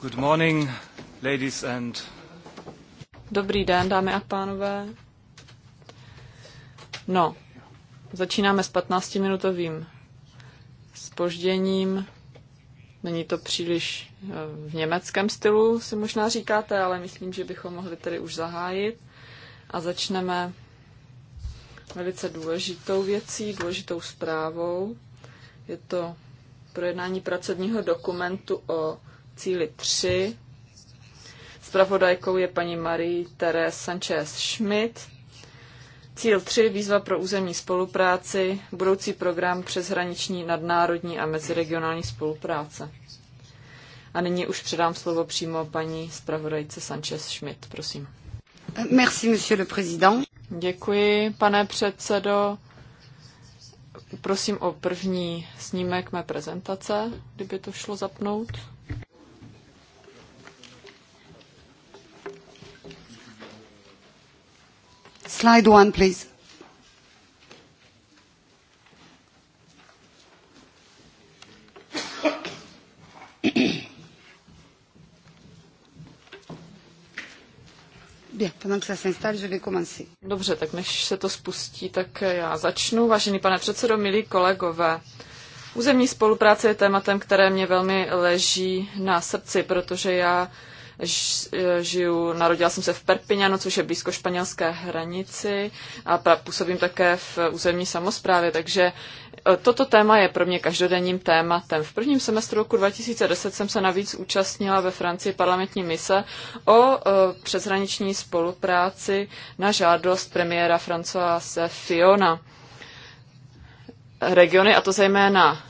Good morning, ladies and... Dobrý den, dámy a pánové. No, začínáme s 15-minutovým spožděním. Není to příliš eh, v německém stylu, si možná říkáte, ale myslím, že bychom mohli tedy už zahájit. A začneme velice důležitou věcí, důležitou zprávou. Je to projednání pracovního dokumentu o cíli 3. Spravodajkou je paní Marie Therese Sanchez Schmidt. Cíl 3. Výzva pro územní spolupráci. Budoucí program přeshraniční, nadnárodní a meziregionální spolupráce. A nyní už předám slovo přímo paní zpravodajce Sanchez Schmidt. Prosím. Merci, monsieur le président. Děkuji, pane předsedo. Prosím o první snímek mé prezentace, kdyby to šlo zapnout. Slide one, please. Dobře, tak než se to spustí, tak já začnu. Vážený pane předsedo, milí kolegové, územní spolupráce je tématem, které mě velmi leží na srdci, protože já E, žiju, narodila jsem se v Perpignanu, což je blízko španělské hranici a působím také v územní samozprávě, takže e, toto téma je pro mě každodenním tématem. V prvním semestru roku 2010 jsem se navíc účastnila ve Francii parlamentní mise o e, přeshraniční spolupráci na žádost premiéra Francoise Fiona regiony, a to zejména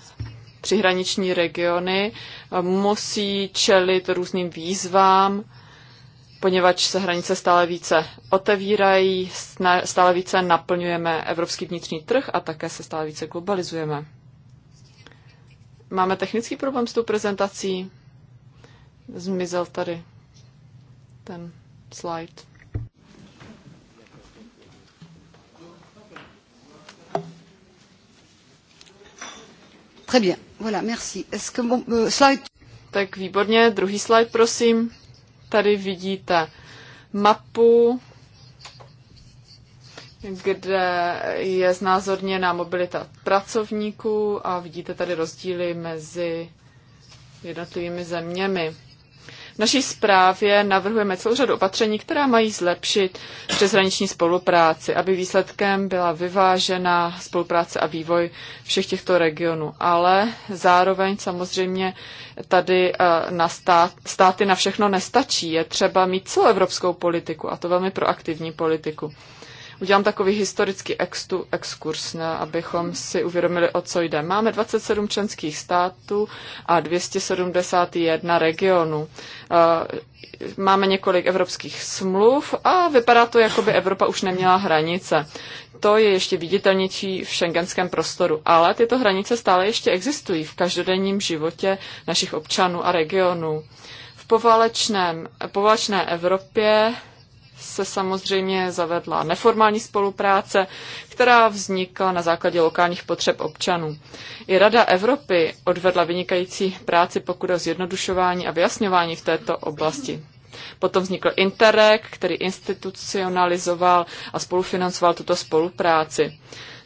přihraniční regiony musí čelit různým výzvám, poněvadž se hranice stále více otevírají, stále více naplňujeme evropský vnitřní trh a také se stále více globalizujeme. Máme technický problém s tou prezentací. Zmizel tady ten slide. Très bien. Voilà, merci. Que, uh, slide... Tak výborně, druhý slide, prosím. Tady vidíte mapu, kde je znázorněná mobilita pracovníků a vidíte tady rozdíly mezi jednotlivými zeměmi. V naší zprávě navrhujeme celou řadu opatření, která mají zlepšit přeshraniční spolupráci, aby výsledkem byla vyvážená spolupráce a vývoj všech těchto regionů. Ale zároveň samozřejmě tady eh, na stát, státy na všechno nestačí. Je třeba mít celoevropskou politiku a to velmi proaktivní politiku udělám takový historický extu, exkurs, ne, abychom si uvědomili, o co jde. Máme 27 členských států a 271 regionů. Eh, máme několik evropských smluv a vypadá to, jako by Evropa už neměla hranice. To je ještě viditelnější v šengenském prostoru, ale tyto hranice stále ještě existují v každodenním životě našich občanů a regionů. V povalečném, povalečné Evropě se samozřejmě zavedla neformální spolupráce, která vznikla na základě lokálních potřeb občanů. I Rada Evropy odvedla vynikající práci, pokud o zjednodušování a vyjasňování v této oblasti. Potom vznikl Interreg, který institucionalizoval a spolufinancoval tuto spolupráci.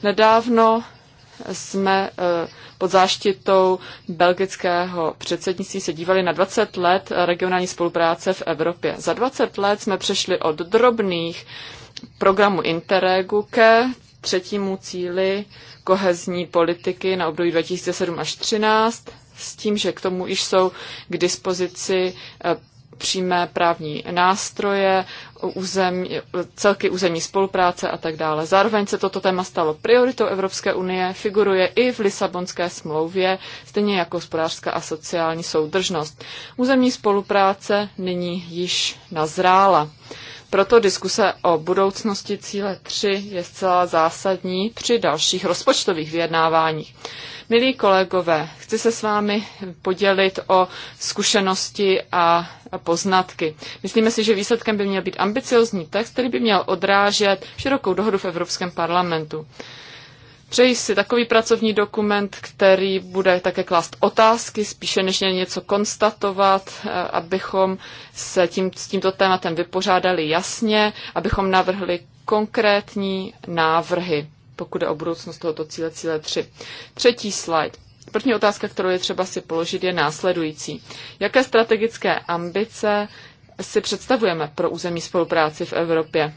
Nedávno jsme eh, pod záštitou belgického předsednictví se dívali na 20 let regionální spolupráce v Evropě. Za 20 let jsme přešli od drobných programů Interregu ke třetímu cíli kohezní politiky na období 2007 až 2013 s tím, že k tomu již jsou k dispozici eh, přímé právní nástroje, celky územní spolupráce a tak dále. Zároveň se toto téma stalo prioritou Evropské unie, figuruje i v Lisabonské smlouvě, stejně jako hospodářská a sociální soudržnost. Územní spolupráce nyní již nazrála. Proto diskuse o budoucnosti cíle 3 je zcela zásadní při dalších rozpočtových vyjednáváních. Milí kolegové, chci se s vámi podělit o zkušenosti a poznatky. Myslíme si, že výsledkem by měl být ambiciozní text, který by měl odrážet širokou dohodu v Evropském parlamentu. Přeji si takový pracovní dokument, který bude také klást otázky, spíše než něco konstatovat, eh, abychom se tím, s tímto tématem vypořádali jasně, abychom navrhli konkrétní návrhy pokud jde o budoucnost tohoto cíle, cíle 3. Třetí slide. První otázka, kterou je třeba si položit, je následující. Jaké strategické ambice si představujeme pro územní spolupráci v Evropě?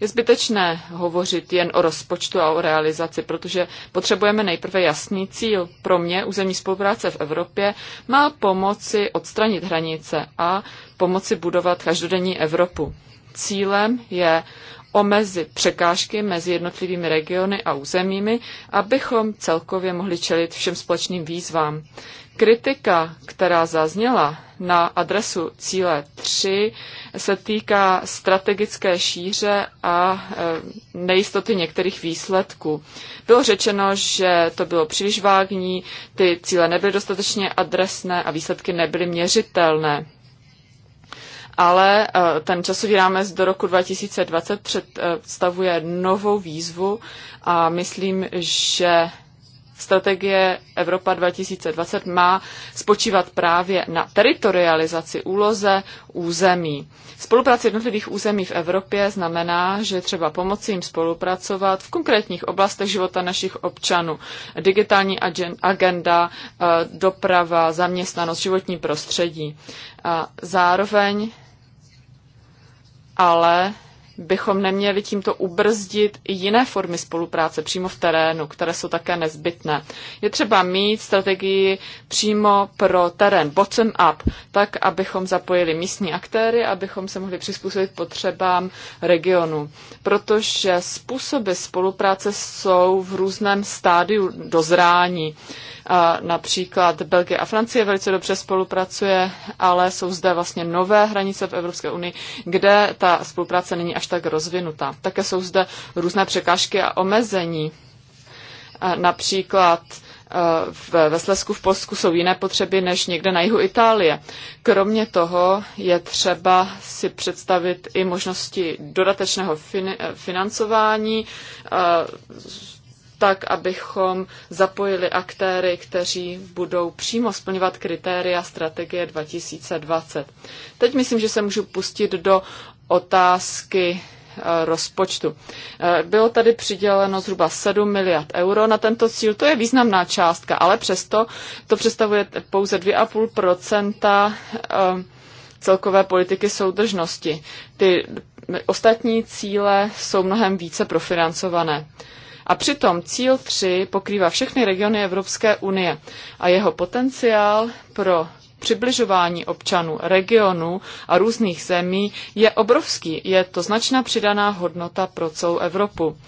Je zbytečné hovořit jen o rozpočtu a o realizaci, protože potřebujeme nejprve jasný cíl. Pro mě územní spolupráce v Evropě má pomoci odstranit hranice a pomoci budovat každodenní Evropu. Cílem je omezit překážky mezi jednotlivými regiony a územími, abychom celkově mohli čelit všem společným výzvám. Kritika, která zazněla na adresu cíle 3, se týká strategické šíře a e, nejistoty některých výsledků. Bylo řečeno, že to bylo příliš vágní, ty cíle nebyly dostatečně adresné a výsledky nebyly měřitelné ale eh, ten časový rámec do roku 2020 představuje novou výzvu a myslím, že strategie Evropa 2020 má spočívat právě na teritorializaci úloze území. Spolupráce jednotlivých území v Evropě znamená, že třeba pomoci jim spolupracovat v konkrétních oblastech života našich občanů. Digitální agenda, eh, doprava, zaměstnanost, životní prostředí. A zároveň ale bychom neměli tímto ubrzdit i jiné formy spolupráce přímo v terénu, které jsou také nezbytné. Je třeba mít strategii přímo pro terén, bottom-up, tak, abychom zapojili místní aktéry, abychom se mohli přizpůsobit potřebám regionu. Protože způsoby spolupráce jsou v různém stádiu dozrání. Například Belgie a Francie velice dobře spolupracuje, ale jsou zde vlastně nové hranice v Evropské unii, kde ta spolupráce není až tak rozvinutá. Také jsou zde různé překážky a omezení. Například e, ve Slesku v Polsku jsou jiné potřeby než někde na jihu Itálie. Kromě toho je třeba si představit i možnosti dodatečného fin- e, financování e, tak, abychom zapojili aktéry, kteří budou přímo splňovat kritéria strategie 2020. Teď myslím, že se můžu pustit do otázky eh, rozpočtu. Eh, bylo tady přiděleno zhruba 7 miliard euro na tento cíl, to je významná částka, ale přesto to představuje pouze 2,5 eh, celkové politiky soudržnosti. Ty ostatní cíle jsou mnohem více profinancované. A přitom cíl 3 pokrývá všechny regiony Evropské unie a jeho potenciál pro přibližování občanů, regionů a různých zemí je obrovský. Je to značná přidaná hodnota pro celou Evropu,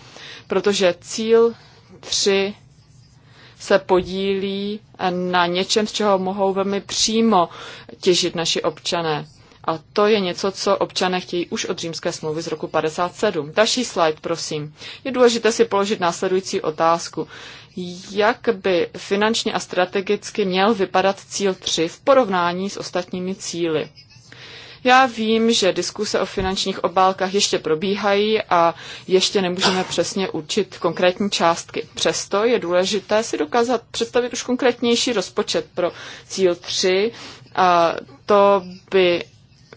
protože cíl 3 se podílí na něčem, z čeho mohou velmi přímo těžit naši občané. A to je něco, co občané chtějí už od římské smlouvy z roku 57. Další slide, prosím. Je důležité si položit následující otázku. Jak by finančně a strategicky měl vypadat cíl 3 v porovnání s ostatními cíly? Já vím, že diskuse o finančních obálkách ještě probíhají a ještě nemůžeme přesně určit konkrétní částky. Přesto je důležité si dokázat představit už konkrétnější rozpočet pro cíl 3. A to by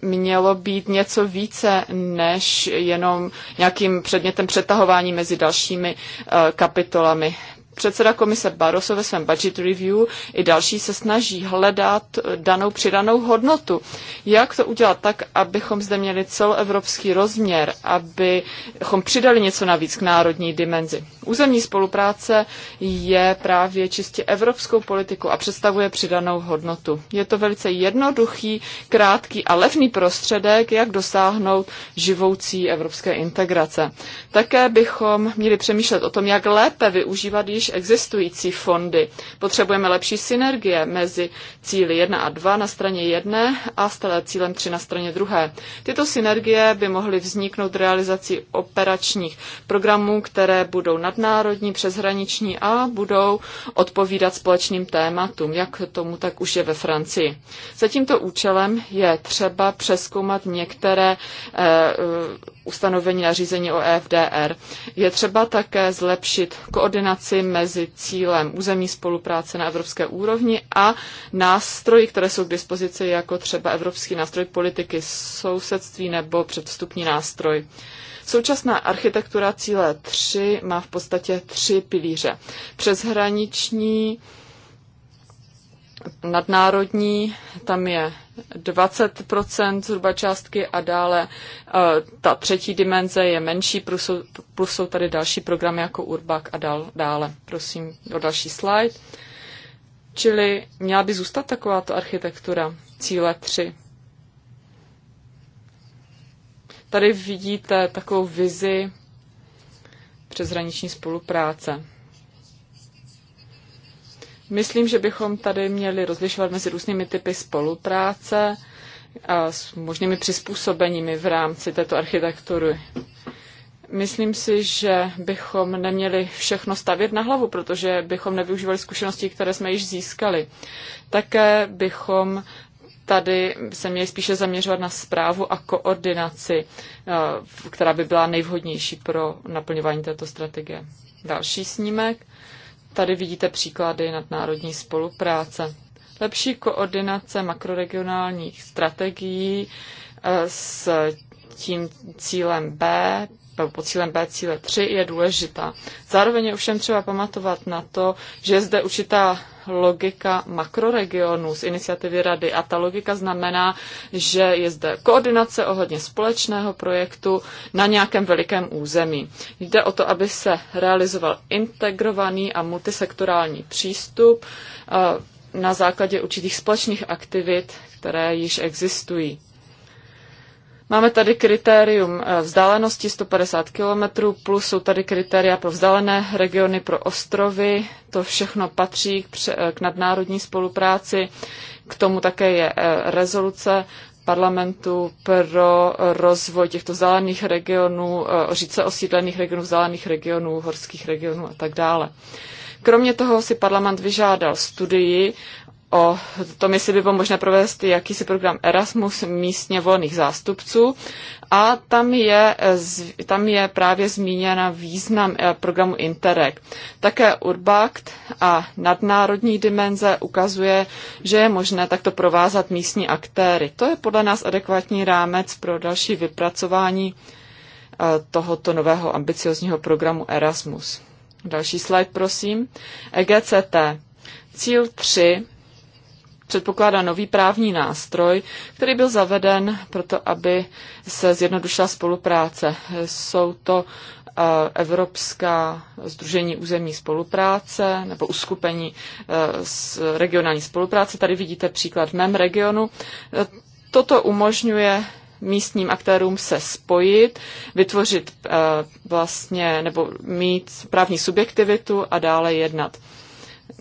mělo být něco více než jenom nějakým předmětem přetahování mezi dalšími eh, kapitolami předseda komise Barroso ve svém budget review i další se snaží hledat eh, danou přidanou hodnotu. Jak to udělat tak, abychom zde měli celoevropský rozměr, abychom přidali něco navíc k národní dimenzi. Územní spolupráce je právě čistě evropskou politiku a představuje přidanou hodnotu. Je to velice jednoduchý, krátký a levný prostředek, jak dosáhnout živoucí evropské integrace. Také bychom měli přemýšlet o tom, jak lépe využívat již již existující fondy. Potřebujeme lepší synergie mezi cíly 1 a 2 na straně 1 a stále cílem 3 na straně 2. Tyto synergie by mohly vzniknout realizací operačních programů, které budou nadnárodní, přeshraniční a budou odpovídat společným tématům, jak tomu tak už je ve Francii. Za tímto účelem je třeba přeskoumat některé eh, ustanovení nařízení o EFDR. Je třeba také zlepšit koordinaci mezi cílem územní spolupráce na evropské úrovni a nástroji, které jsou k dispozici, jako třeba Evropský nástroj politiky sousedství nebo předvstupní nástroj. Současná architektura cíle 3 má v podstatě tři pilíře. Přeshraniční nadnárodní, tam je 20% zhruba částky a dále e, ta třetí dimenze je menší, plus jsou, plus jsou tady další programy jako Urbak a dál, dále. Prosím o další slide. Čili měla by zůstat takováto architektura cíle 3. Tady vidíte takovou vizi přeshraniční spolupráce. Myslím, že bychom tady měli rozlišovat mezi různými typy spolupráce a s možnými přizpůsobeními v rámci této architektury. Myslím si, že bychom neměli všechno stavět na hlavu, protože bychom nevyužívali zkušenosti, které jsme již získali. Také bychom tady se měli spíše zaměřovat na zprávu a koordinaci, eh, která by byla nejvhodnější pro naplňování této strategie. Další snímek. Tady vidíte příklady nadnárodní spolupráce. Lepší koordinace makroregionálních strategií eh, s tím cílem B, po pod cílem B cíle 3 je důležitá. Zároveň je ovšem třeba pamatovat na to, že zde určitá logika makroregionů z iniciativy Rady a ta logika znamená, že je zde koordinace ohledně společného projektu na nějakém velikém území. Jde o to, aby se realizoval integrovaný a multisektorální přístup eh, na základě určitých společných aktivit, které již existují. Máme tady kritérium eh, vzdálenosti 150 km, plus jsou tady kritéria pro vzdálené regiony, pro ostrovy. To všechno patří k, eh, nadnárodní spolupráci. K tomu také je eh, rezoluce parlamentu pro rozvoj těchto vzdálených regionů, říce osídlených regionů, vzdálených regionů, horských regionů a tak dále. Kromě toho si parlament vyžádal studii o tom, jestli by bylo možné provést jakýsi program Erasmus místně volných zástupců. A tam je, tam je právě zmíněna význam eh, programu Interreg. Také Urbact a nadnárodní dimenze ukazuje, že je možné takto provázat místní aktéry. To je podle nás adekvátní rámec pro další vypracování eh, tohoto nového ambiciozního programu Erasmus. Další slide, prosím. EGCT. Cíl 3 předpokládá nový právní nástroj, který byl zaveden proto, aby se zjednodušila spolupráce. Jsou to eh, Evropská združení územní spolupráce nebo uskupení eh, regionální spolupráce. Tady vidíte příklad v mém regionu. Eh, toto umožňuje místním aktérům se spojit, vytvořit vlastně nebo mít právní subjektivitu a dále jednat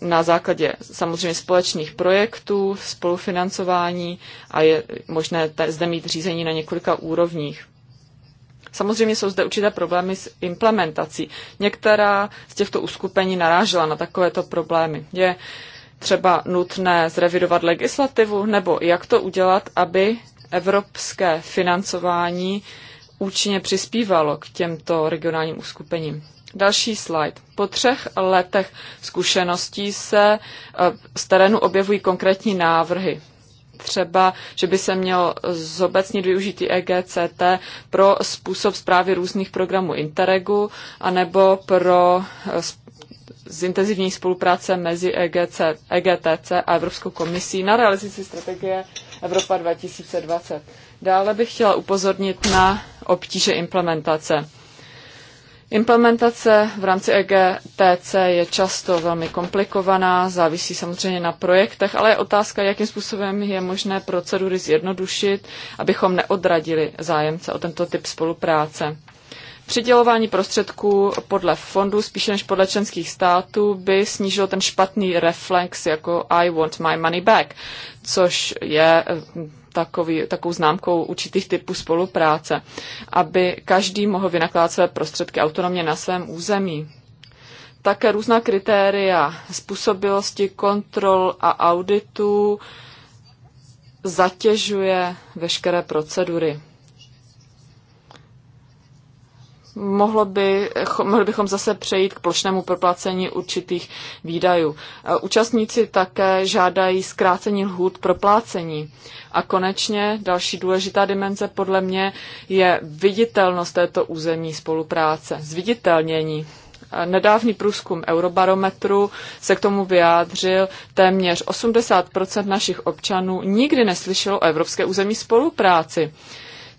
na základě samozřejmě společných projektů, spolufinancování a je možné zde mít řízení na několika úrovních. Samozřejmě jsou zde určité problémy s implementací. Některá z těchto uskupení narážela na takovéto problémy. Je třeba nutné zrevidovat legislativu, nebo jak to udělat, aby evropské financování účinně přispívalo k těmto regionálním uskupením. Další slide. Po třech letech zkušeností se eh, z terénu objevují konkrétní návrhy. Třeba, že by se měl zobecnit využitý EGCT pro způsob zprávy různých programů Interregu, anebo pro eh, zintenzivní spolupráce mezi EGC, EGTC a Evropskou komisí na realizaci strategie Evropa 2020. Dále bych chtěla upozornit na obtíže implementace. Implementace v rámci EGTC je často velmi komplikovaná, závisí samozřejmě na projektech, ale je otázka, jakým způsobem je možné procedury zjednodušit, abychom neodradili zájemce o tento typ spolupráce přidělování prostředků podle fondů spíše než podle členských států by snížilo ten špatný reflex jako I want my money back, což je eh, takový, takovou známkou určitých typů spolupráce, aby každý mohl vynakládat své prostředky autonomně na svém území. Také různá kritéria způsobilosti kontrol a auditů zatěžuje veškeré procedury mohlo by, mohli bychom zase přejít k plošnému proplacení určitých výdajů. E, účastníci také žádají zkrácení lhůt proplácení. A konečně další důležitá dimenze podle mě je viditelnost této územní spolupráce, zviditelnění. E, nedávný průzkum Eurobarometru se k tomu vyjádřil, téměř 80 našich občanů nikdy neslyšelo o Evropské územní spolupráci.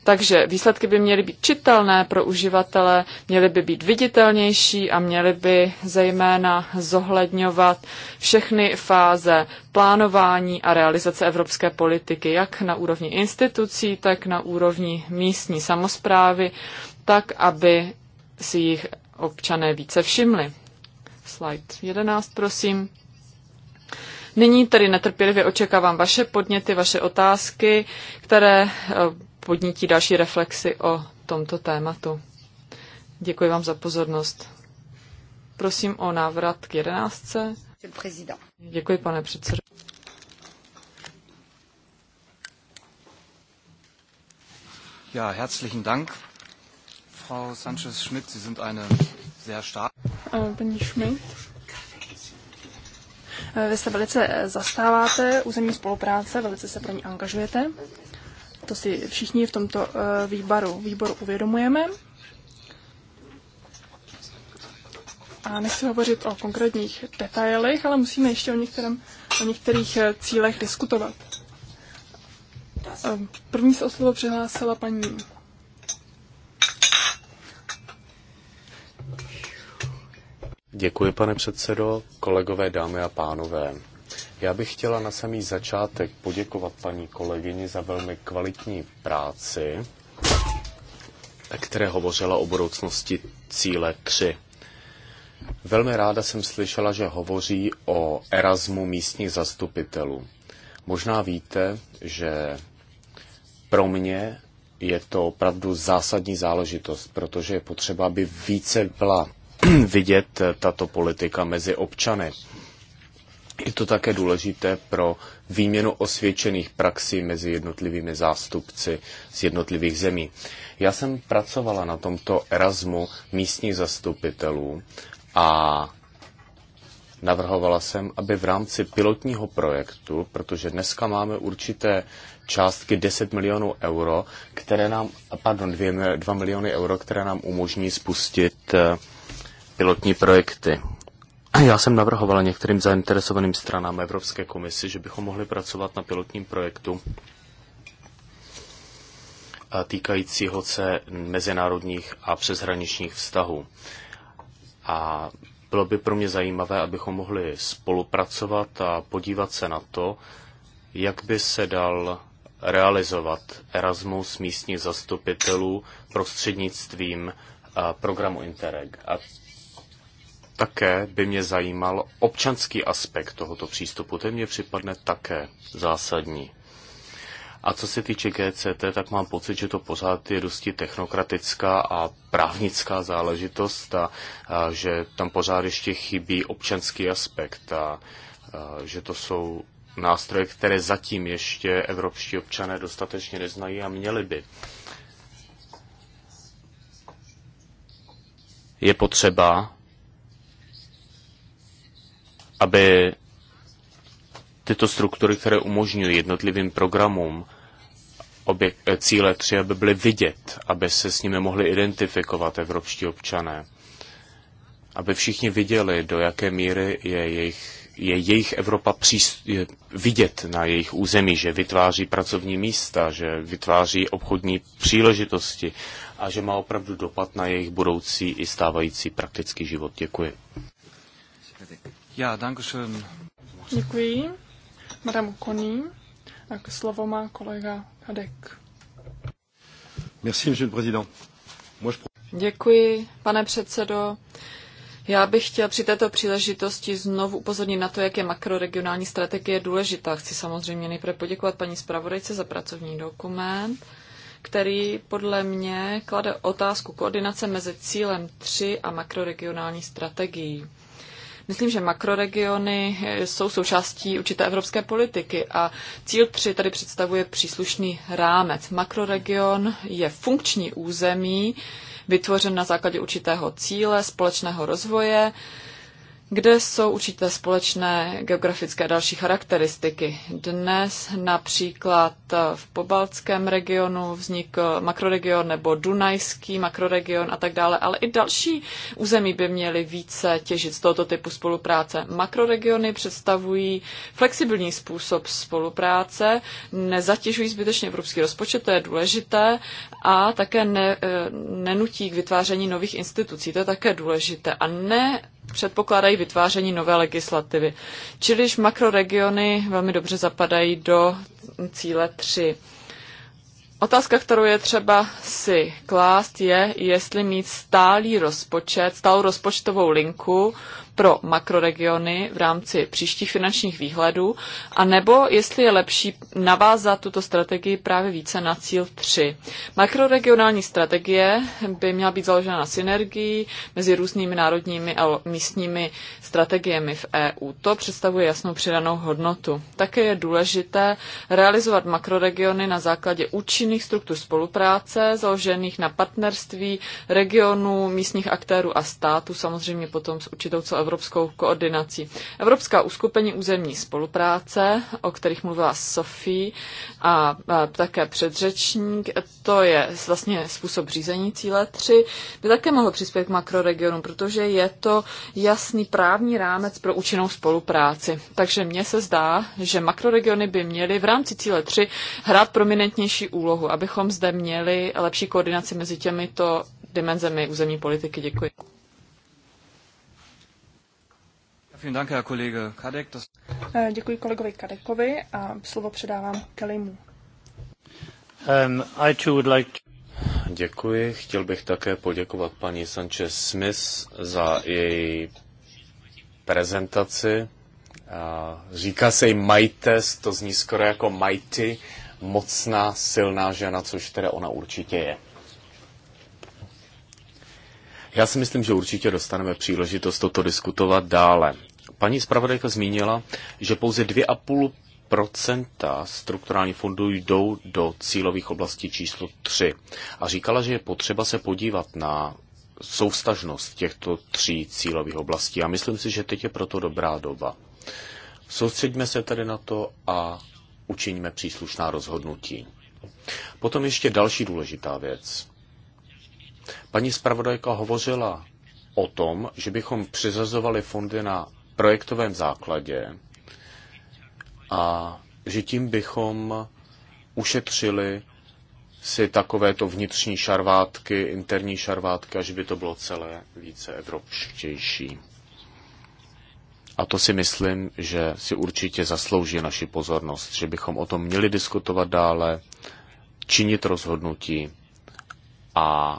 Takže výsledky by měly být čitelné pro uživatele, měly by být viditelnější a měly by zejména zohledňovat všechny fáze plánování a realizace evropské politiky, jak na úrovni institucí, tak na úrovni místní samozprávy, tak, aby si jich občané více všimli. Slide 11, prosím. Nyní tedy netrpělivě očekávám vaše podněty, vaše otázky, které eh, podnítí další reflexy o tomto tématu. Děkuji vám za pozornost. Prosím o návrat k jedenáctce. Děkuji, pane předsedo. Ja, herzlichen Dank, Frau Sanchez-Schmidt. Sie sind eine sehr starke. Eh, paní Schmidt, eh, vy se velice zastáváte územní spolupráce, velice se pro ní angažujete. To si všichni v tomto eh, výboru, výboru uvědomujeme. A nechci hovořit o konkrétních detailech, ale musíme ještě o, některém, o některých eh, cílech diskutovat. Eh, první se o slovo přihlásila paní Děkuji, pane předsedo, kolegové, dámy a pánové. Já bych chtěla na samý začátek poděkovat paní kolegyni za velmi kvalitní práci, které hovořila o budoucnosti cíle 3. Velmi ráda jsem slyšela, že hovoří o Erasmu místních zastupitelů. Možná víte, že pro mě je to opravdu zásadní záležitost, protože je potřeba, aby více byla vidět tato politika mezi občany. Je to také důležité pro výměnu osvědčených praxí mezi jednotlivými zástupci z jednotlivých zemí. Já jsem pracovala na tomto Erasmu místních zastupitelů a navrhovala jsem, aby v rámci pilotního projektu, protože dneska máme určité částky 10 milionů euro, které nám, pardon, 2, miliony euro, které nám umožní spustit eh, pilotní projekty já jsem navrhovala některým zainteresovaným stranám Evropské komisi, že bychom mohli pracovat na pilotním projektu eh, týkajícího se mezinárodních a přeshraničních vztahů. A bylo by pro mě zajímavé, abychom mohli spolupracovat a podívat se na to, jak by se dal realizovat Erasmus místních zastupitelů prostřednictvím eh, programu Interreg. A také by mě zajímal občanský aspekt tohoto přístupu. Ten mě připadne také zásadní. A co se týče GCT, tak mám pocit, že to pořád je dosti technokratická a právnická záležitost a, a že tam pořád ještě chybí občanský aspekt a, a že to jsou nástroje, které zatím ještě evropští občané dostatečně neznají a měli by. Je potřeba aby tyto struktury, které umožňují jednotlivým programům obě, eh, cíle 3, aby byly vidět, aby se s nimi mohli identifikovat evropští občané, aby všichni viděli, do jaké míry je jejich, je jejich Evropa příst, je vidět na jejich území, že vytváří pracovní místa, že vytváří obchodní příležitosti a že má opravdu dopad na jejich budoucí i stávající praktický život. Děkuji. Ja, danke schön. Děkuji. Madame Koní. k slovo má kolega Kadek. Merci, monsieur le président. Moi, je... Děkuji, pane předsedo. Já bych chtěl při této příležitosti znovu upozornit na to, jak je makroregionální strategie důležitá. Chci samozřejmě nejprve poděkovat paní zpravodajce za pracovní dokument, který podle mě klade otázku koordinace mezi cílem 3 a makroregionální strategií. Myslím, že makroregiony eh, jsou součástí určité evropské politiky a cíl 3 tady představuje příslušný rámec. Makroregion je funkční území, vytvořen na základě určitého cíle, společného rozvoje, kde jsou určité společné geografické a další charakteristiky. Dnes například v pobaltském regionu vznikl makroregion nebo dunajský makroregion a tak dále, ale i další území by měly více těžit z tohoto typu spolupráce. Makroregiony představují flexibilní způsob spolupráce, nezatěžují zbytečně evropský rozpočet, to je důležité, a také ne, e, nenutí k vytváření nových institucí, to je také důležité. A ne předpokládají vytváření nové legislativy. Čiliž makroregiony velmi dobře zapadají do cíle 3. Otázka, kterou je třeba si klást, je, jestli mít stálý rozpočet, stálou rozpočtovou linku pro makroregiony v rámci příštích finančních výhledů, a nebo jestli je lepší navázat tuto strategii právě více na cíl 3. Makroregionální strategie by měla být založena na synergii mezi různými národními a místními strategiemi v EU. To představuje jasnou přidanou hodnotu. Také je důležité realizovat makroregiony na základě účinných struktur spolupráce, založených na partnerství regionů, místních aktérů a států, samozřejmě potom s určitou celou evropskou koordinací. Evropská uskupení územní spolupráce, o kterých mluvila Sofie a, také předřečník, to je vlastně způsob řízení cíle 3, by také mohlo přispět k makroregionům, protože je to jasný právní rámec pro účinnou spolupráci. Takže mně se zdá, že makroregiony by měly v rámci cíle 3 hrát prominentnější úlohu, abychom zde měli lepší koordinaci mezi těmito dimenzemi územní politiky. Děkuji. Eh, děkuji kolegovi Kadekovi a slovo předávám Kelimu. Um, I too would like to... Děkuji. Chtěl bych také poděkovat paní Sanchez Smith za její prezentaci. říká se jí Majtes, to zní skoro jako Mighty, mocná, silná žena, což teda ona určitě je. Já si myslím, že určitě dostaneme příležitost toto diskutovat dále. Paní zpravodajka zmínila, že pouze 2,5 strukturálních fondů jdou do cílových oblastí číslo 3 a říkala, že je potřeba se podívat na soustažnost těchto tří cílových oblastí a myslím si, že teď je proto dobrá doba. Soustředíme se tedy na to a učiníme příslušná rozhodnutí. Potom ještě další důležitá věc. Paní zpravodajka hovořila o tom, že bychom přizazovali fondy na projektovém základě a že tím bychom ušetřili si takovéto vnitřní šarvátky, interní šarvátky, že by to bylo celé více evropštější. A to si myslím, že si určitě zaslouží naši pozornost, že bychom o tom měli diskutovat dále, činit rozhodnutí a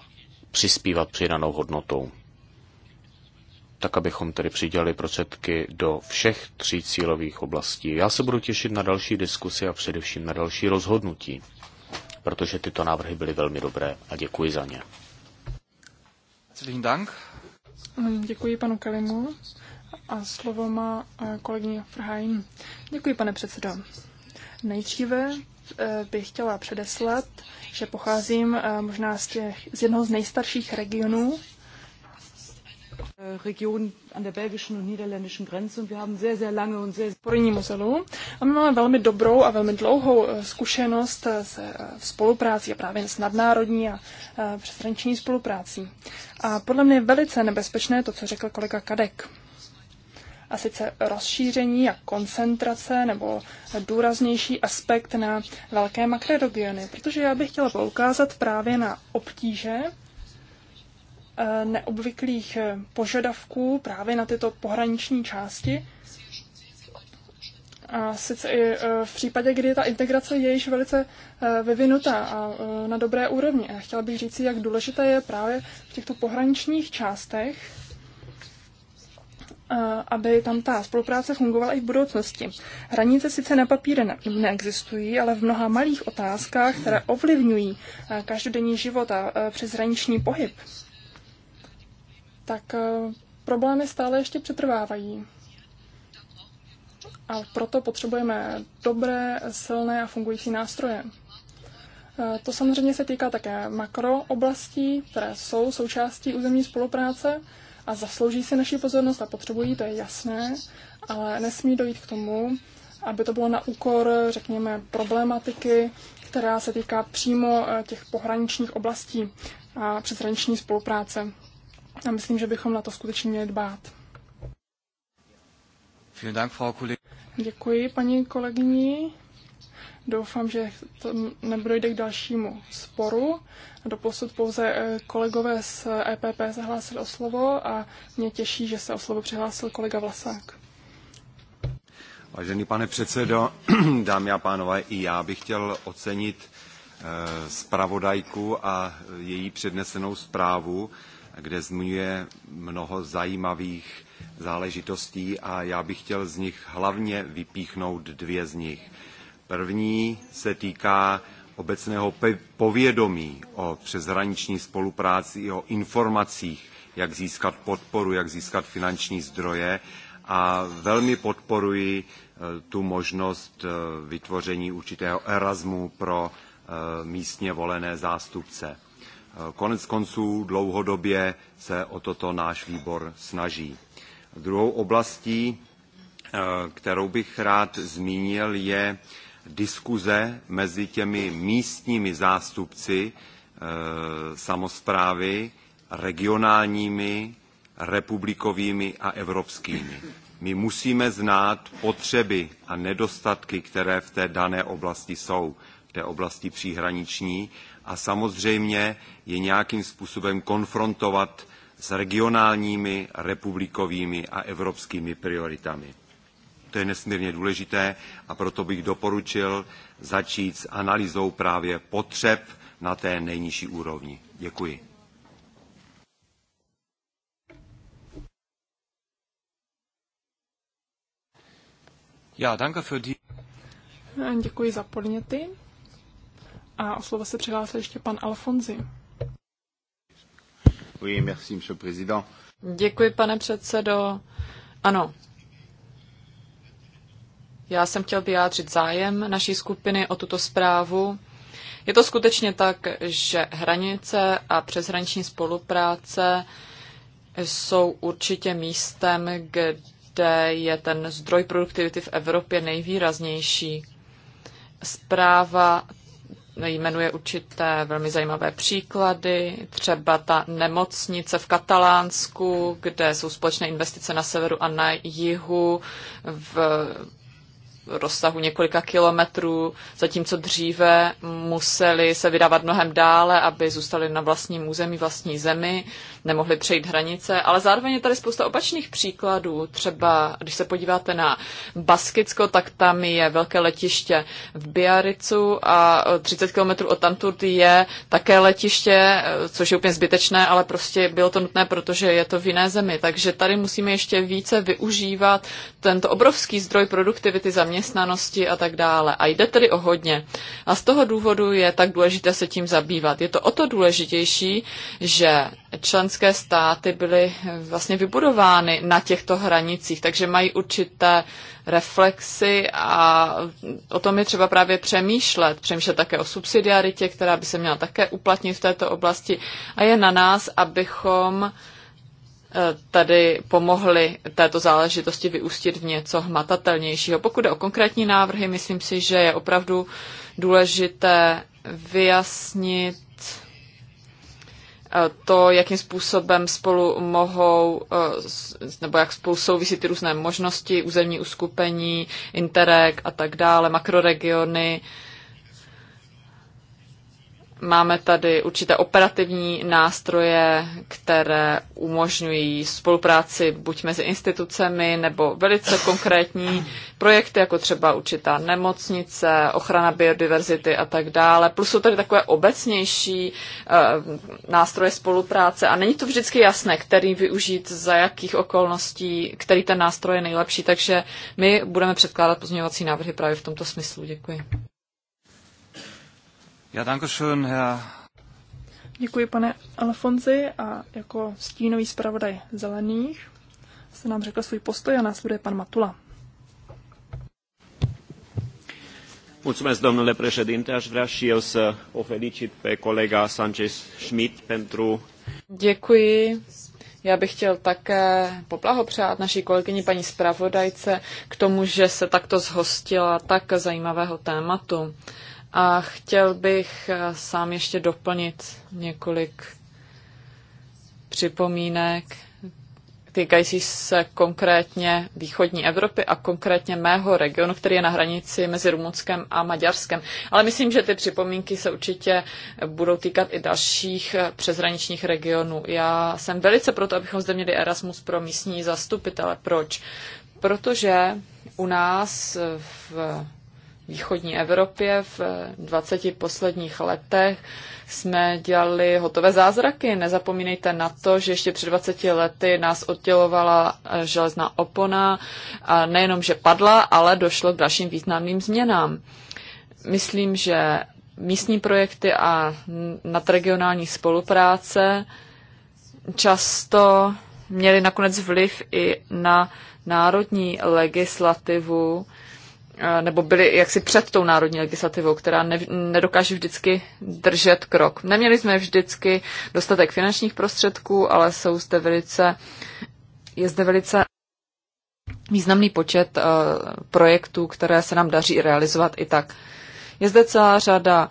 přispívat přidanou hodnotou tak abychom tedy přidělili prostředky do všech tří cílových oblastí. Já se budu těšit na další diskusy a především na další rozhodnutí, protože tyto návrhy byly velmi dobré a děkuji za ně. Dank. No, děkuji panu Kalimu a slovo má eh, kolegyně Frhajn. Děkuji, pane předsedo. Nejdříve eh, bych chtěla předeslat, že pocházím eh, možná z, těch, z jednoho z nejstarších regionů Äh, region an der belgischen und niederländischen Grenze und wir haben sehr, sehr lange und sehr... a my máme velmi dobrou a velmi dlouhou eh, zkušenost eh, s eh, spolupráci, a právě s nadnárodní a přeshraniční spoluprácí. A podle mě je velice nebezpečné to, co řekl kolega Kadek. A sice rozšíření a koncentrace nebo důraznější aspekt na velké makroregiony, protože já bych chtěla poukázat právě na obtíže, Eh, neobvyklých eh, požadavků právě na tyto pohraniční části. A sice i eh, v případě, kdy ta integrace je již velice vyvinutá a na dobré úrovni. A chtěla bych říct, jak důležité je právě v těchto pohraničních částech, aby tam ta spolupráce fungovala i v budoucnosti. Hranice sice na papíře ne- neexistují, ale v mnoha malých otázkách, které ovlivňují každodenní život a přeshraniční pohyb, tak eh, problémy stále ještě přetrvávají. A proto potřebujeme dobré, silné a fungující nástroje. Eh, to samozřejmě se týká také makrooblastí, které jsou součástí územní spolupráce a zaslouží si naši pozornost a potřebují, to je jasné, ale nesmí dojít k tomu, aby to bylo na úkor, řekněme, problematiky, která se týká přímo eh, těch pohraničních oblastí a přeshraniční spolupráce. A myslím, že bychom na to skutečně měli dbát. Děkuji paní kolegyni. Doufám, že nedojde k dalšímu sporu. Doposud pouze eh, kolegové z EPP zahlásili o slovo a mě těší, že se o slovo přihlásil kolega Vlasák. Vážený pane předsedo, dámy a pánové, i já bych chtěl ocenit eh, zpravodajku a její přednesenou zprávu kde zmiňuje mnoho zajímavých záležitostí a já bych chtěl z nich hlavně vypíchnout dvě z nich. První se týká obecného povědomí o přeshraniční spolupráci i o informacích, jak získat podporu, jak získat finanční zdroje a velmi podporuji eh, tu možnost eh, vytvoření určitého Erasmu pro eh, místně volené zástupce. Eh, konec konců dlouhodobě se o toto náš výbor snaží. Druhou oblastí, eh, kterou bych rád zmínil, je diskuze mezi těmi místními zástupci eh, samozprávy, regionálními, republikovými a evropskými. My musíme znát potřeby a nedostatky, které v té dané oblasti jsou, v té oblasti příhraniční, a samozřejmě je nějakým způsobem konfrontovat s regionálními, republikovými a evropskými prioritami. To je nesmírně důležité a proto bych doporučil začít s analýzou právě potřeb na té nejnižší úrovni. Děkuji. Já, danke für die... Děkuji za podněty. A o slovo se přihlásil ještě pan Alfonzi. Oui, merci, monsieur président. Děkuji, pane předsedo. Ano. Já jsem chtěl vyjádřit zájem naší skupiny o tuto zprávu. Je to skutečně tak, že hranice a přeshraniční spolupráce jsou určitě místem, kde je ten zdroj produktivity v Evropě nejvýraznější. Zpráva jmenuje určité velmi zajímavé příklady, třeba ta nemocnice v Katalánsku, kde jsou společné investice na severu a na jihu v rozsahu několika kilometrů, zatímco dříve museli se vydávat mnohem dále, aby zůstali na vlastním území, vlastní zemi, nemohli přejít hranice. Ale zároveň je tady spousta opačných příkladů. Třeba, když se podíváte na Baskicko, tak tam je velké letiště v Biaricu a 30 kilometrů od tamtud je také letiště, což je úplně zbytečné, ale prostě bylo to nutné, protože je to v jiné zemi. Takže tady musíme ještě více využívat tento obrovský zdroj produktivity zaměstnání zaměstnanosti a tak dále. A jde tedy o hodně. A z toho důvodu je tak důležité se tím zabývat. Je to o to důležitější, že členské státy byly vlastně vybudovány na těchto hranicích, takže mají určité reflexy a o tom je třeba právě přemýšlet. Přemýšlet také o subsidiaritě, která by se měla také uplatnit v této oblasti a je na nás, abychom uh, Eh, tady pomohly této záležitosti vyústit v něco hmatatelnějšího. Pokud jde o konkrétní návrhy, myslím si, že je opravdu důležité vyjasnit eh, to, jakým způsobem spolu mohou, eh, nebo jak spolu souvisí ty různé možnosti, územní uskupení, interreg a tak dále, makroregiony, Máme tady určité operativní nástroje, které umožňují spolupráci buď mezi institucemi nebo velice konkrétní projekty, jako třeba určitá nemocnice, ochrana biodiverzity a tak dále. Plus jsou tady takové obecnější eh, nástroje spolupráce a není to vždycky jasné, který využít, za jakých okolností, který ten nástroj je nejlepší, takže my budeme předkládat pozměňovací návrhy právě v tomto smyslu. Děkuji. Ja, danke schön, Herr. Děkuji, pane Alfonzi, a jako stínový zpravodaj zelených se nám řekl svůj postoj a následuje pan Matula. Mulțumesc, domnule președinte. Aș vrea și eu să o felicit pe colega Sanchez-Schmidt pentru... Děkuji. Já bych chtěl také poblahopřát naší kolegyni paní zpravodajce k tomu, že se takto zhostila tak zajímavého tématu. A chtěl bych eh, sám ještě doplnit několik připomínek týkající se konkrétně východní Evropy a konkrétně mého regionu, který je na hranici mezi Rumunskem a Maďarskem. Ale myslím, že ty připomínky se určitě budou týkat i dalších eh, přeshraničních regionů. Já jsem velice proto, abychom zde měli Erasmus pro místní zastupitele. Proč? Protože u nás v východní Evropě v 20 posledních letech jsme dělali hotové zázraky. Nezapomínejte na to, že ještě před 20 lety nás oddělovala eh, železná opona a nejenom, že padla, ale došlo k dalším významným změnám. Myslím, že místní projekty a nadregionální spolupráce často měly nakonec vliv i na národní legislativu, nebo byli jaksi před tou národní legislativou, která ne, nedokáže vždycky držet krok. Neměli jsme vždycky dostatek finančních prostředků, ale jsou zde velice, je zde velice významný počet uh, projektů, které se nám daří realizovat i tak. Je zde celá řada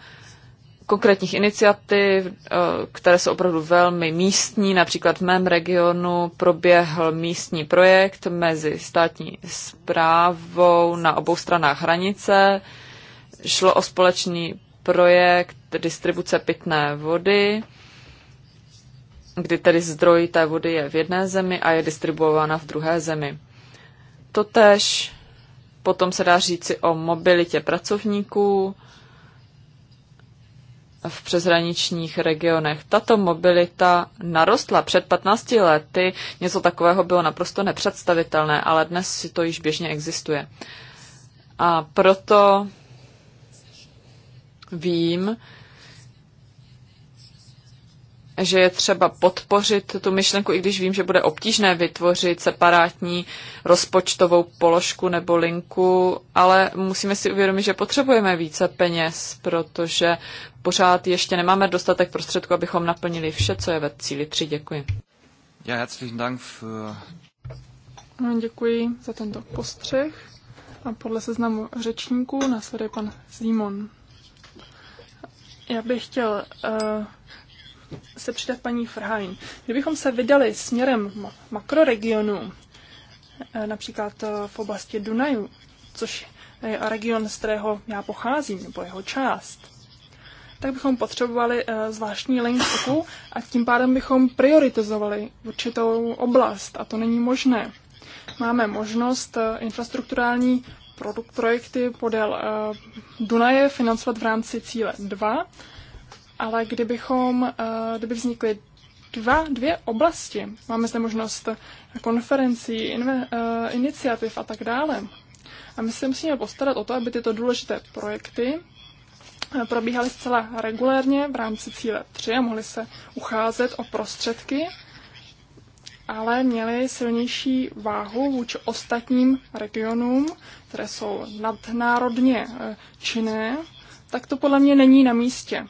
konkrétních iniciativ, eh, které jsou opravdu velmi místní. Například v mém regionu proběhl místní projekt mezi státní zprávou na obou stranách hranice. Šlo o společný projekt distribuce pitné vody, kdy tedy zdroj té vody je v jedné zemi a je distribuována v druhé zemi. Totež potom se dá říci o mobilitě pracovníků, v přeshraničních regionech. Tato mobilita narostla před 15 lety, něco takového bylo naprosto nepředstavitelné, ale dnes si to již běžně existuje. A proto vím, že je třeba podpořit tu myšlenku, i když vím, že bude obtížné vytvořit separátní rozpočtovou položku nebo linku, ale musíme si uvědomit, že potřebujeme více peněz, protože pořád ještě nemáme dostatek prostředků, abychom naplnili vše, co je ve cíli 3. Děkuji. Ja, herzlichen Dank für... No, děkuji za tento postřeh. A podle seznamu řečníků následuje pan Simon. Já bych chtěl uh, se přidat paní Frhain. Kdybychom se vydali směrem makroregionu, eh, například eh, v oblasti Dunaju, což je region, z kterého já pocházím, nebo jeho část, tak bychom potřebovali eh, zvláštní linku a tím pádem bychom prioritizovali určitou oblast a to není možné. Máme možnost infrastrukturální produkt projekty podél Dunaje financovat v rámci cíle 2 ale kdybychom, eh, kdyby vznikly dva, dvě oblasti, máme zde možnost konferencí, inve, eh, iniciativ a tak dále, a my se musíme postarat o to, aby tyto důležité projekty eh, probíhaly zcela regulérně v rámci cíle 3 a mohly se ucházet o prostředky, ale měly silnější váhu vůči ostatním regionům, které jsou nadnárodně činné, tak to podle mě není na místě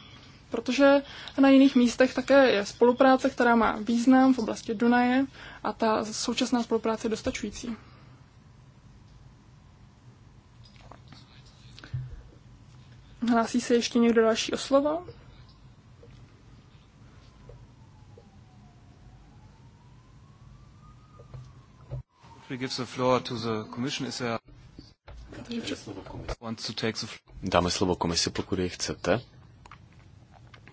protože na jiných místech také je spolupráce, která má význam v oblasti Dunaje a ta současná spolupráce je dostačující. Hlásí se ještě někdo další o slovo? Dáme slovo komisi, pokud je chcete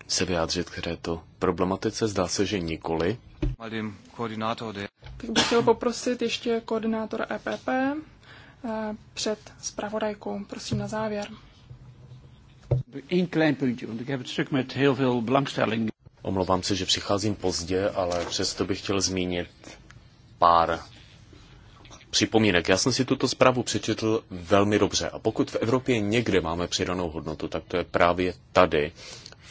se vyjádřit k této problematice? Zdá se, že nikoli. Tak bych chtěl poprosit ještě koordinátora EPP eh, před zpravodajkou. Prosím na závěr. Omlouvám se, že přicházím pozdě, ale přesto bych chtěl zmínit pár připomínek. Já jsem si tuto zprávu přečetl velmi dobře a pokud v Evropě někde máme přidanou hodnotu, tak to je právě tady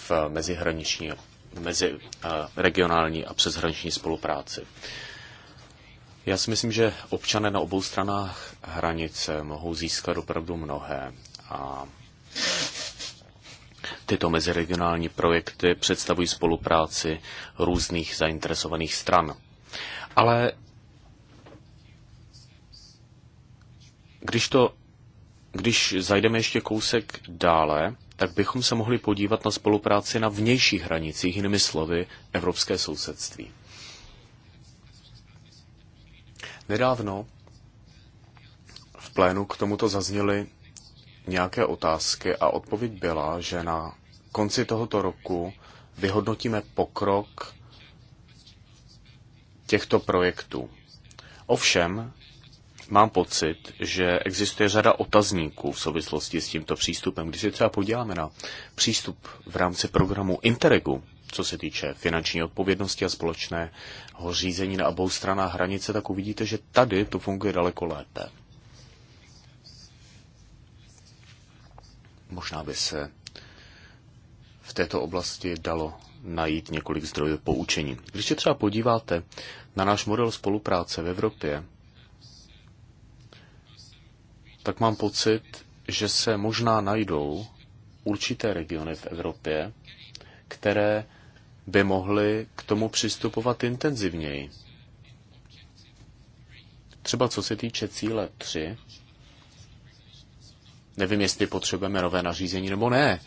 v eh, mezihraniční, mezi eh, regionální a přeshraniční spolupráci. Já si myslím, že občané na obou stranách hranice mohou získat opravdu mnohé a tyto meziregionální projekty představují spolupráci různých zainteresovaných stran. Ale když to když zajdeme ještě kousek dále, tak bychom se mohli podívat na spolupráci na vnějších hranicích, jinými slovy, evropské sousedství. Nedávno v plénu k tomuto zazněly nějaké otázky a odpověď byla, že na konci tohoto roku vyhodnotíme pokrok těchto projektů. Ovšem, mám pocit, že existuje řada otazníků v souvislosti s tímto přístupem. Když se třeba podíváme na přístup v rámci programu Interregu, co se týče finanční odpovědnosti a společného řízení na obou stranách hranice, tak uvidíte, že tady to funguje daleko lépe. Možná by se v této oblasti dalo najít několik zdrojů poučení. Když se třeba podíváte na náš model spolupráce v Evropě, tak mám pocit, že se možná najdou určité regiony v Evropě, které by mohly k tomu přistupovat intenzivněji. Třeba co se týče cíle 3, nevím, jestli potřebujeme nové nařízení nebo ne,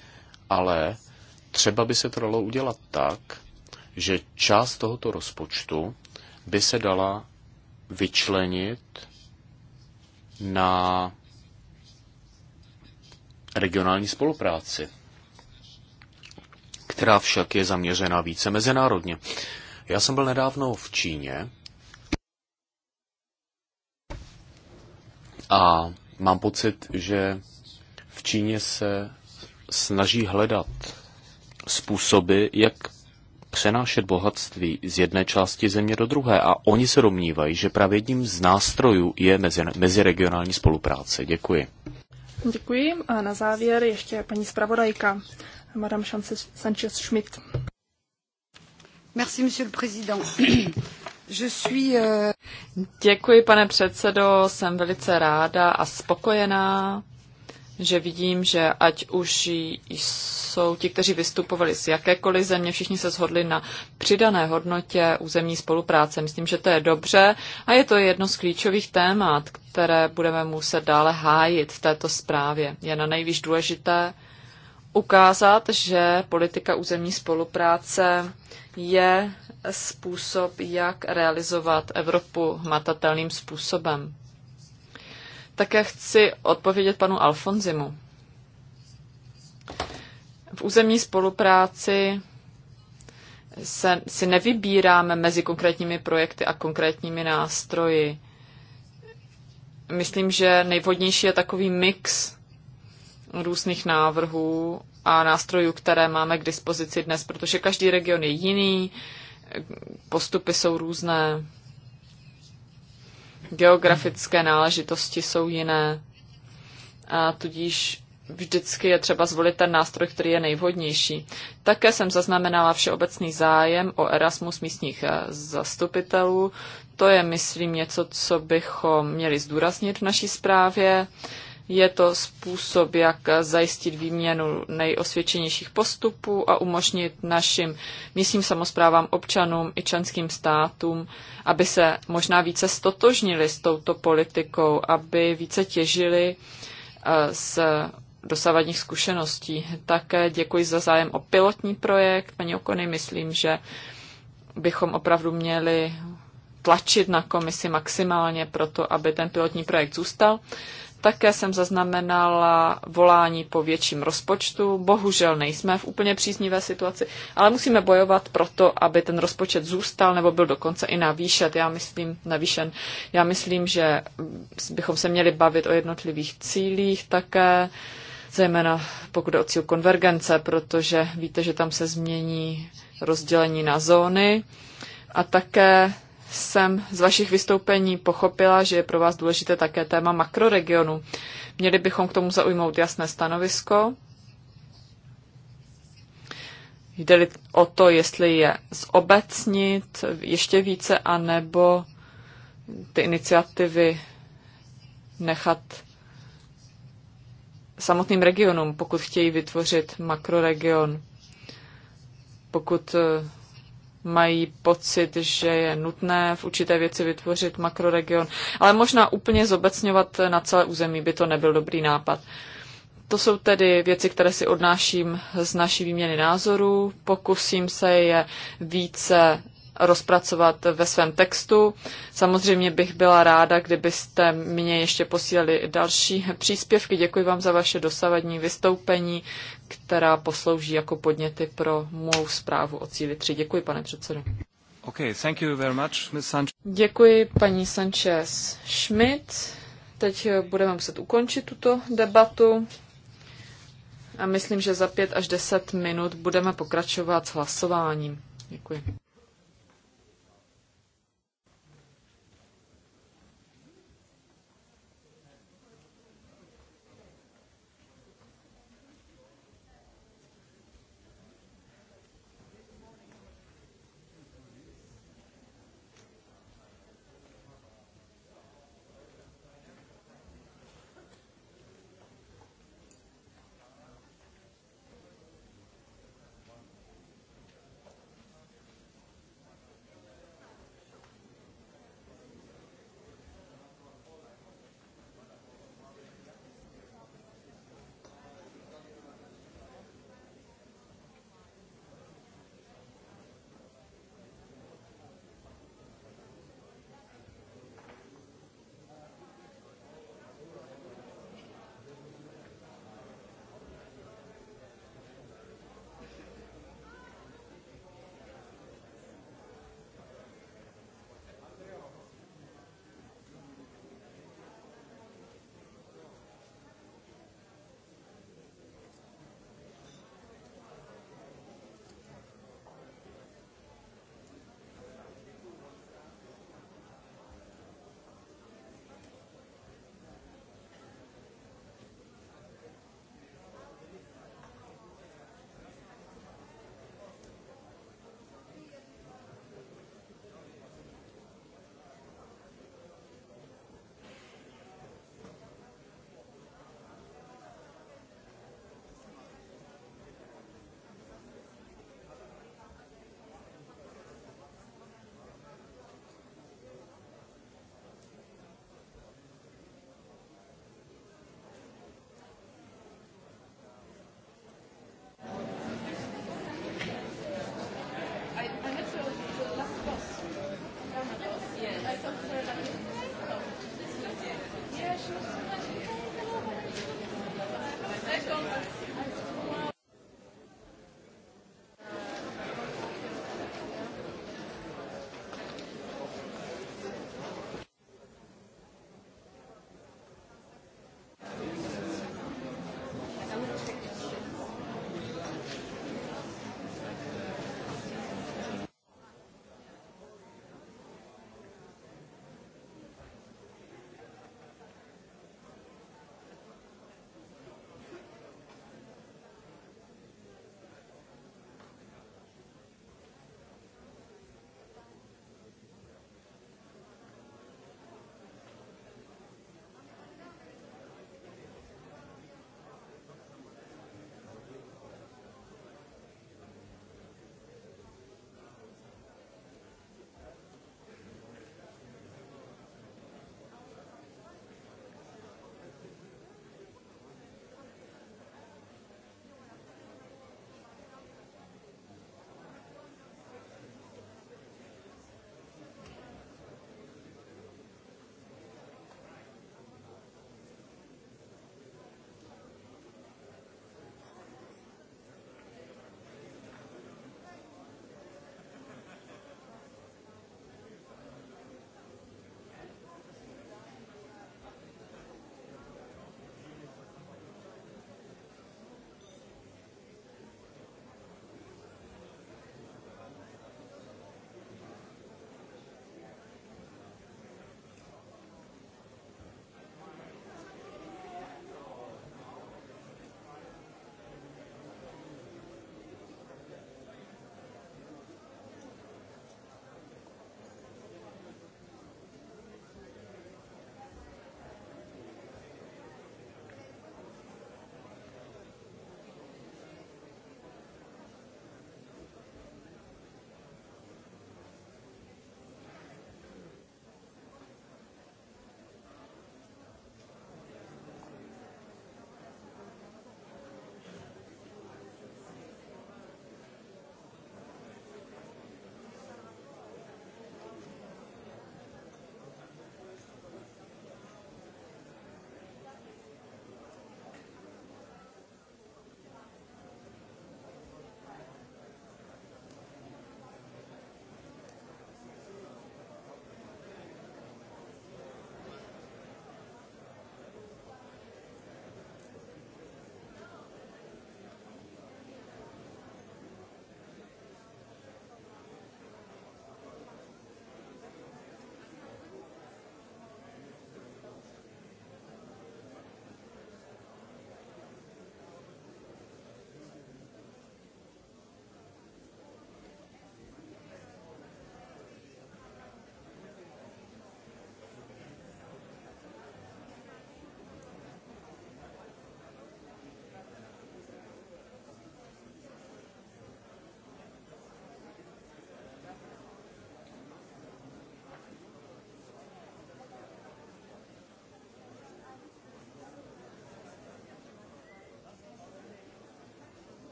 ale třeba by se to dalo udělat tak, že část tohoto rozpočtu by se dala vyčlenit na regionální spolupráci, která však je zaměřena více mezinárodně. Já jsem byl nedávno v Číně a mám pocit, že v Číně se snaží hledat způsoby, jak přenášet bohatství z jedné části země do druhé. A oni se domnívají, že právě jedním z nástrojů je mezi, meziregionální spolupráce. Děkuji. Děkuji. A na závěr ještě paní zpravodajka, Madame Sanchez Schmidt. Merci, monsieur le président. Je suis, euh, Děkuji, pane předsedo. Jsem velice ráda a spokojená že vidím, že ať už jsou ti, kteří vystupovali z jakékoliv země, všichni se shodli na přidané hodnotě územní spolupráce. Myslím, že to je dobře a je to jedno z klíčových témat, které budeme muset dále hájit v této zprávě. Je na nejvíc důležité ukázat, že politika územní spolupráce je způsob, jak realizovat Evropu hmatatelným způsobem. Také chci odpovědět panu Alfonzimu. V územní spolupráci se, si nevybíráme mezi konkrétními projekty a konkrétními nástroji. Myslím, že nejvhodnější je takový mix různých návrhů a nástrojů, které máme k dispozici dnes, protože každý region je jiný, postupy jsou různé geografické náležitosti jsou jiné. A tudíž vždycky je třeba zvolit ten nástroj, který je nejvhodnější. Také jsem zaznamenala všeobecný zájem o Erasmus místních eh, zastupitelů. To je, myslím, něco, co bychom měli zdůraznit v naší zprávě. Je to způsob, jak zajistit výměnu nejosvědčenějších postupů a umožnit našim místním samozprávám, občanům i členským státům, aby se možná více stotožnili s touto politikou, aby více těžili eh, z dosavadních zkušeností. Také děkuji za zájem o pilotní projekt. Paní Okony, myslím, že bychom opravdu měli tlačit na komisi maximálně pro to, aby ten pilotní projekt zůstal také jsem zaznamenala volání po větším rozpočtu. Bohužel nejsme v úplně příznivé situaci, ale musíme bojovat proto, aby ten rozpočet zůstal nebo byl dokonce i navýšet. Já myslím, navýšen. Já myslím, že bychom se měli bavit o jednotlivých cílích také, zejména pokud jde o cíl konvergence, protože víte, že tam se změní rozdělení na zóny a také jsem z vašich vystoupení pochopila, že je pro vás důležité také téma makroregionu. Měli bychom k tomu zaujmout jasné stanovisko. Jde o to, jestli je zobecnit ještě více, anebo ty iniciativy nechat samotným regionům, pokud chtějí vytvořit makroregion. Pokud eh, mají pocit, že je nutné v určité věci vytvořit makroregion, ale možná úplně zobecňovat na celé území by to nebyl dobrý nápad. To jsou tedy věci, které si odnáším z naší výměny názorů. Pokusím se je více rozpracovat ve svém textu. Samozřejmě bych byla ráda, kdybyste mě ještě posílali další příspěvky. Děkuji vám za vaše dosavadní vystoupení, která poslouží jako podněty pro mou zprávu o cíli 3. Děkuji, pane předsedo. Okay, thank you very much, Ms. Děkuji, paní Sanchez Schmidt. Teď budeme muset ukončit tuto debatu a myslím, že za pět až deset minut budeme pokračovat s hlasováním. Děkuji.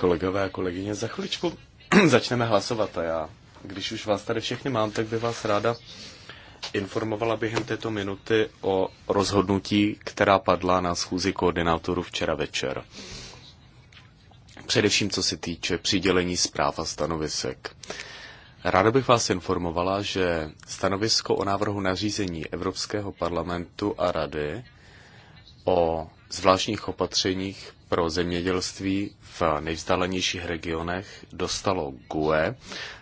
Kolegové a kolegyně, za chviličku začneme hlasovat a já, když už vás tady všechny mám, tak bych vás ráda informovala během této minuty o rozhodnutí, která padla na schůzi koordinátorů včera večer. Především co se týče přidělení zpráv a stanovisek. Ráda bych vás informovala, že stanovisko o návrhu nařízení Evropského parlamentu a Rady o zvláštních opatřeních pro zemědělství v nejvzdálenějších regionech dostalo GUE,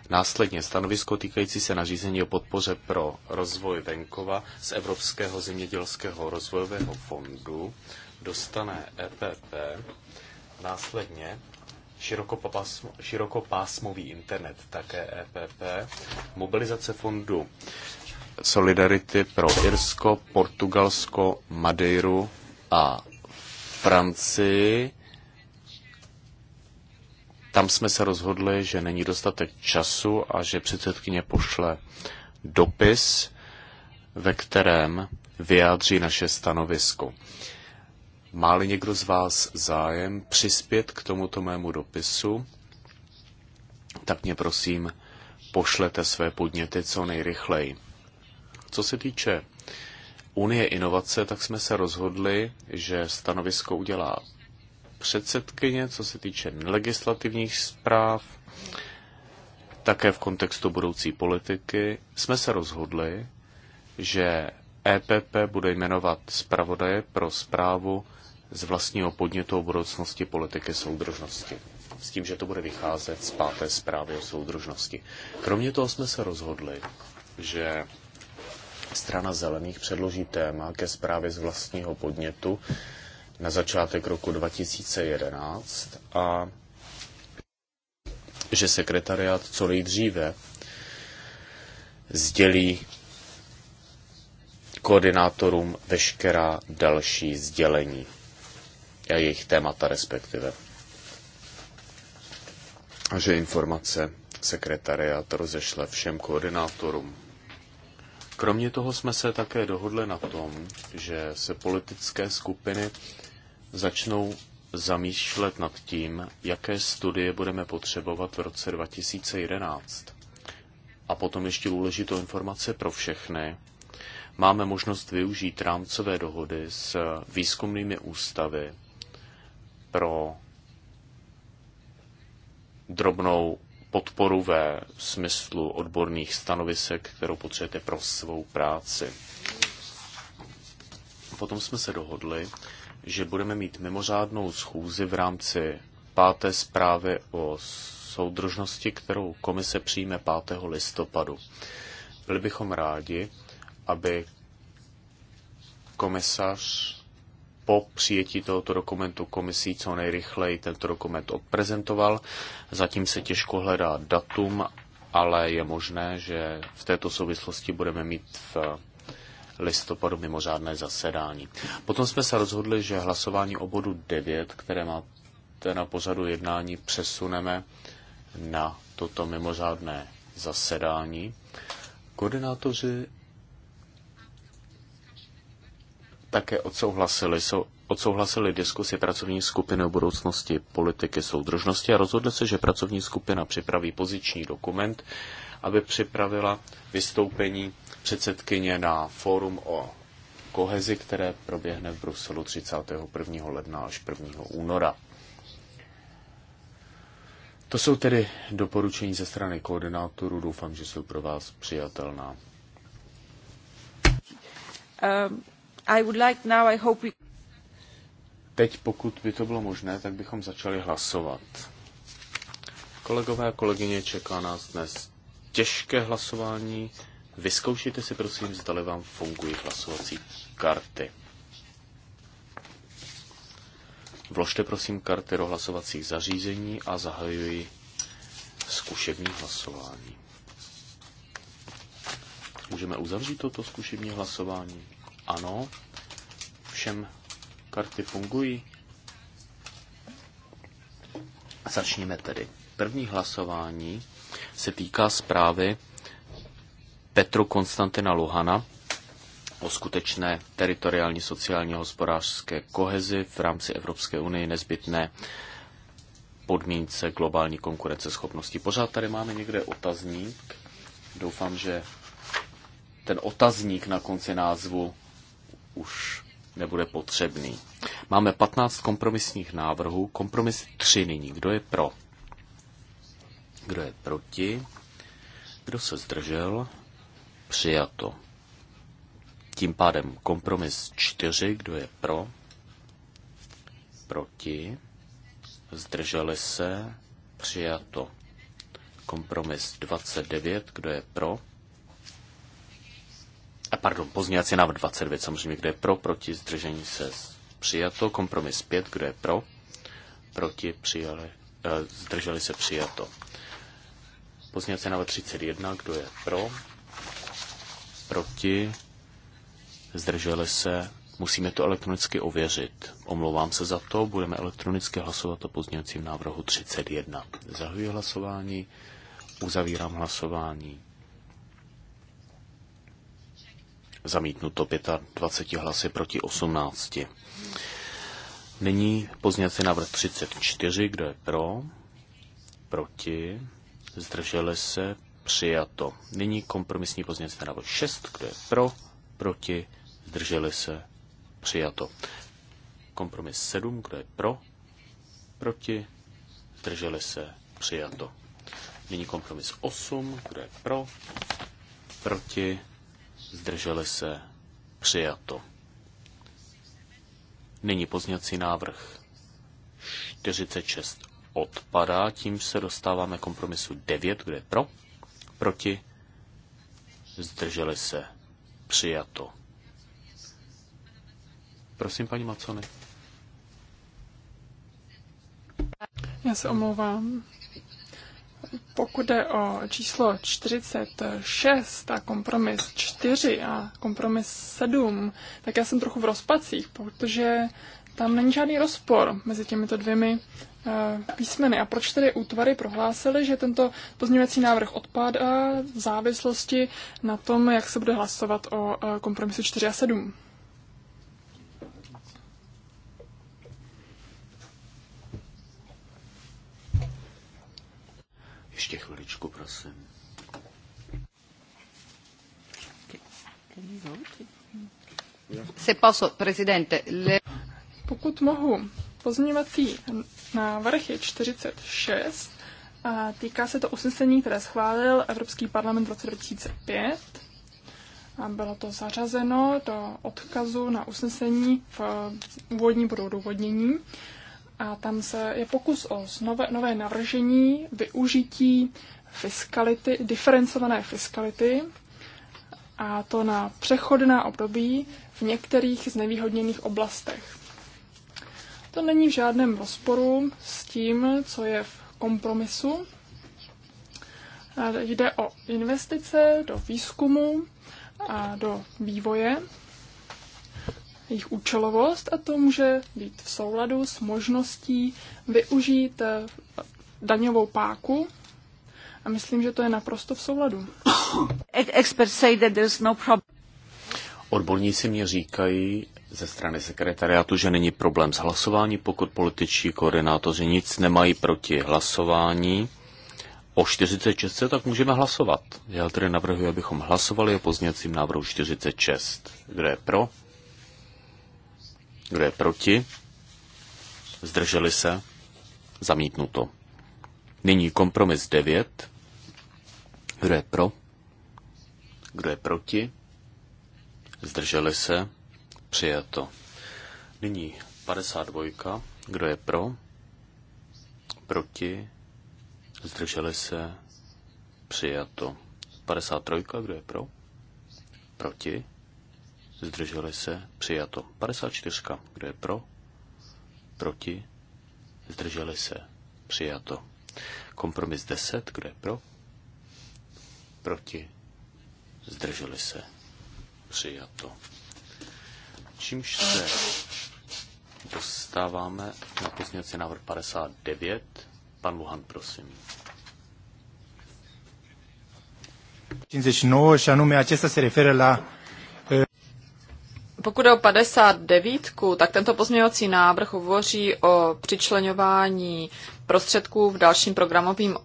následně stanovisko týkající se nařízení o podpoře pro rozvoj venkova z Evropského zemědělského rozvojového fondu dostane EPP, následně širokopásmový internet, také EPP, mobilizace fondu Solidarity pro Irsko, Portugalsko, Madeiru a Francii. Tam jsme se rozhodli, že není dostatek času a že předsedkyně pošle dopis, ve kterém vyjádří naše stanovisko. Máli někdo z vás zájem přispět k tomuto mému dopisu, tak mě prosím pošlete své podněty co nejrychleji. Co se týče Unie inovace, tak jsme se rozhodli, že stanovisko udělá předsedkyně, co se týče legislativních zpráv, také v kontextu budoucí politiky, jsme se rozhodli, že EPP bude jmenovat zpravodaje pro zprávu z vlastního podnětu o budoucnosti politiky soudržnosti. S tím, že to bude vycházet z páté zprávy o soudržnosti. Kromě toho jsme se rozhodli, že Strana zelených předloží téma ke zprávě z vlastního podnětu na začátek roku 2011 a že sekretariát co nejdříve sdělí koordinátorům veškerá další sdělení a jejich témata respektive. A že informace sekretariát rozešle všem koordinátorům. Kromě toho jsme se také dohodli na tom, že se politické skupiny začnou zamýšlet nad tím, jaké studie budeme potřebovat v roce 2011. A potom ještě důležitou informace pro všechny. Máme možnost využít rámcové dohody s výzkumnými ústavy pro drobnou podporu ve smyslu odborných stanovisek, kterou potřebujete pro svou práci. Potom jsme se dohodli, že budeme mít mimořádnou schůzi v rámci páté zprávy o soudržnosti, kterou komise přijme 5. listopadu. Byli bychom rádi, aby komisař po přijetí tohoto dokumentu komisí co nejrychleji tento dokument odprezentoval. Zatím se těžko hledá datum, ale je možné, že v této souvislosti budeme mít v listopadu mimořádné zasedání. Potom jsme se rozhodli, že hlasování o bodu 9, které máte na pořadu jednání, přesuneme na toto mimořádné zasedání. Koordinátoři také odsouhlasili, jsou, odsouhlasili diskusy pracovní skupiny o budoucnosti politiky soudržnosti a rozhodli se, že pracovní skupina připraví poziční dokument, aby připravila vystoupení předsedkyně na fórum o kohezi, které proběhne v Bruselu 31. ledna až 1. února. To jsou tedy doporučení ze strany koordinátorů. Doufám, že jsou pro vás přijatelná. Um. Teď, pokud by to bylo možné, tak bychom začali hlasovat. Kolegové a kolegyně, čeká nás dnes těžké hlasování. Vyzkoušejte si, prosím, zdali vám fungují hlasovací karty. Vložte, prosím, karty do hlasovacích zařízení a zahajuji zkušební hlasování. Můžeme uzavřít toto zkušební hlasování? Ano, všem karty fungují. Začněme tedy. První hlasování se týká zprávy Petru Konstantina Luhana o skutečné teritoriální sociální a hospodářské kohezi v rámci Evropské unie nezbytné podmínce globální konkurenceschopnosti. Pořád tady máme někde otazník. Doufám, že ten otazník na konci názvu už nebude potřebný. Máme 15 kompromisních návrhů, kompromis 3 nyní. Kdo je pro? Kdo je proti? Kdo se zdržel? Přijato. Tím pádem kompromis 4, kdo je pro? Proti? Zdrželi se? Přijato. Kompromis 29, kdo je pro? pardon, pozměňovací návrh 29, samozřejmě, kde je pro, proti, zdržení se přijato, kompromis 5, kde je pro, proti, přijali, eh, zdrželi se přijato. Pozměňovací návrh 31, kdo je pro, proti, zdrželi se, musíme to elektronicky ověřit. Omlouvám se za to, budeme elektronicky hlasovat o pozměňovacím návrhu 31. Zahajuji hlasování, uzavírám hlasování. zamítnuto 25 hlasy proti 18. Nyní pozněcí návrh 34, kdo je pro, proti, zdrželi se, přijato. Nyní kompromisní pozněcí návrh 6, kdo je pro, proti, zdrželi se, přijato. Kompromis 7, kdo je pro, proti, zdrželi se, přijato. Nyní kompromis 8, kdo je pro, proti, zdrželi se, přijato. Nyní pozněcí návrh 46 odpadá, tím se dostáváme kompromisu 9, kde pro, proti, zdrželi se, přijato. Prosím, paní Macony. Já se omlouvám. Pokud jde o číslo 46 a kompromis 4 a kompromis 7, tak já jsem trochu v rozpacích, protože tam není žádný rozpor mezi těmito dvěmi eh, písmeny. A proč tedy útvary prohlásily, že tento pozměňovací návrh odpadá v závislosti na tom, jak se bude hlasovat o eh, kompromisu 4 a 7? Ještě chviličku, prosím. Se prezidente. Le... Pokud mohu, pozměňovací návrh je 46 a týká se to usnesení, které schválil Evropský parlament v roce 2005 a bylo to zařazeno do odkazu na usnesení v úvodním bodu odůvodnění. A tam se je pokus o nové, nové navržení, využití fiskality, diferencované fiskality, a to na přechodná období v některých znevýhodněných oblastech. To není v žádném rozporu s tím, co je v kompromisu. Jde o investice do výzkumu a do vývoje jejich účelovost a to může být v souladu s možností využít eh, daňovou páku a myslím, že to je naprosto v souladu. No Odborníci mě říkají ze strany sekretariátu, že není problém s hlasování, pokud političtí koordinátoři nic nemají proti hlasování. O 46 tak můžeme hlasovat. Já tedy navrhuji, abychom hlasovali o pozněcím návrhu 46. Kdo je pro? Kdo je proti? Zdrželi se? Zamítnuto. Nyní kompromis 9. Kdo je pro? Kdo je proti? Zdrželi se? Přijato. Nyní 52. Kdo je pro? Proti? Zdrželi se? Přijato. 53. Kdo je pro? Proti? zdrželi se, přijato. 54. Kdo je pro, proti, zdrželi se, přijato. Kompromis 10. Kdo je pro, proti, zdrželi se, přijato. Čímž se dostáváme na pozměňovací návrh 59. Pan Luhan, prosím. 59 și anume acesta se referă la pokud je o 59, tak tento pozměňovací návrh hovoří o přičlenování prostředků v dalším programovém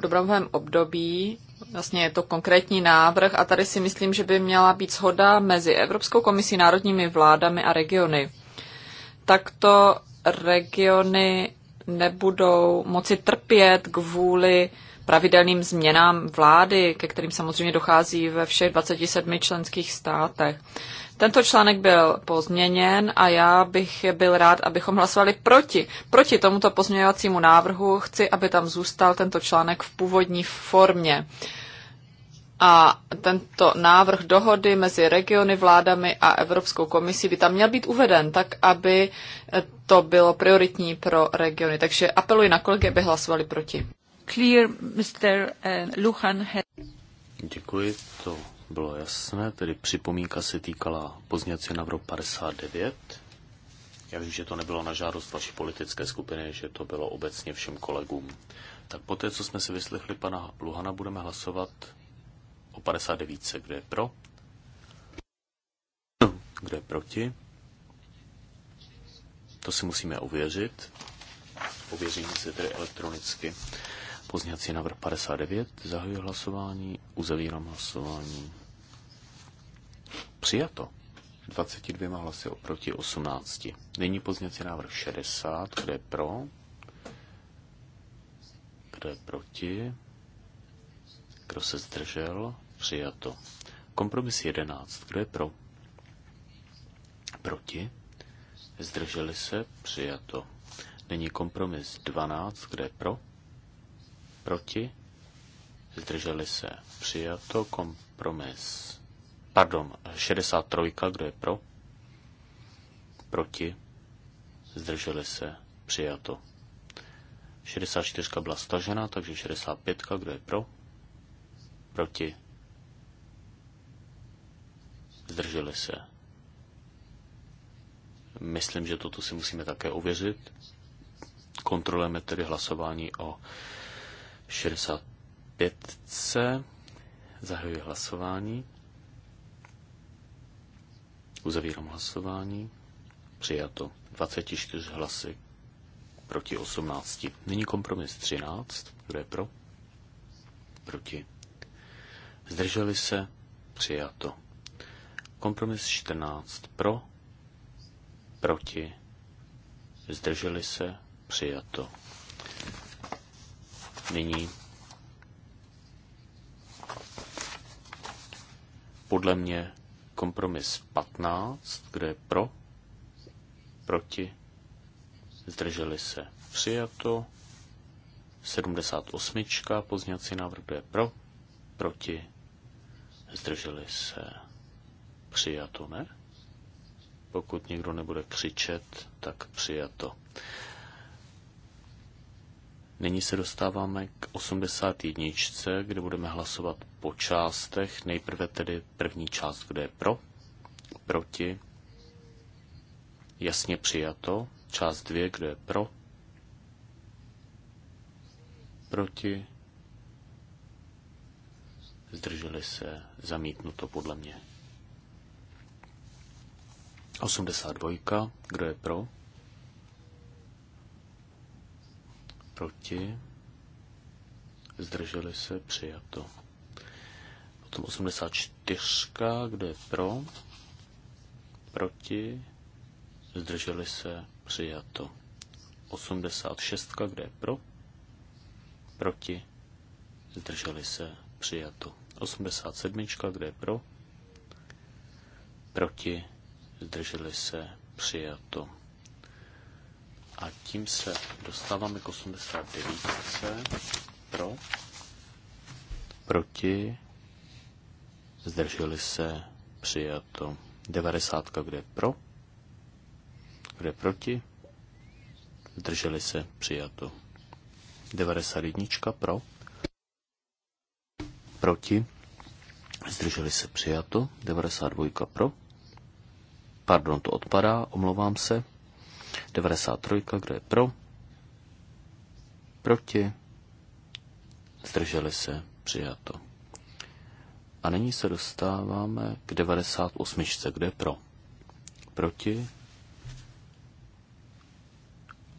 dobrovém období. Vlastně je to konkrétní návrh a tady si myslím, že by měla být shoda mezi Evropskou komisí, národními vládami a regiony. Takto regiony nebudou moci trpět kvůli pravidelným změnám vlády, ke kterým samozřejmě dochází ve všech 27 členských státech. Tento článek byl pozměněn a já bych byl rád, abychom hlasovali proti. Proti tomuto pozměňovacímu návrhu chci, aby tam zůstal tento článek v původní formě. A tento návrh dohody mezi regiony, vládami a Evropskou komisí by tam měl být uveden tak, aby to bylo prioritní pro regiony. Takže apeluji na kolegy, aby hlasovali proti. Clear, Mr. Eh, Luhan. Děkuji, to bylo jasné, tedy připomínka se týkala pozněcí na 59. Já vím, že to nebylo na žádost vaší politické skupiny, že to bylo obecně všem kolegům. Tak poté, co jsme si vyslechli pana Luhana, budeme hlasovat o 59. Kdo je pro? Kdo je proti? To si musíme ověřit. Ověříme si tedy elektronicky. Pozněcí návrh 59. Zahajuji hlasování, uzavírám hlasování. Přijato. 22 hlasy oproti 18. Nyní pozněcí návrh 60. Kdo je pro? Kdo je proti? Kdo se zdržel? Přijato. Kompromis 11. Kdo je pro? Proti? Zdrželi se? Přijato. Nyní kompromis 12. Kdo je pro? Proti? Zdrželi se? Přijato. Kompromis Pardon, 63, kdo je pro? Proti? Zdrželi se? Přijato. 64 byla stažena, takže 65, kdo je pro? Proti? Zdrželi se? Myslím, že toto si musíme také ověřit. Kontrolujeme tedy hlasování o 65. Zahajuji hlasování. Uzavírám hlasování. Přijato 24 hlasy proti 18. Nyní kompromis 13. Kdo je pro? Proti. Zdrželi se? Přijato. Kompromis 14. Pro? Proti. Zdrželi se? Přijato. Nyní podle mě kompromis 15, kde je pro, proti, zdrželi se přijato, 78. pozněcí návrh, kdo je pro, proti, zdrželi se přijato, ne? Pokud někdo nebude křičet, tak přijato. Nyní se dostáváme k 81, kde budeme hlasovat po částech. Nejprve tedy první část, kde je pro, proti, jasně přijato. Část 2, kde je pro, proti, zdrželi se, zamítnuto podle mě. 82, kdo je pro? Proti? Zdrželi se? Přijato. Potom 84. Kdo je pro? Proti? Zdrželi se? Přijato. 86. Kdo je pro? Proti? Zdrželi se? Přijato. 87. Kdo je pro? Proti? Zdrželi se? Přijato. A tím se dostáváme k 89. Pro. Proti. Zdrželi se. Přijato. 90. Kde pro? Kde proti? Zdrželi se. Přijato. 91. Pro. Proti. Zdrželi se. Přijato. 92. Pro. Pardon, to odpadá. Omlouvám se. 93, kdo je pro? Proti? Zdrželi se? Přijato. A nyní se dostáváme k 98, kde je pro? Proti?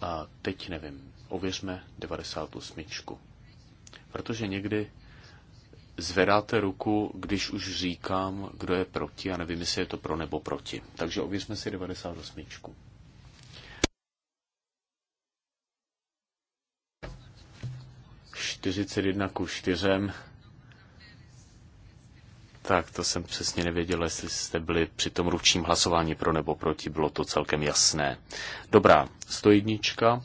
A teď nevím, ověřme 98. Protože někdy zvedáte ruku, když už říkám, kdo je proti a nevím, jestli je to pro nebo proti. Takže ověřme si 98. 41 ku 4. Tak to jsem přesně nevěděl, jestli jste byli při tom ručním hlasování pro nebo proti, bylo to celkem jasné. Dobrá, 101.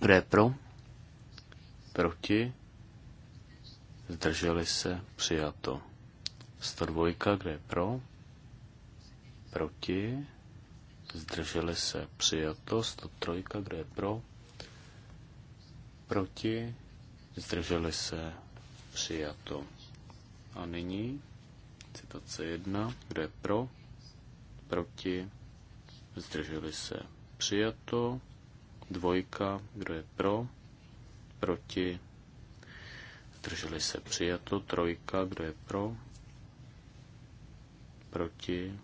Kdo je pro? Proti? Zdrželi se? Přijato. 102. Kdo je pro? Proti? Zdrželi se? Přijato. 103. Kdo je pro? Proti? zdrželi se, přijato. A nyní citace jedna, kdo je pro, proti, zdrželi se, přijato. Dvojka, kdo je pro, proti, zdrželi se, přijato. Trojka, kdo je pro, proti,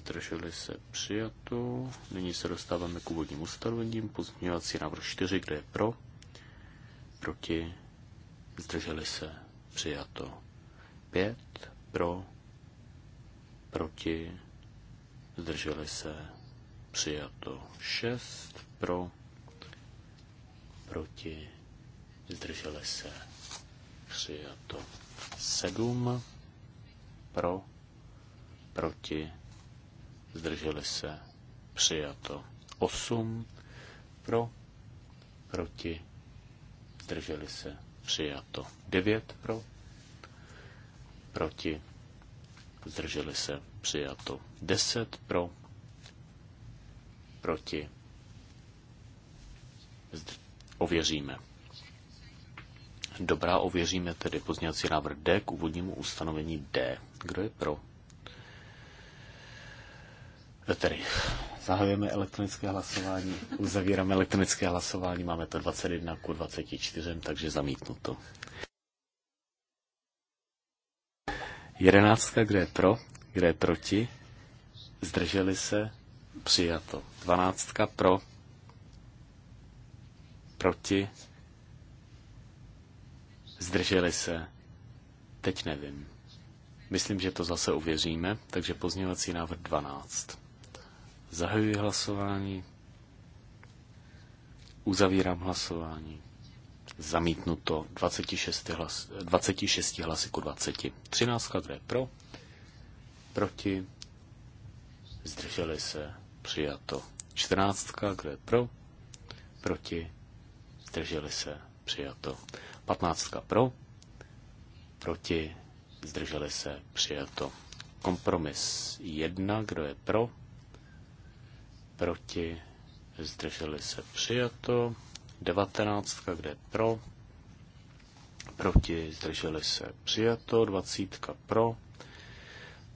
zdrželi se přijato. Nyní se dostáváme k úvodním ustanovením. Pozměňovací návrh 4, kde je pro, proti, zdrželi se, přijato. Pět pro, proti, zdrželi se, přijato. Šest pro, proti, zdrželi se, přijato. Sedm pro, proti, zdrželi se, přijato. Osm pro, proti, zdrželi se, přijato. 9 pro, proti, zdrželi se, přijato. 10 pro, proti, Zdr- ověříme. Dobrá, ověříme tedy pozněvací návrh D k úvodnímu ustanovení D. Kdo je pro? Tedy Zahajujeme elektronické hlasování, uzavíráme elektronické hlasování, máme to 21 ku 24, takže zamítnuto. Jedenáctka, kde je pro, kde je proti, zdrželi se, přijato. Dvanáctka pro, proti, zdrželi se, teď nevím. Myslím, že to zase uvěříme, takže pozměňovací návrh 12. Zahajuji hlasování. Uzavírám hlasování. Zamítnuto 26 hlas, 26 hlasy ku 20. 13 kde pro, proti, zdrželi se, přijato. 14 kde pro, proti, zdrželi se, přijato. 15 pro, proti, zdrželi se, přijato. Kompromis 1, kdo je pro, proti, zdrželi se přijato, 19, kde pro, proti, zdrželi se přijato, 20 pro,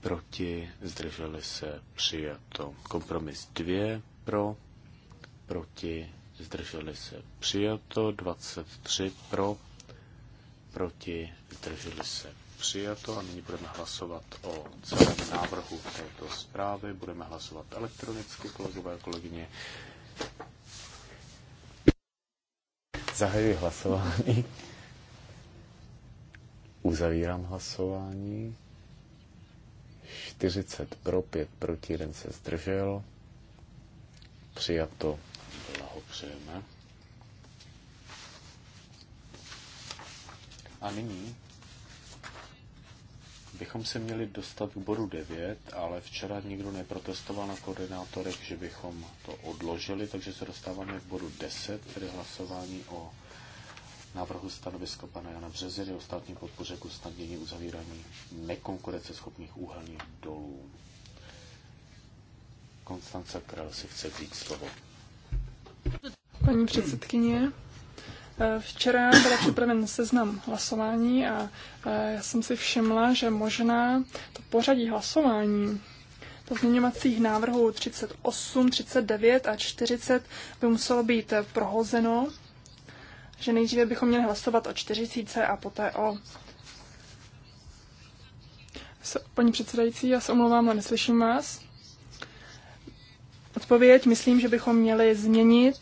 proti, zdrželi se přijato, kompromis 2 pro, proti, zdrželi se přijato, 23 pro, proti, zdrželi se přijato a nyní budeme hlasovat o celém návrhu této zprávy. Budeme hlasovat elektronicky, kolegové a kolegyně. Zahajuji hlasování. Uzavírám hlasování. 40 pro, 5 proti, 1 se zdržel. Přijato. Blahopřejeme. A nyní bychom se měli dostat k bodu 9, ale včera nikdo neprotestoval na koordinátorech, že bychom to odložili, takže se dostáváme k bodu 10, tedy hlasování o návrhu stanoviska pana Jana Březiny o státní podpoře k usnadnění uzavírání nekonkurenceschopných úhelných dolů. Konstance Král si chce vzít slovo. Paní předsedkyně, Včera byl připraven seznam hlasování a já jsem si všimla, že možná to pořadí hlasování pozměňovacích návrhů 38, 39 a 40 by muselo být prohozeno, že nejdříve bychom měli hlasovat o 40 a poté o Paní předsedající, já se omlouvám, ale neslyším vás. Odpověď, myslím, že bychom měli změnit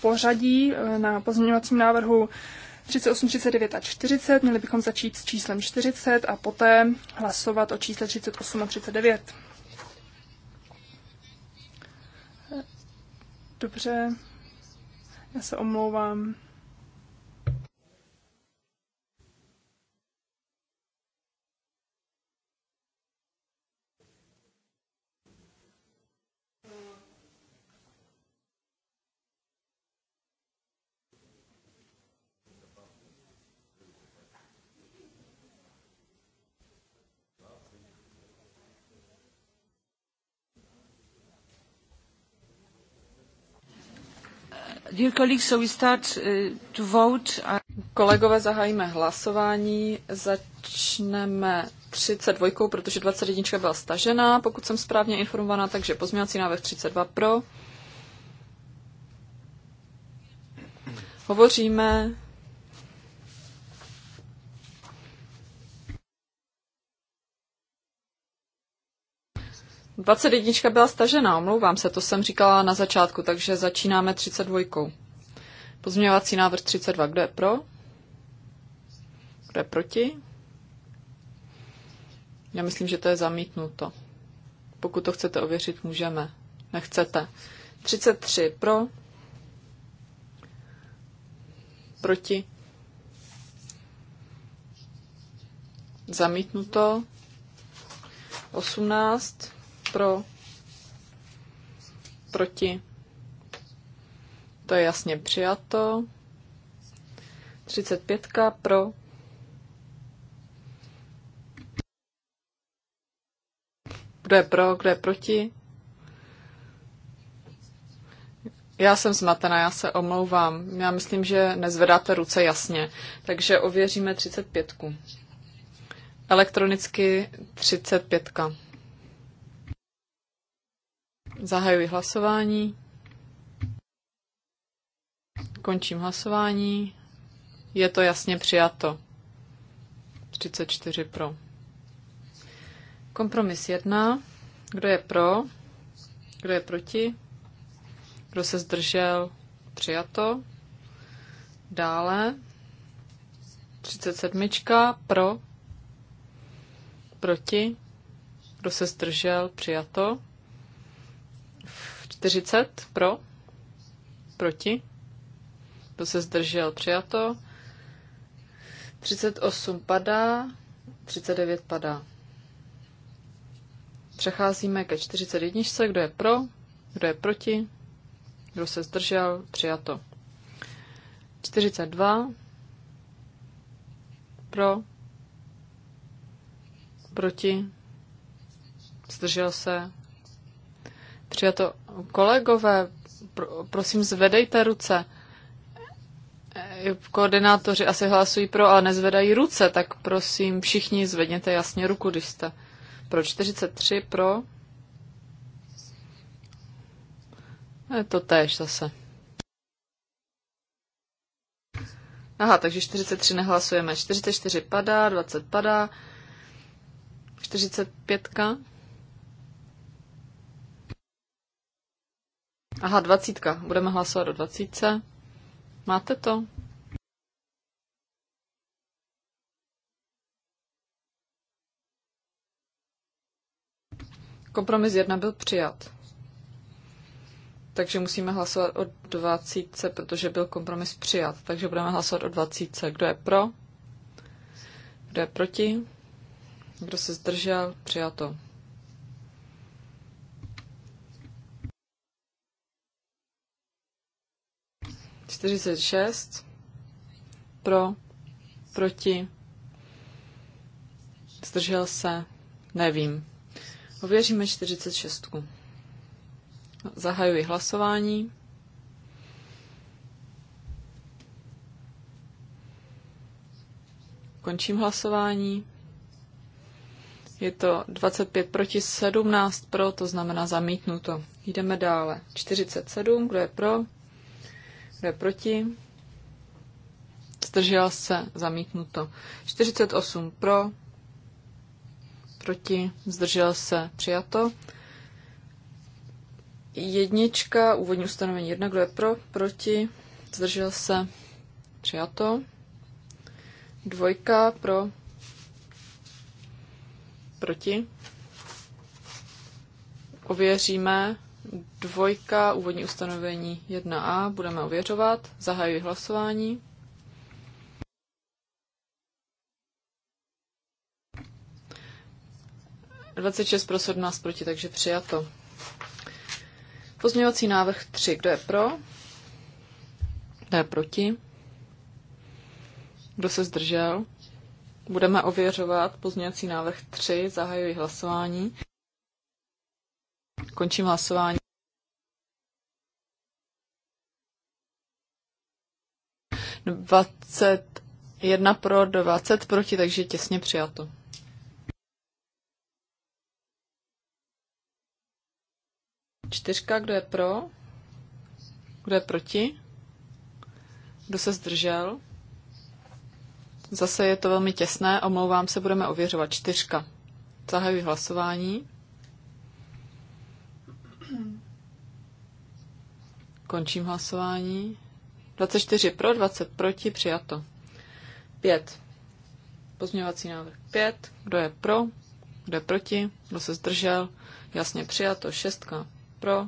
pořadí eh, na pozměňovacím návrhu 38, 39 a 40. Měli bychom začít s číslem 40 a poté hlasovat o čísle 38 a 39. Dobře, já se omlouvám. Uh, Kolegové, zahájíme hlasování. Začneme 32, protože 21 byla stažená, pokud jsem správně informovaná, takže pozměňovací návrh 32 pro. Hovoříme 21 byla stažena, omlouvám se, to jsem říkala na začátku, takže začínáme 32. Pozměňovací návrh 32, kdo je pro? Kdo je proti? Já myslím, že to je zamítnuto. Pokud to chcete ověřit, můžeme. Nechcete. 33 pro. Proti. Zamítnuto. 18 pro, proti, to je jasně přijato. 35 pro, kdo je pro, kdo je proti. Já jsem zmatená, já se omlouvám. Já myslím, že nezvedáte ruce jasně. Takže ověříme 35. Elektronicky 35. Zahajuji hlasování. Končím hlasování. Je to jasně přijato. 34 pro. Kompromis 1. Kdo je pro? Kdo je proti? Kdo se zdržel? Přijato. Dále. 37. Pro. Proti. Kdo se zdržel? Přijato. 40 pro, proti, kdo se zdržel, přijato. 38 padá, 39 padá. Přecházíme ke 41, kdo je pro, kdo je proti, kdo se zdržel, přijato. 42 pro, proti, zdržel se, Přijato. Kolegové, prosím, zvedejte ruce. Koordinátoři asi hlasují pro, ale nezvedají ruce, tak prosím, všichni zvedněte jasně ruku, když jste pro 43, pro. Je to též zase. Aha, takže 43 nehlasujeme. 44 padá, 20 padá. 45. Aha, dvacítka. Budeme hlasovat o dvacítce. Máte to? Kompromis jedna byl přijat. Takže musíme hlasovat o dvacítce, protože byl kompromis přijat. Takže budeme hlasovat o dvacítce. Kdo je pro? Kdo je proti? Kdo se zdržel? Přijato. 46 pro, proti, zdržel se, nevím. Ověříme 46. Zahajuji hlasování. Končím hlasování. Je to 25 proti 17 pro, to znamená zamítnuto. Jdeme dále. 47, kdo je pro? Kdo je proti? Zdržel se, zamítnuto. 48 pro, proti, zdržel se, přijato. Jednička, úvodní ustanovení jedna, kdo je pro, proti, zdržel se, přijato. Dvojka pro, proti. Ověříme. Dvojka, úvodní ustanovení 1a, budeme ověřovat. Zahajuji hlasování. pro 17 proti, takže přijato. Pozměňovací návrh 3. Kdo je pro? Kdo je proti? Kdo se zdržel? Budeme ověřovat pozměňovací návrh 3. Zahajuji hlasování. Končím hlasování. Dvacet jedna pro, 20 proti, takže těsně přijato. Čtyřka, kdo je pro? Kdo je proti? Kdo se zdržel? Zase je to velmi těsné, omlouvám se, budeme ověřovat. Čtyřka. Zahajuji hlasování. Končím hlasování. 24 pro, 20 proti, přijato. 5. Pozměňovací návrh 5. Kdo je pro? Kdo je proti? Kdo se zdržel? Jasně přijato. 6. Pro.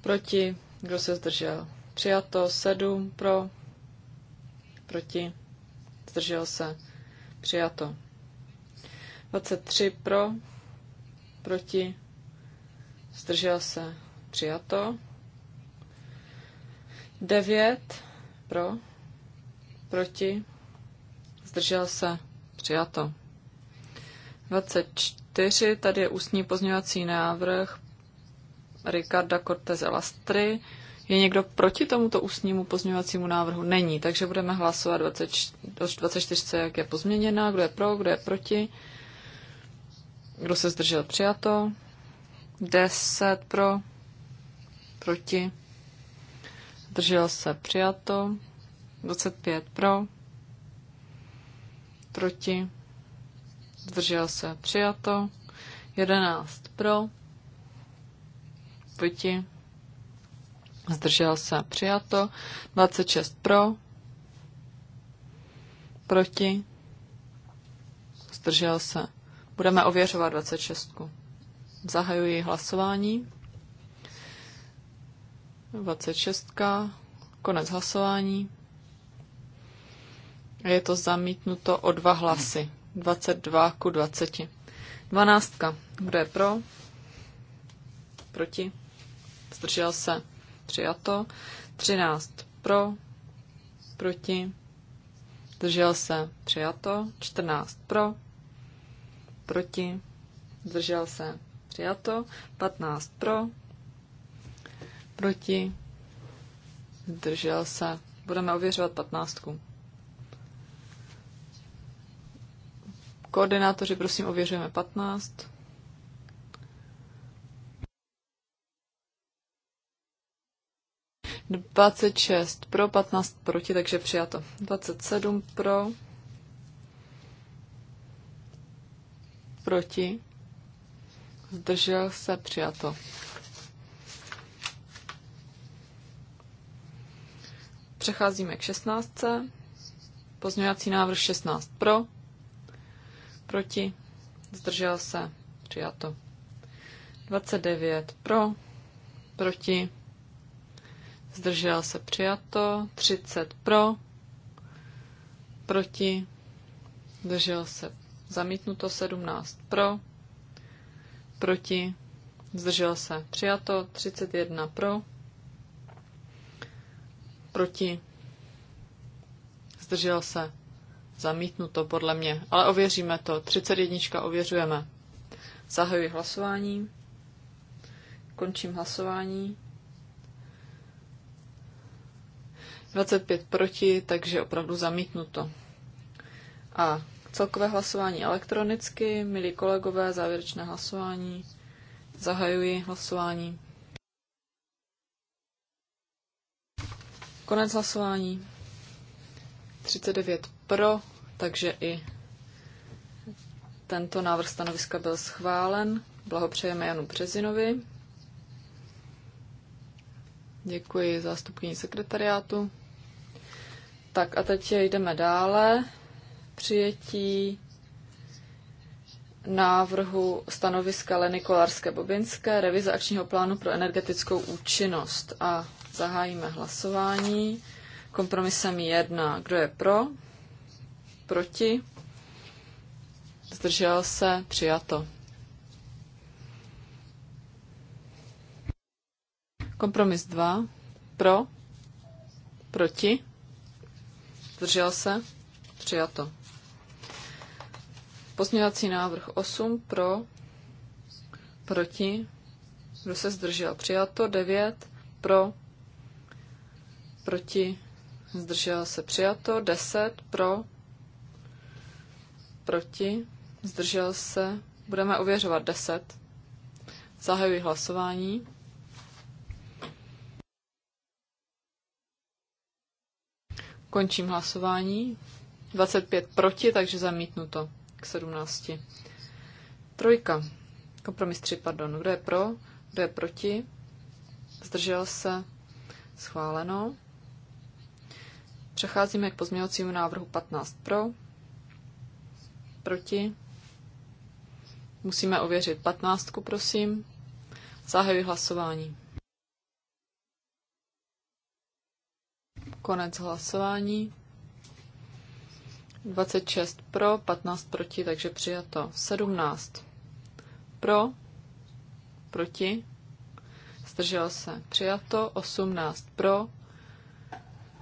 Proti. Kdo se zdržel? Přijato. 7. Pro. Proti. Zdržel se. Přijato. 23 pro. Proti zdržel se, přijato. 9 pro, proti, zdržel se, přijato. 24, tady je ústní pozměňovací návrh Ricarda Cortez Lastry. Je někdo proti tomuto ústnímu pozměňovacímu návrhu? Není, takže budeme hlasovat 24, 24, jak je pozměněná, kdo je pro, kdo je proti, kdo se zdržel přijato. 10 pro, proti, zdržel se přijato, 25 pro, proti, zdržel se přijato, 11 pro, proti, zdržel se přijato, 26 pro, proti, zdržel se. Budeme ověřovat 26. Zahajuji hlasování. 26. Konec hlasování. Je to zamítnuto o dva hlasy. 22 ku 20. 12. Kdo je pro? Proti? Zdržel se. Přijato. 13. Pro? Proti? Zdržel se. Přijato. 14. Pro? Proti? Zdržel se. Přijato. 15 pro. Proti. Zdržel se. Budeme ověřovat 15. Koordinátoři, prosím, ověřujeme 15. Dvacet šest pro, patnáct proti, takže přijato. Dvacet sedm pro, proti, zdržel se, přijato. Přecházíme k 16. Pozměňovací návrh 16 pro, proti, zdržel se, přijato. 29 pro, proti, zdržel se, přijato. 30 pro, proti, zdržel se, zamítnuto 17 pro, proti, zdržel se. Přijato 31 pro, proti, zdržel se. Zamítnuto podle mě, ale ověříme to. 31 ověřujeme. Zahajuji hlasování. Končím hlasování. 25 proti, takže opravdu zamítnuto. A Celkové hlasování elektronicky, milí kolegové, závěrečné hlasování. Zahajuji hlasování. Konec hlasování. 39 pro, takže i tento návrh stanoviska byl schválen. Blahopřejeme Janu Březinovi. Děkuji zástupkyni sekretariátu. Tak a teď jdeme dále přijetí návrhu stanoviska Leny Kolarské-Bobinské, revize akčního plánu pro energetickou účinnost. A zahájíme hlasování. Kompromisem jedna. Kdo je pro? Proti? Zdržel se? Přijato. Kompromis 2. Pro? Proti? Zdržel se? Přijato. Pozměňovací návrh 8 pro, proti, kdo se zdržel? Přijato 9 pro, proti, zdržel se přijato 10 pro, proti, zdržel se, budeme ověřovat 10. Zahajuji hlasování. Končím hlasování. 25 proti, takže zamítnuto k 17. Trojka. Kompromis 3, pardon. Kdo je pro? Kdo je proti? Zdržel se? Schváleno. Přecházíme k pozměňovacímu návrhu 15 pro. Proti. Musíme ověřit 15, prosím. Zahajuji hlasování. Konec hlasování. 26 pro, 15 proti, takže přijato. 17 pro, proti, zdržel se. Přijato. 18 pro,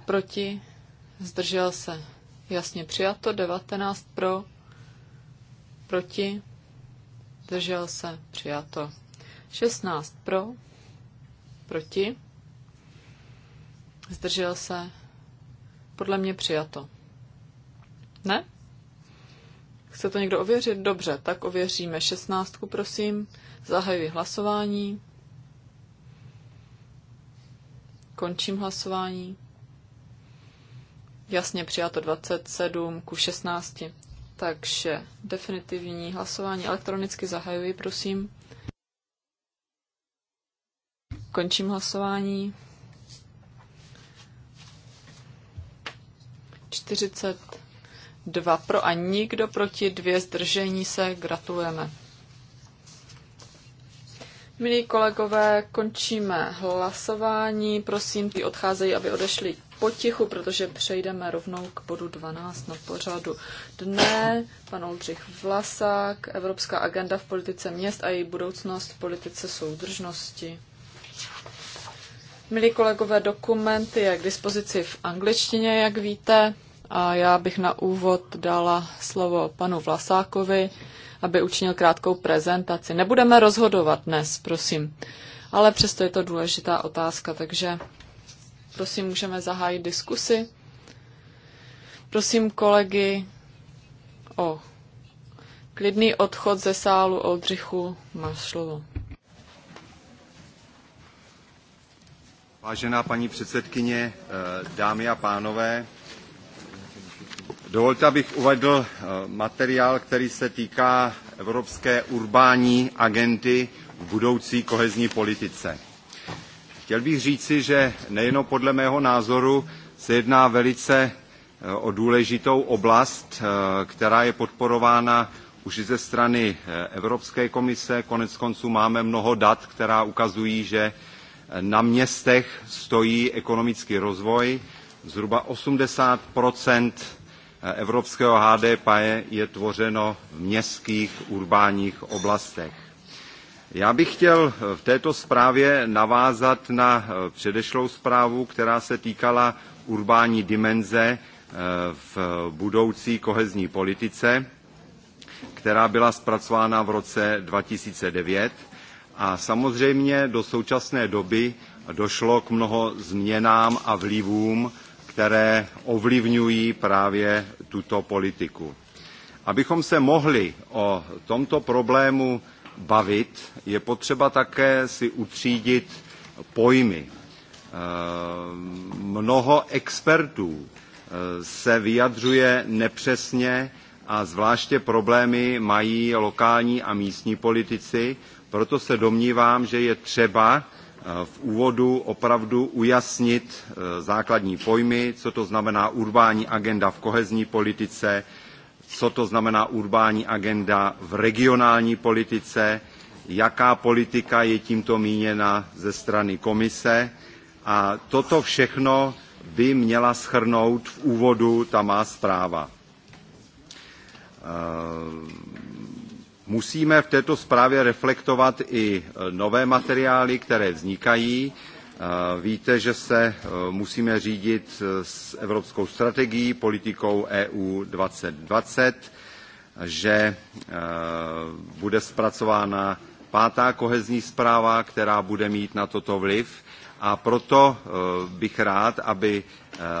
proti, zdržel se. Jasně přijato. 19 pro, proti, zdržel se. Přijato. 16 pro, proti, zdržel se. Podle mě přijato. Ne? Chce to někdo ověřit? Dobře, tak ověříme šestnáctku, prosím. Zahajuji hlasování. Končím hlasování. Jasně přijato 27 ku 16. Takže definitivní hlasování elektronicky zahajuji, prosím. Končím hlasování. 40 dva pro a nikdo proti, dvě zdržení se, gratulujeme. Milí kolegové, končíme hlasování. Prosím, ty odcházejí, aby odešli potichu, protože přejdeme rovnou k bodu 12 na pořadu dne. Pan Oldřich Vlasák, Evropská agenda v politice měst a její budoucnost v politice soudržnosti. Milí kolegové, dokument je k dispozici v angličtině, jak víte. A já bych na úvod dala slovo panu Vlasákovi, aby učinil krátkou prezentaci. Nebudeme rozhodovat dnes, prosím, ale přesto je to důležitá otázka, takže prosím, můžeme zahájit diskusy. Prosím kolegy o klidný odchod ze sálu Oldřichu máš slovo. Vážená paní předsedkyně, eh, dámy a pánové, Dovolte, abych uvedl eh, materiál, který se týká Evropské urbání agendy v budoucí kohezní politice. Chtěl bych říci, že nejenom podle mého názoru se jedná velice eh, o důležitou oblast, eh, která je podporována už i ze strany Evropské komise. Konec konců máme mnoho dat, která ukazují, že na městech stojí ekonomický rozvoj. Zhruba 80 evropského HDP je tvořeno v městských urbánních oblastech. Já bych chtěl v této zprávě navázat na eh, předešlou zprávu, která se týkala urbání dimenze eh, v budoucí kohezní politice, která byla zpracována v roce 2009. A samozřejmě do současné doby došlo k mnoho změnám a vlivům které ovlivňují právě tuto politiku. Abychom se mohli o tomto problému bavit, je potřeba také si utřídit pojmy. Eh, mnoho expertů eh, se vyjadřuje nepřesně a zvláště problémy mají lokální a místní politici, proto se domnívám, že je třeba Eh, v úvodu opravdu ujasnit eh, základní pojmy, co to znamená urbání agenda v kohezní politice, co to znamená urbání agenda v regionální politice, jaká politika je tímto míněna ze strany komise. A toto všechno by měla schrnout v úvodu ta má zpráva. Eh, Musíme v této zprávě reflektovat i e, nové materiály, které vznikají. E, víte, že se e, musíme řídit s evropskou strategií, politikou EU 2020, že bude zpracována pátá kohezní zpráva, která bude mít na toto vliv. A proto bych rád, aby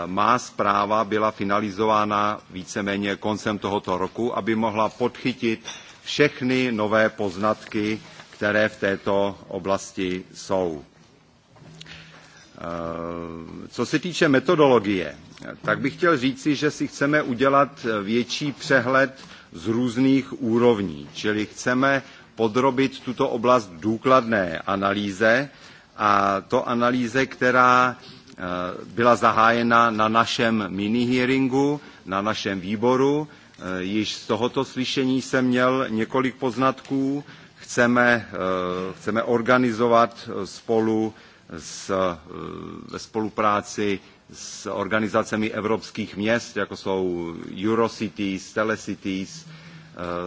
má zpráva byla finalizována víceméně koncem tohoto roku, aby mohla podchytit všechny nové poznatky, které v této oblasti jsou. Eh, co se týče metodologie, tak bych chtěl říci, že si chceme udělat větší přehled z různých úrovní, čili chceme podrobit tuto oblast důkladné analýze a to analýze, která eh, byla zahájena na našem mini-hearingu, na našem výboru, Eh, již z tohoto slyšení jsem měl několik poznatků. Chceme, eh, chceme organizovat eh, spolu s, ve spolupráci s organizacemi evropských měst, jako jsou Eurocities, Telecities,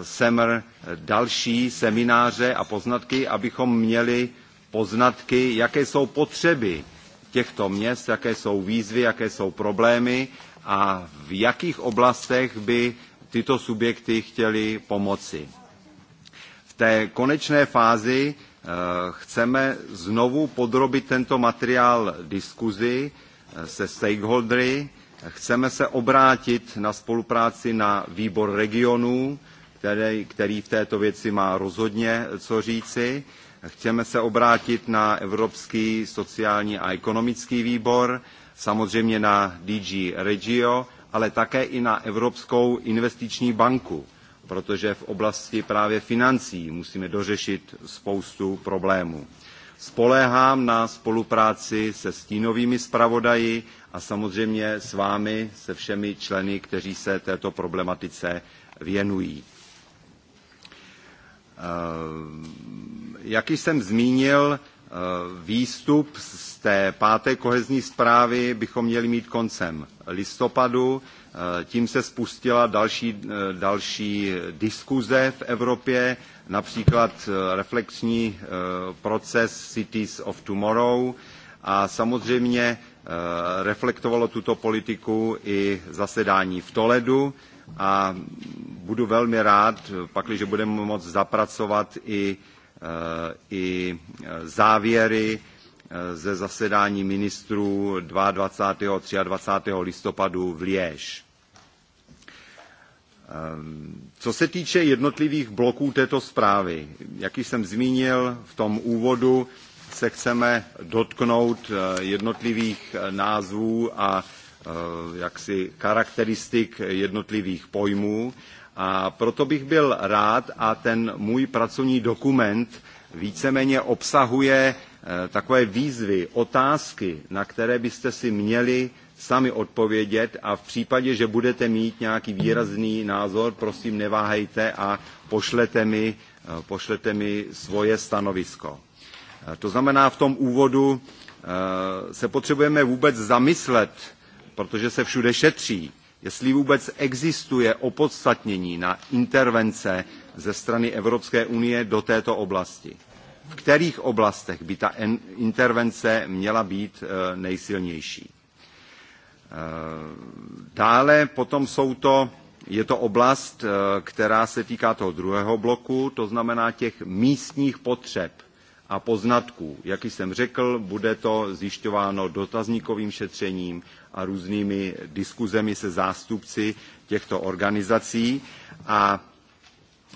SEMR, další semináře a poznatky, abychom měli poznatky, jaké jsou potřeby těchto měst, jaké jsou výzvy, jaké jsou problémy a v jakých oblastech by tyto subjekty chtěli pomoci. V té konečné fázi eh, chceme znovu podrobit tento materiál diskuzi eh, se stakeholdery, chceme se obrátit na spolupráci na výbor regionů, který, který v této věci má rozhodně co říci. Chceme se obrátit na Evropský sociální a ekonomický výbor, samozřejmě na DG Regio ale také i na Evropskou investiční banku, protože v oblasti právě financí musíme dořešit spoustu problémů. Spoléhám na spolupráci se stínovými zpravodaji a samozřejmě s vámi, se všemi členy, kteří se této problematice věnují. Eh, jak jsem zmínil, eh, výstup z té páté kohezní zprávy bychom měli mít koncem listopadu. Eh, tím se spustila další, eh, další diskuze v Evropě, například eh, reflexní proces Cities of Tomorrow a samozřejmě reflektovalo tuto politiku i zasedání v Toledu a budu velmi rád, pakliže budeme moct zapracovat i, i závěry ze zasedání ministrů 22. a 23. listopadu v Liež. Ehm, co se týče jednotlivých bloků této zprávy, jak jsem zmínil v tom úvodu, se chceme dotknout eh, jednotlivých eh, názvů a eh, jaksi charakteristik jednotlivých pojmů. A proto bych byl rád, a ten můj pracovní dokument víceméně obsahuje Eh, takové výzvy, otázky, na které byste si měli sami odpovědět a v případě, že budete mít nějaký výrazný názor, prosím neváhejte a pošlete mi, eh, pošlete mi svoje stanovisko. Eh, to znamená, v tom úvodu se potřebujeme vůbec zamyslet, protože se všude šetří, jestli vůbec existuje opodstatnění na intervence ze strany Evropské unie do této oblasti v kterých oblastech by ta intervence měla být eh, nejsilnější. Eh, dále potom jsou to, je to oblast, eh, která se týká toho druhého bloku, to znamená těch místních potřeb a poznatků. Jak jsem řekl, bude to zjišťováno dotazníkovým šetřením a různými diskuzemi se zástupci těchto organizací. A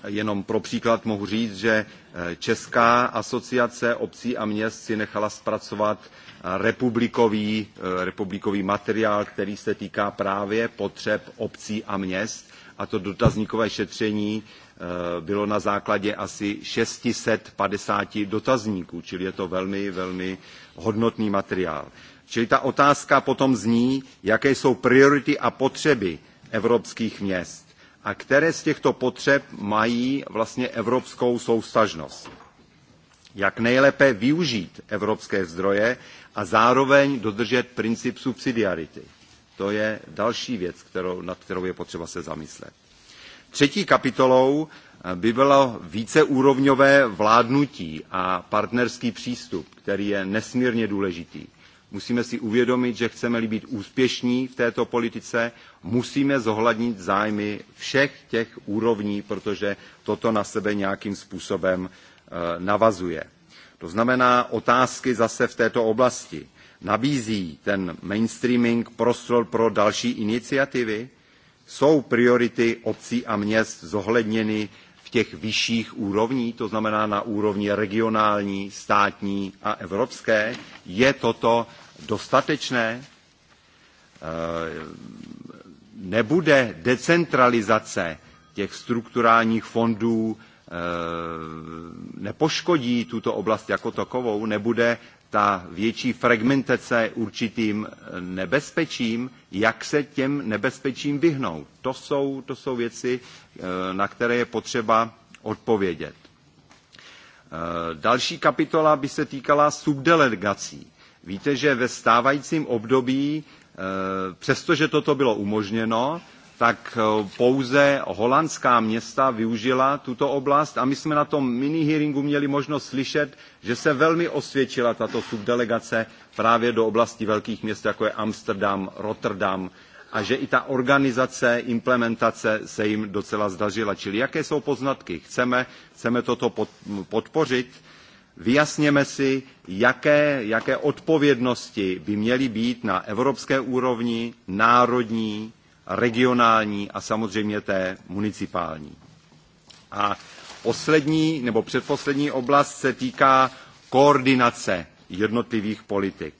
Jenom pro příklad mohu říct, že eh, Česká asociace obcí a měst si nechala zpracovat eh, republikový, eh, republikový materiál, který se týká právě potřeb obcí a měst. A to dotazníkové šetření bylo na základě asi 650 dotazníků, čili je to velmi, velmi hodnotný materiál. Čili ta otázka potom zní, jaké jsou priority a potřeby evropských měst a které z těchto potřeb mají vlastně evropskou soustažnost. Jak nejlépe využít evropské zdroje a zároveň dodržet princip subsidiarity. To je další věc, kterou, nad kterou je potřeba se zamyslet. Třetí kapitolou eh, by bylo víceúrovňové vládnutí a partnerský přístup, který je nesmírně důležitý. Musíme si uvědomit, že chceme-li být úspěšní v této politice, musíme zohlednit zájmy všech těch úrovní, protože toto na sebe nějakým způsobem eh, navazuje. To znamená otázky zase v této oblasti. Nabízí ten mainstreaming prostor pro další iniciativy? Jsou priority obcí a měst zohledněny v těch vyšších úrovních, to znamená na úrovni regionální, státní a evropské. Je toto dostatečné? Eh, nebude decentralizace těch strukturálních fondů eh, nepoškodí tuto oblast jako takovou, nebude ta větší fragmentace určitým eh, nebezpečím, jak se těm nebezpečím vyhnout. To jsou, to jsou věci, eh, na které je potřeba odpovědět. Eh, další kapitola by se týkala subdelegací. Víte, že ve stávajícím období, přestože toto bylo umožněno, tak eh, pouze holandská města využila tuto oblast a my jsme na tom mini měli možnost slyšet, že se velmi osvědčila tato subdelegace právě do oblasti velkých měst, jako je Amsterdam, Rotterdam, a že i ta organizace, implementace se jim docela zdařila. Čili jaké jsou poznatky? Chceme, chceme toto podpořit? Vyjasněme si, jaké, jaké odpovědnosti by měly být na evropské úrovni, národní, regionální a samozřejmě té municipální. A poslední nebo předposlední oblast se týká koordinace jednotlivých politik.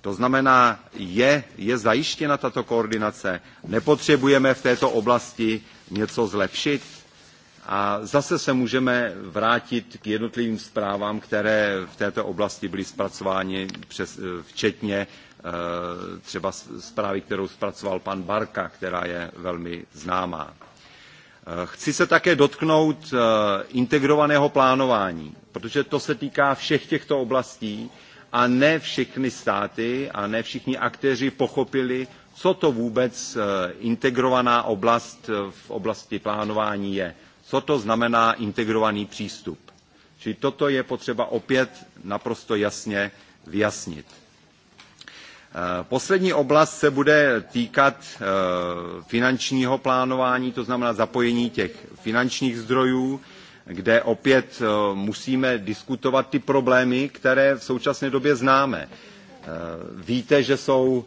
To znamená, je, je zajištěna tato koordinace? Nepotřebujeme v této oblasti něco zlepšit? A zase se můžeme vrátit k jednotlivým zprávám, které v této oblasti byly zpracovány přes, eh, včetně Eh, třeba zprávy, kterou zpracoval pan Barka, která je velmi známá. Eh, chci se také dotknout eh, integrovaného plánování, protože to se týká všech těchto oblastí a ne všechny státy a ne všichni aktéři pochopili, co to vůbec integrovaná oblast v oblasti plánování je. Co to znamená integrovaný přístup. Čili toto je potřeba opět naprosto jasně vyjasnit. Eh, poslední oblast se bude týkat eh, finančního plánování, to znamená zapojení těch finančních zdrojů, kde opět eh, musíme diskutovat ty problémy, které v současné době známe. Víte, že jsou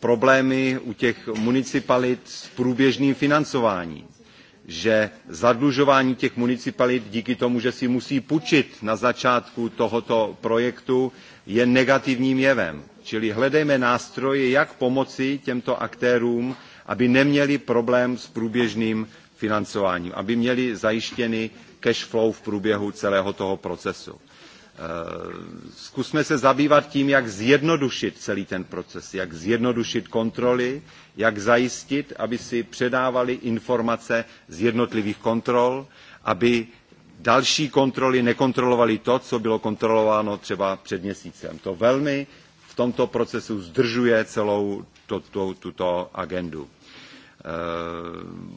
problémy u těch municipalit s průběžným financováním, že zadlužování těch municipalit díky tomu, že si musí půjčit na začátku tohoto projektu, je negativním jevem Čili hledejme nástroje, jak pomoci těmto aktérům, aby neměli problém s průběžným financováním, aby měli zajištěny cash flow v průběhu celého toho procesu. E, zkusme se zabývat tím, jak zjednodušit celý ten proces, jak zjednodušit kontroly, jak zajistit, aby si předávali informace z jednotlivých kontrol, aby další kontroly nekontrolovaly to, co bylo kontrolováno třeba před měsícem. To velmi tomto procesu zdržuje celou tuto, tuto agendu. E,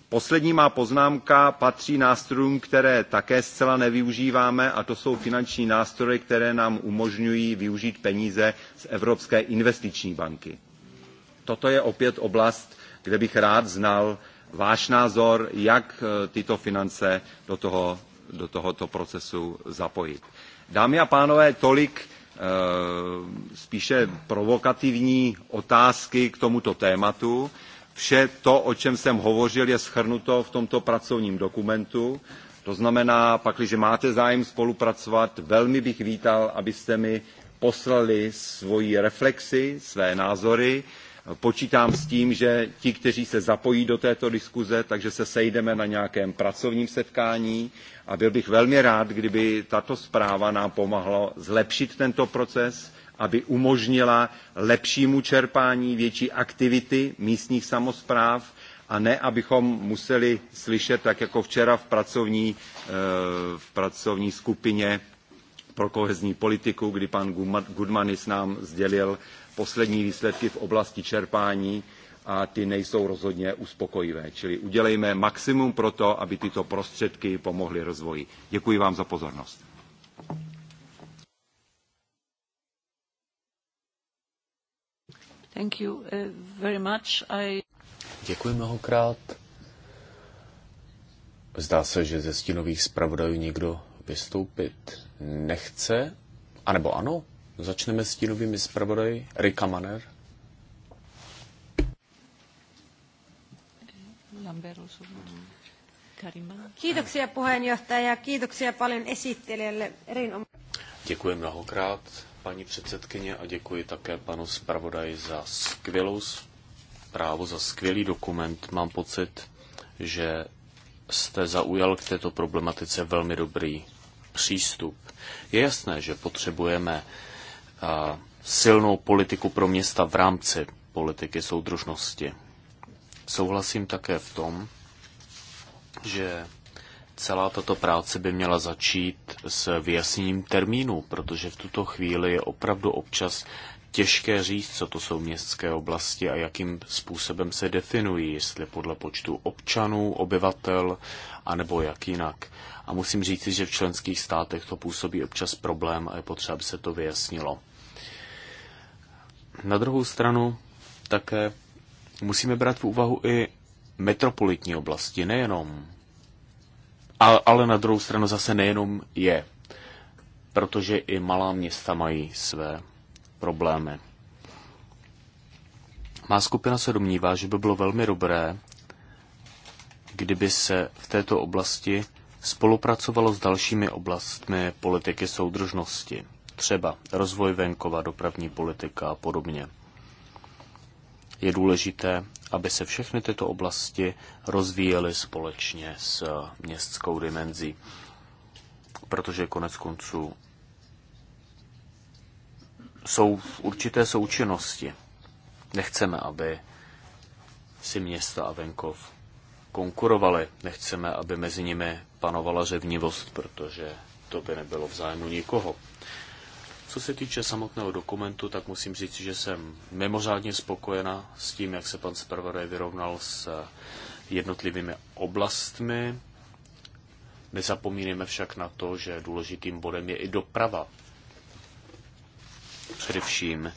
poslední má poznámka patří nástrojům, které také zcela nevyužíváme, a to jsou finanční nástroje, které nám umožňují využít peníze z Evropské investiční banky. Toto je opět oblast, kde bych rád znal váš názor, jak e, tyto finance do, toho, do tohoto procesu zapojit. Dámy a pánové, tolik Eh, spíše provokativní otázky k tomuto tématu. Vše to, o čem jsem hovořil, je schrnuto v tomto pracovním dokumentu. To znamená, pakliže máte zájem spolupracovat, velmi bych vítal, abyste mi poslali svoji reflexi, své názory. Počítám s tím, že ti, kteří se zapojí do této diskuze, takže se sejdeme na nějakém pracovním setkání a byl bych velmi rád, kdyby tato zpráva nám pomohla zlepšit tento proces, aby umožnila lepšímu čerpání větší aktivity místních samospráv a ne, abychom museli slyšet, tak jako včera v pracovní, eh, v pracovní skupině pro kohezní politiku, kdy pan Goodmanis nám sdělil, poslední výsledky v oblasti čerpání a ty nejsou rozhodně uspokojivé. Čili udělejme maximum pro to, aby tyto prostředky pomohly rozvoji. Děkuji vám za pozornost. Thank you uh, very much. I... Děkuji mnohokrát. Zdá se, že ze stínových zpravodajů někdo vystoupit nechce. A nebo ano? Začneme s tínovými zpravodaji. Rika Maner. Děkuji mnohokrát, paní předsedkyně, a děkuji také panu zpravodaji za skvělou zprávu, za skvělý dokument. Mám pocit, že jste zaujal k této problematice velmi dobrý přístup. Je jasné, že potřebujeme silnou politiku pro města v rámci politiky soudržnosti. Souhlasím také v tom, že celá tato práce by měla začít s vyjasněním termínu, protože v tuto chvíli je opravdu občas těžké říct, co to jsou městské oblasti a jakým způsobem se definují, jestli podle počtu občanů, obyvatel, anebo jak jinak. A musím říct, že v členských státech to působí občas problém a je potřeba, aby se to vyjasnilo. Na druhou stranu také musíme brát v úvahu i metropolitní oblasti, nejenom. ale na druhou stranu zase nejenom je, protože i malá města mají své problémy. Má skupina se domnívá, že by bylo velmi dobré, kdyby se v této oblasti spolupracovalo s dalšími oblastmi politiky soudržnosti třeba rozvoj venkova, dopravní politika a podobně. Je důležité, aby se všechny tyto oblasti rozvíjely společně s městskou dimenzí, protože konec konců jsou v určité součinnosti. Nechceme, aby si města a venkov konkurovali. Nechceme, aby mezi nimi panovala řevnivost, protože to by nebylo v zájmu nikoho. Co se týče samotného dokumentu, tak musím říct, že jsem mimořádně spokojena s tím, jak se pan zpravodaj vyrovnal s eh, jednotlivými oblastmi. Nezapomínejme však na to, že důležitým bodem je i doprava. Především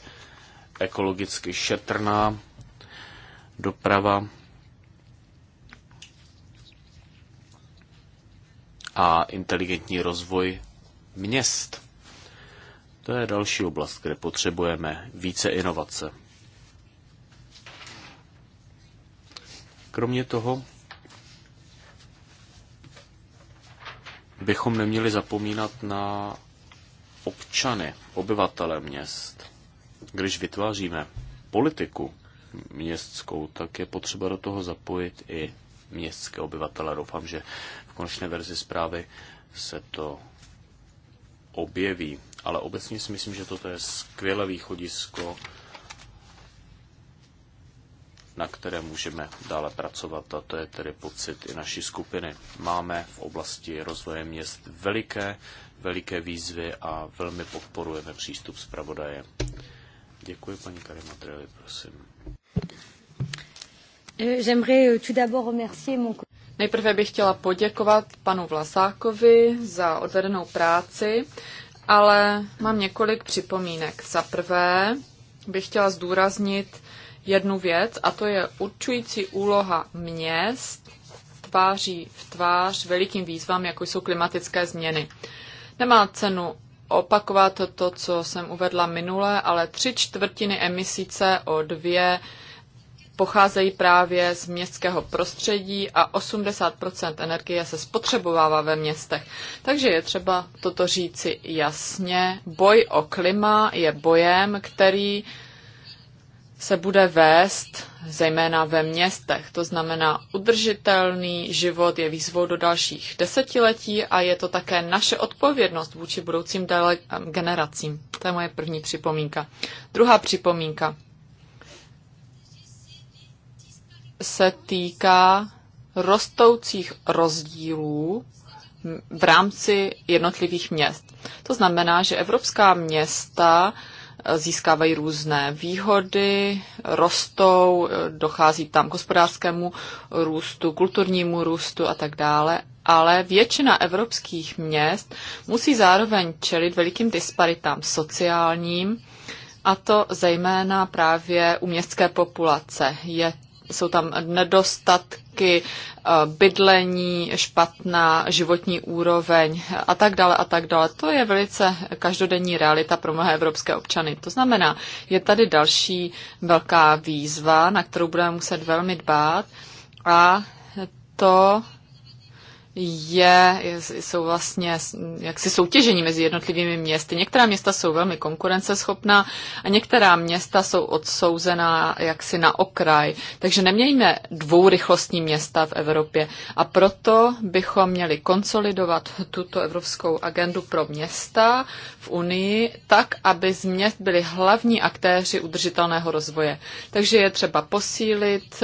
ekologicky šetrná doprava a inteligentní rozvoj měst. To je další oblast, kde potřebujeme více inovace. Kromě toho bychom neměli zapomínat na občany, obyvatele měst. Když vytváříme politiku městskou, tak je potřeba do toho zapojit i městské obyvatele. Doufám, že v konečné verzi zprávy se to objeví ale obecně si myslím, že toto je skvělé východisko, na které můžeme dále pracovat a to je tedy pocit i naší skupiny. Máme v oblasti rozvoje měst veliké, veliké výzvy a velmi podporujeme přístup zpravodaje. Děkuji, paní Karimatreli, prosím. Euh, Nejprve bych chtěla poděkovat panu Vlasákovi za odvedenou práci ale mám několik připomínek. Za prvé bych chtěla zdůraznit jednu věc, a to je určující úloha měst tváří v tvář velikým výzvám, jako jsou klimatické změny. Nemá cenu opakovat to, co jsem uvedla minule, ale tři čtvrtiny emisí CO2 pocházejí právě z městského prostředí a 80 energie se spotřebovává ve městech. Takže je třeba toto říci jasně. Boj o klima je bojem, který se bude vést zejména ve městech. To znamená, udržitelný život je výzvou do dalších desetiletí a je to také naše odpovědnost vůči budoucím generacím. To je moje první připomínka. Druhá připomínka. se týká rostoucích rozdílů v rámci jednotlivých měst. To znamená, že evropská města eh, získávají různé výhody, rostou, eh, dochází tam k hospodářskému růstu, kulturnímu růstu a tak dále, ale většina evropských měst musí zároveň čelit velikým disparitám sociálním, a to zejména právě u městské populace. Je jsou tam nedostatky, eh, bydlení, špatná životní úroveň a tak dále a tak dále. To je velice každodenní realita pro mnohé evropské občany. To znamená, je tady další velká výzva, na kterou budeme muset velmi dbát a to je, jsou vlastně jaksi soutěžení mezi jednotlivými městy. Některá města jsou velmi konkurenceschopná a některá města jsou odsouzená jaksi na okraj. Takže nemějme dvourychlostní města v Evropě a proto bychom měli konsolidovat tuto evropskou agendu pro města v Unii tak, aby z měst byli hlavní aktéři udržitelného rozvoje. Takže je třeba posílit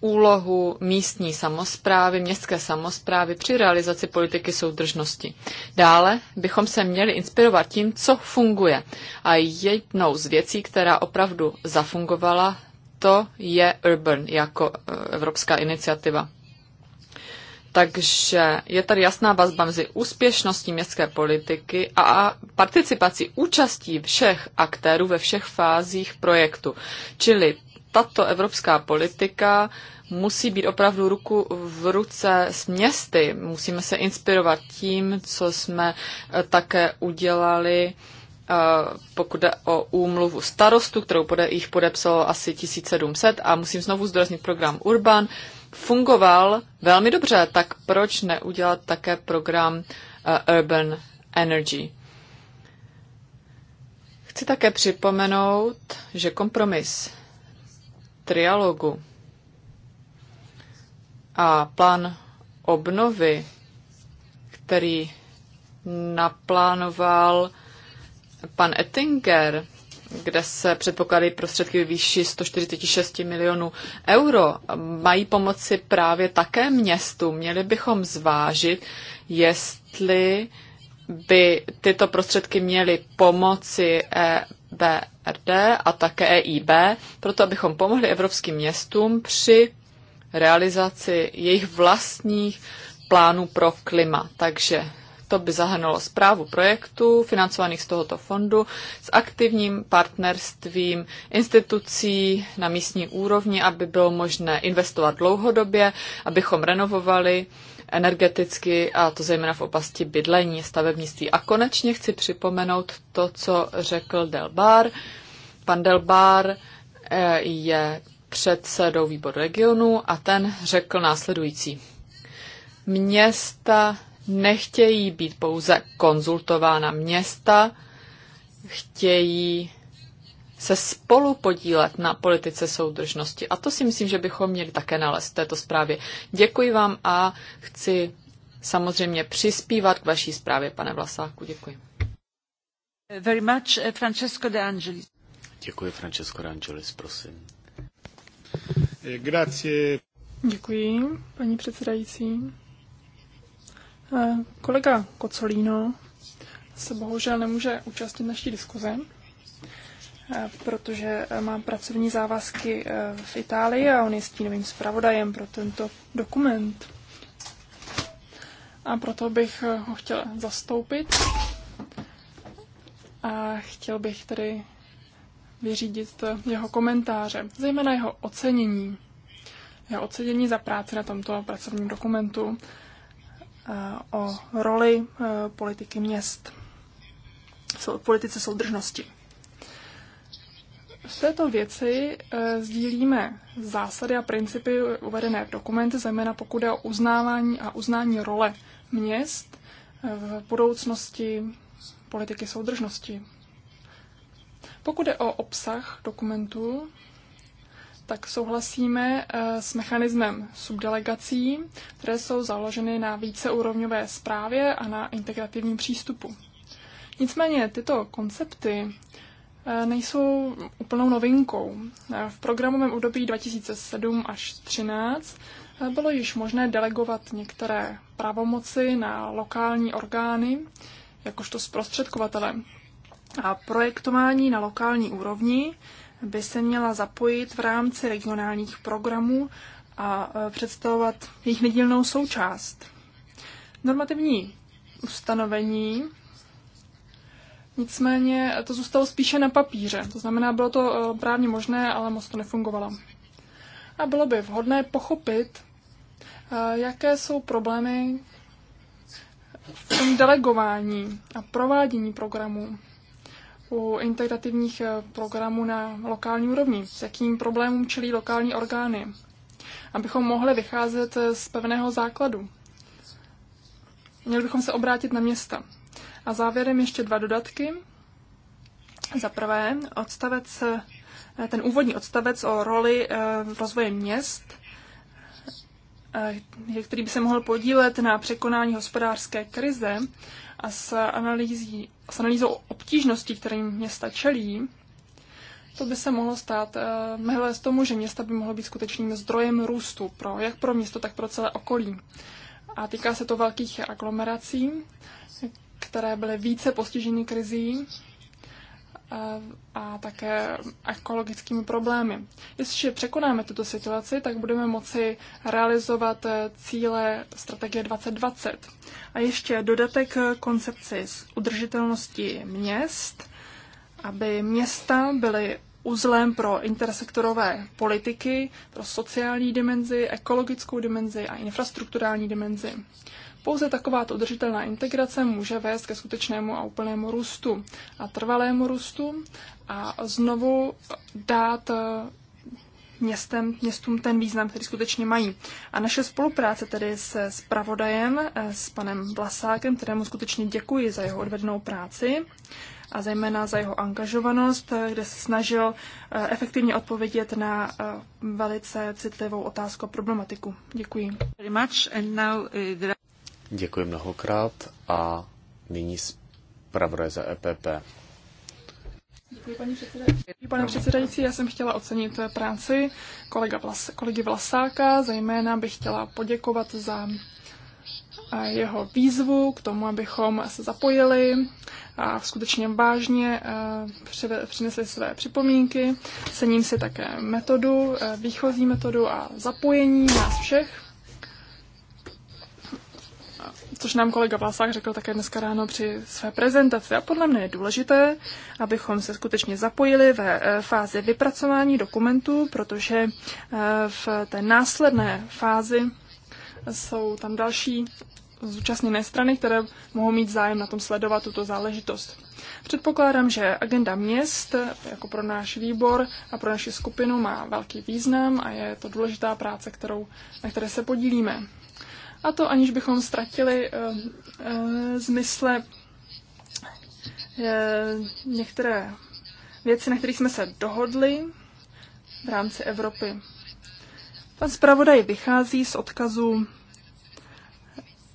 úlohu místní samozprávy, městské samozprávy při realizaci politiky soudržnosti. Dále bychom se měli inspirovat tím, co funguje. A jednou z věcí, která opravdu zafungovala, to je Urban jako e, evropská iniciativa. Takže je tady jasná vazba mezi úspěšností městské politiky a participací účastí všech aktérů ve všech fázích projektu. Čili tato evropská politika musí být opravdu ruku v ruce s městy. Musíme se inspirovat tím, co jsme eh, také udělali eh, pokud jde o úmluvu starostu, kterou pode, jich podepsalo asi 1700 a musím znovu zdůraznit program Urban, fungoval velmi dobře, tak proč neudělat také program eh, Urban Energy? Chci také připomenout, že kompromis trialogu a plán obnovy, který naplánoval pan Ettinger, kde se předpokládají prostředky výši 146 milionů euro, mají pomoci právě také městu. Měli bychom zvážit, jestli by tyto prostředky měly pomoci EBA RD a také EIB, proto abychom pomohli evropským městům při realizaci jejich vlastních plánů pro klima. Takže to by zahrnulo zprávu projektů financovaných z tohoto fondu s aktivním partnerstvím institucí na místní úrovni, aby bylo možné investovat dlouhodobě, abychom renovovali energeticky, a to zejména v oblasti bydlení, stavebnictví. A konečně chci připomenout to, co řekl Delbar. Pan Delbar eh, je předsedou výboru regionu a ten řekl následující. Města nechtějí být pouze konzultována. Města chtějí se spolu podílet na politice soudržnosti. A to si myslím, že bychom měli také nalézt v této zprávě. Děkuji vám a chci samozřejmě přispívat k vaší zprávě, pane Vlasáku. Děkuji. Very much, eh, Francesco de Angelis. Děkuji, Francesco de Angelis, prosím. Eh, grazie. Děkuji, paní předsedající. Eh, kolega Kocolíno se bohužel nemůže účastnit naší diskuze, protože e, mám pracovní závazky e, v Itálii a on je stínovým zpravodajem pro tento dokument. A proto bych e, ho chtěla zastoupit a chtěl bych tedy vyřídit jeho komentáře, zejména jeho ocenění. Jeho ocenění za práci na tomto pracovním dokumentu o roli politiky měst v politice soudržnosti. V této věci e, sdílíme zásady a principy uvedené v dokumenty, zejména pokud je o uznávání a uznání role měst eh, v budoucnosti politiky soudržnosti. Pokud je o obsah dokumentu, tak souhlasíme eh, s mechanismem subdelegací, které jsou založeny na víceúrovňové zprávě a na integrativním přístupu. Nicméně tyto koncepty nejsou úplnou novinkou. V programovém období 2007 až 2013 bylo již možné delegovat některé pravomoci na lokální orgány, jakožto zprostředkovatele. A projektování na lokální úrovni by se měla zapojit v rámci regionálních programů a e, představovat jejich nedílnou součást. Normativní ustanovení Nicméně to zůstalo spíše na papíře. To znamená, bylo to eh, právně možné, ale moc to nefungovalo. A bylo by vhodné pochopit, eh, jaké jsou problémy v tom delegování a provádění programů u integrativních eh, programů na lokální úrovni, s jakým problémům čelí lokální orgány, abychom mohli vycházet z pevného základu. Měli bychom se obrátit na města. A závěrem ještě dva dodatky. Za prvé, odstavec, eh, ten úvodní odstavec o roli eh, rozvoje měst, eh, který by se mohl podílet na překonání hospodářské krize a s, analýzí, s analýzou obtížností, kterým města čelí, to by se mohlo stát mehle z tomu, že města by mohlo být skutečným zdrojem růstu pro jak pro město, tak pro celé okolí. A týká se to velkých aglomerací které byly více postiženy krizí a také ekologickými problémy. Jestliže překonáme tuto situaci, tak budeme moci realizovat eh, cíle strategie 2020. A ještě dodatek koncepci z udržitelnosti měst, aby města byly uzlem pro intersektorové politiky, pro sociální dimenzi, ekologickou dimenzi a infrastrukturální dimenzi. Pouze taková udržitelná integrace může vést ke skutečnému a úplnému růstu a trvalému růstu a znovu dát eh, městem, městům ten význam, který skutečně mají. A naše spolupráce tedy se spravodajem, eh, s panem Vlasákem, kterému skutečně děkuji za jeho odvednou práci a zejména za jeho angažovanost, eh, kde se snažil efektivně odpovědět na velice citlivou otázku a problematiku. Děkuji. Děkuji mnohokrát a nyní zpravodaj za EPP. Děkuji, Pane předsedající, já jsem chtěla ocenit práci kolega Vlas, kolegy Vlasáka. Zejména bych chtěla poděkovat za eh, jeho výzvu k tomu, abychom se zapojili a skutečně vážně eh, přinesli své připomínky. Cením si také metodu, eh, výchozí metodu a zapojení nás všech což nám kolega Vlasák řekl také dneska ráno při své prezentaci. A podle mě je důležité, abychom se skutečně zapojili ve eh, fázi vypracování dokumentů, protože eh, v té následné fázi jsou tam další zúčastněné strany, které mohou mít zájem na tom sledovat tuto záležitost. Předpokládám, že agenda měst eh, jako pro náš výbor a pro naši skupinu má velký význam a je to důležitá práce, kterou, na které se podílíme. A to aniž bychom ztratili uh, uh, zmysle uh, některé věci, na kterých jsme se dohodli v rámci Evropy. Pan zpravodaj vychází z odkazu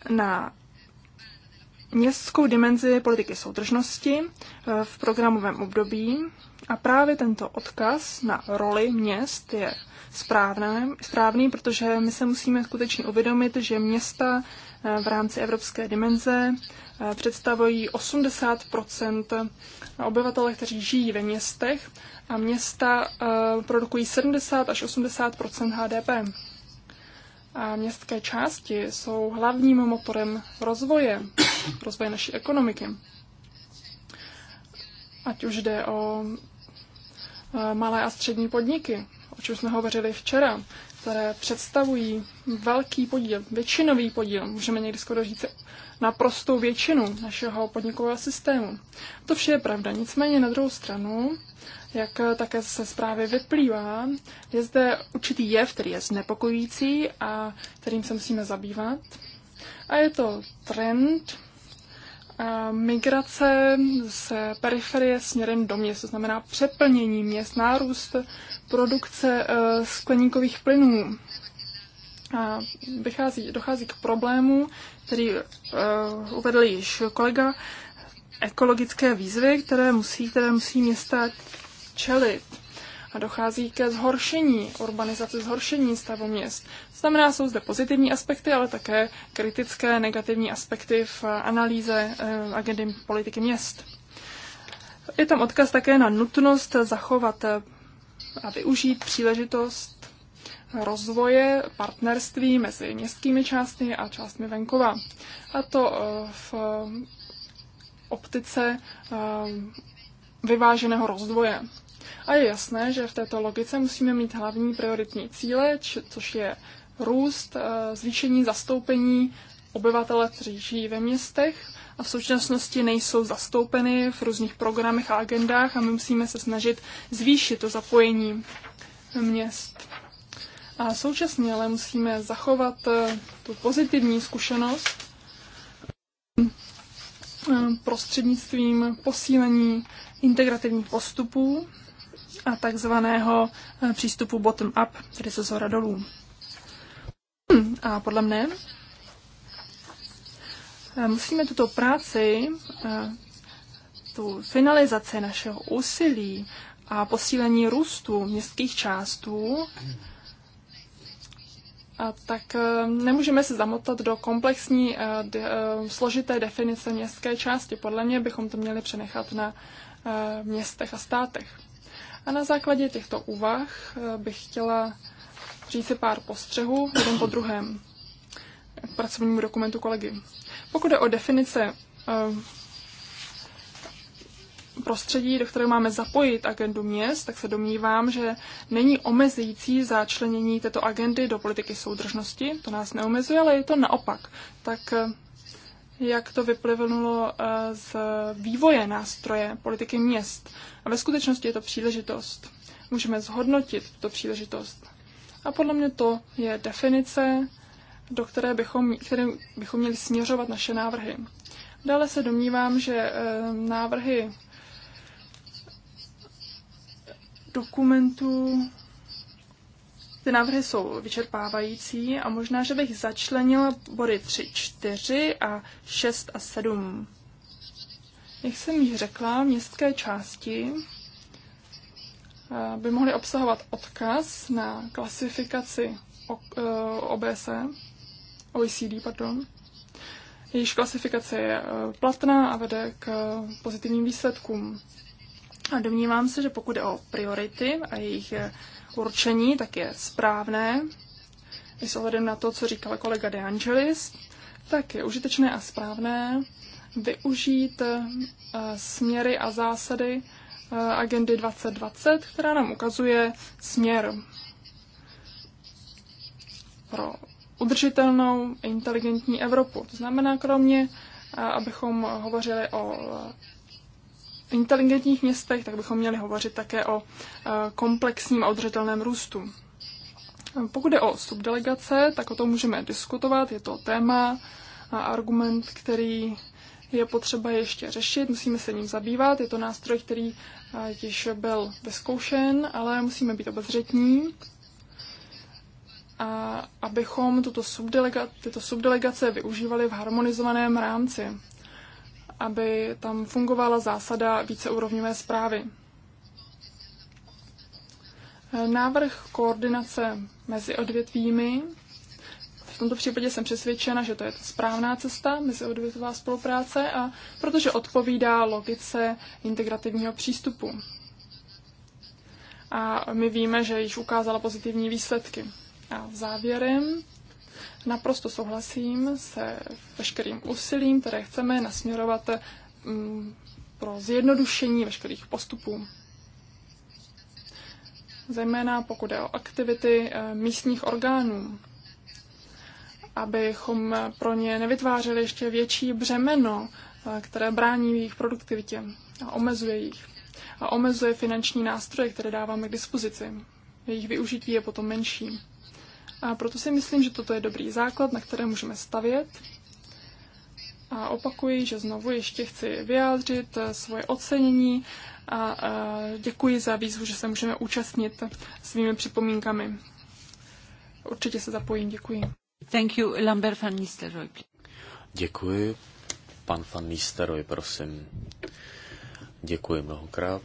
na městskou dimenzi politiky soudržnosti eh, v programovém období a právě tento odkaz na roli měst je správné, správný, protože my se musíme skutečně uvědomit, že města eh, v rámci evropské dimenze eh, představují 80 obyvatele, kteří žijí ve městech a města produkují 70 až 80 HDP a městské části jsou hlavním motorem rozvoje, rozvoje naší ekonomiky. Ať už jde o e, malé a střední podniky, o čem jsme hovořili včera, které představují velký podíl, většinový podíl, můžeme někdy skoro říct naprostou většinu našeho podnikového systému. To vše je pravda. Nicméně na druhou stranu, jak také se zprávy vyplývá, je zde určitý jev, který je znepokojící a kterým se musíme zabývat. A je to trend migrace z periferie směrem do měst, to znamená přeplnění měst, nárůst produkce e, skleníkových plynů vychází, dochází k problému, který uh, uvedl již kolega, ekologické výzvy, které musí, které musí města čelit. A dochází ke zhoršení urbanizace, zhoršení stavu měst. Znamená, jsou zde pozitivní aspekty, ale také kritické negativní aspekty v analýze uh, agendy politiky měst. Je tam odkaz také na nutnost zachovat eh, a využít příležitost rozvoje partnerství mezi městskými částmi a částmi venkova. A to eh, v eh, optice eh, vyváženého rozvoje. A je jasné, že v této logice musíme mít hlavní prioritní cíle, což je růst, zvýšení zastoupení obyvatele, kteří žijí ve městech a v současnosti nejsou zastoupeny v různých programech a agendách a my musíme se snažit zvýšit to zapojení měst. A současně ale musíme zachovat eh, tu pozitivní zkušenost eh, prostřednictvím posílení integrativních postupů a takzvaného eh, přístupu bottom-up, tedy se zhora dolů. A podle mne musíme tuto práci, tu finalizaci našeho úsilí a posílení růstu městských částů a tak eh, nemůžeme se zamotat do komplexní eh, eh, složité definice městské části. Podle mě bychom to měli přenechat na městech a státech. A na základě těchto úvah bych chtěla říct si pár postřehů, jeden po druhém, k pracovnímu dokumentu kolegy. Pokud je o definice prostředí, do kterého máme zapojit agendu měst, tak se domnívám, že není omezující začlenění této agendy do politiky soudržnosti. To nás neomezuje, ale je to naopak. Tak eh, jak to vyplynulo eh, z vývoje nástroje politiky měst. A ve skutečnosti je to příležitost. Můžeme zhodnotit tuto příležitost. A podle mě to je definice, do které bychom, které bychom měli směřovat naše návrhy. Dále se domnívám, že eh, návrhy dokumentů ty návrhy jsou vyčerpávající a možná, že bych začlenila body 3, 4 a 6 a 7. Jak jsem již řekla, městské části eh, by mohly obsahovat odkaz na klasifikaci OBS, eh, OECD, pardon. Jejíž klasifikace je eh, platná a vede k pozitivním výsledkům. A domnívám se, že pokud je o priority a jejich eh, určení, tak je správné, i s ohledem na to, co říkal kolega De Angelis, tak je užitečné a správné využít eh, směry a zásady eh, agendy 2020, která nám ukazuje směr pro udržitelnou inteligentní Evropu. To znamená, kromě abychom hovořili o inteligentních městech, tak bychom měli hovořit také o eh, komplexním a udržitelném růstu. Pokud je o subdelegace, tak o tom můžeme diskutovat. Je to téma a argument, který je potřeba ještě řešit, musíme se ním zabývat. Je to nástroj, který eh, již byl vyzkoušen, ale musíme být obezřetní, a abychom tuto subdelega- tyto subdelegace využívali v harmonizovaném rámci aby tam fungovala zásada víceúrovňové zprávy. Návrh koordinace mezi odvětvími. V tomto případě jsem přesvědčena, že to je ta správná cesta, mezi meziodvětvová spolupráce, a protože odpovídá logice integrativního přístupu. A my víme, že již ukázala pozitivní výsledky. A závěrem Naprosto souhlasím se veškerým úsilím, které chceme nasměrovat mm, pro zjednodušení veškerých postupů. Zejména pokud je o aktivity eh, místních orgánů, abychom pro ně nevytvářeli ještě větší břemeno, eh, které brání v jejich produktivitě a omezuje jich. A omezuje finanční nástroje, které dáváme k dispozici. Jejich využití je potom menší. A proto si myslím, že toto je dobrý základ, na které můžeme stavět. A opakuji, že znovu ještě chci vyjádřit eh, svoje ocenění a eh, děkuji za výzvu, že se můžeme účastnit svými připomínkami. Určitě se zapojím, děkuji. Thank you, Lambert van Nistelrooy. Děkuji. Pan van Nistelrooy, prosím. Děkuji mnohokrát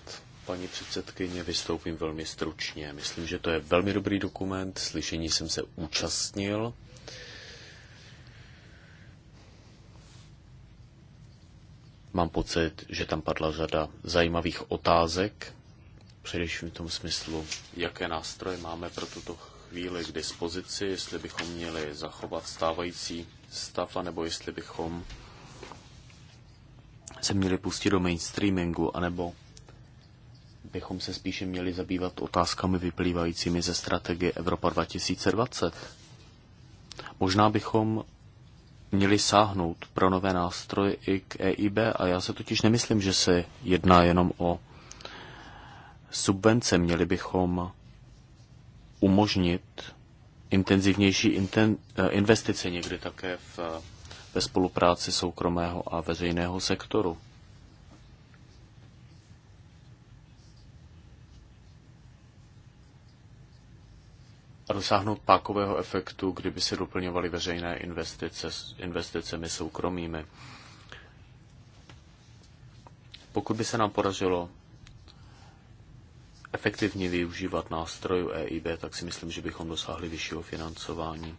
paní předsedkyně, vystoupím velmi stručně. Myslím, že to je velmi dobrý dokument, slyšení jsem se účastnil. Mám pocit, že tam padla řada zajímavých otázek, především v tom smyslu, jaké nástroje máme pro tuto chvíli k dispozici, jestli bychom měli zachovat stávající stav, anebo jestli bychom se měli pustit do mainstreamingu, anebo bychom se spíše měli zabývat otázkami vyplývajícími ze strategie Evropa 2020. Možná bychom měli sáhnout pro nové nástroje i k EIB a já se totiž nemyslím, že se jedná jenom o subvence. Měli bychom umožnit intenzivnější inten, eh, investice někdy také v, ve spolupráci soukromého a veřejného sektoru. a dosáhnout pákového efektu, kdyby se doplňovaly veřejné investice s investicemi soukromými. Pokud by se nám podařilo efektivně využívat nástrojů EIB, tak si myslím, že bychom dosáhli vyššího financování.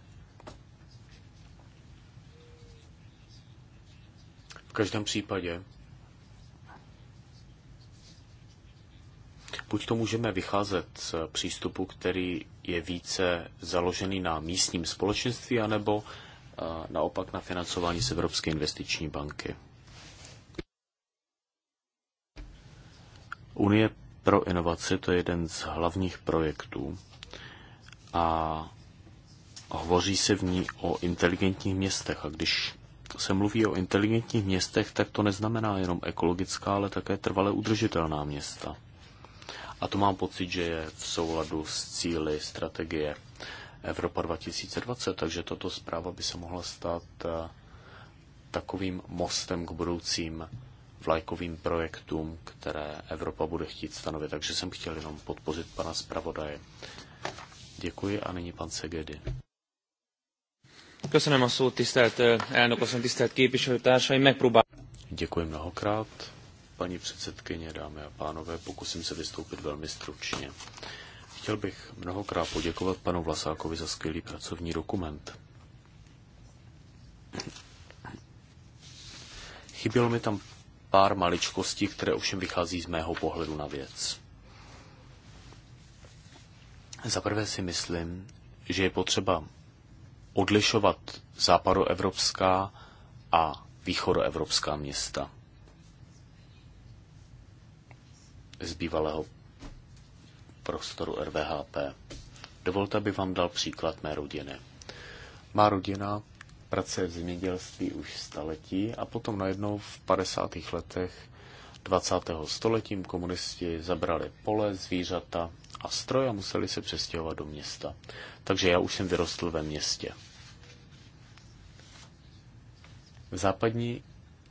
V každém případě buď to můžeme vycházet z přístupu, který je více založený na místním společenství anebo eh, naopak na financování z Evropské investiční banky. Unie pro inovaci to je jeden z hlavních projektů a hovoří se v ní o inteligentních městech. A když se mluví o inteligentních městech, tak to neznamená jenom ekologická, ale také trvale udržitelná města. A to mám pocit, že je v souladu s cíly strategie Evropa 2020, takže tato zpráva by se mohla stát eh, takovým mostem k budoucím vlajkovým projektům, které Evropa bude chtít stanovit. Takže jsem chtěl jenom podpořit pana zpravodaje. Děkuji a nyní pan Segedy. Köszönöm a szót, tisztelt eh, elnök tisztelt képviselőtársaim, megpróbál. Děkuji mnohokrát paní předsedkyně, dámy a pánové, pokusím se vystoupit velmi stručně. Chtěl bych mnohokrát poděkovat panu Vlasákovi za skvělý pracovní dokument. Chybělo mi tam pár maličkostí, které ovšem vychází z mého pohledu na věc. Za prvé si myslím, že je potřeba odlišovat západoevropská a východoevropská města. z bývalého prostoru RVHP. Dovolte, abych vám dal příklad mé rodiny. Má rodina pracuje v zemědělství už staletí a potom najednou v 50. letech 20. století komunisti zabrali pole, zvířata a stroje a museli se přestěhovat do města. Takže já už jsem vyrostl ve městě. V západní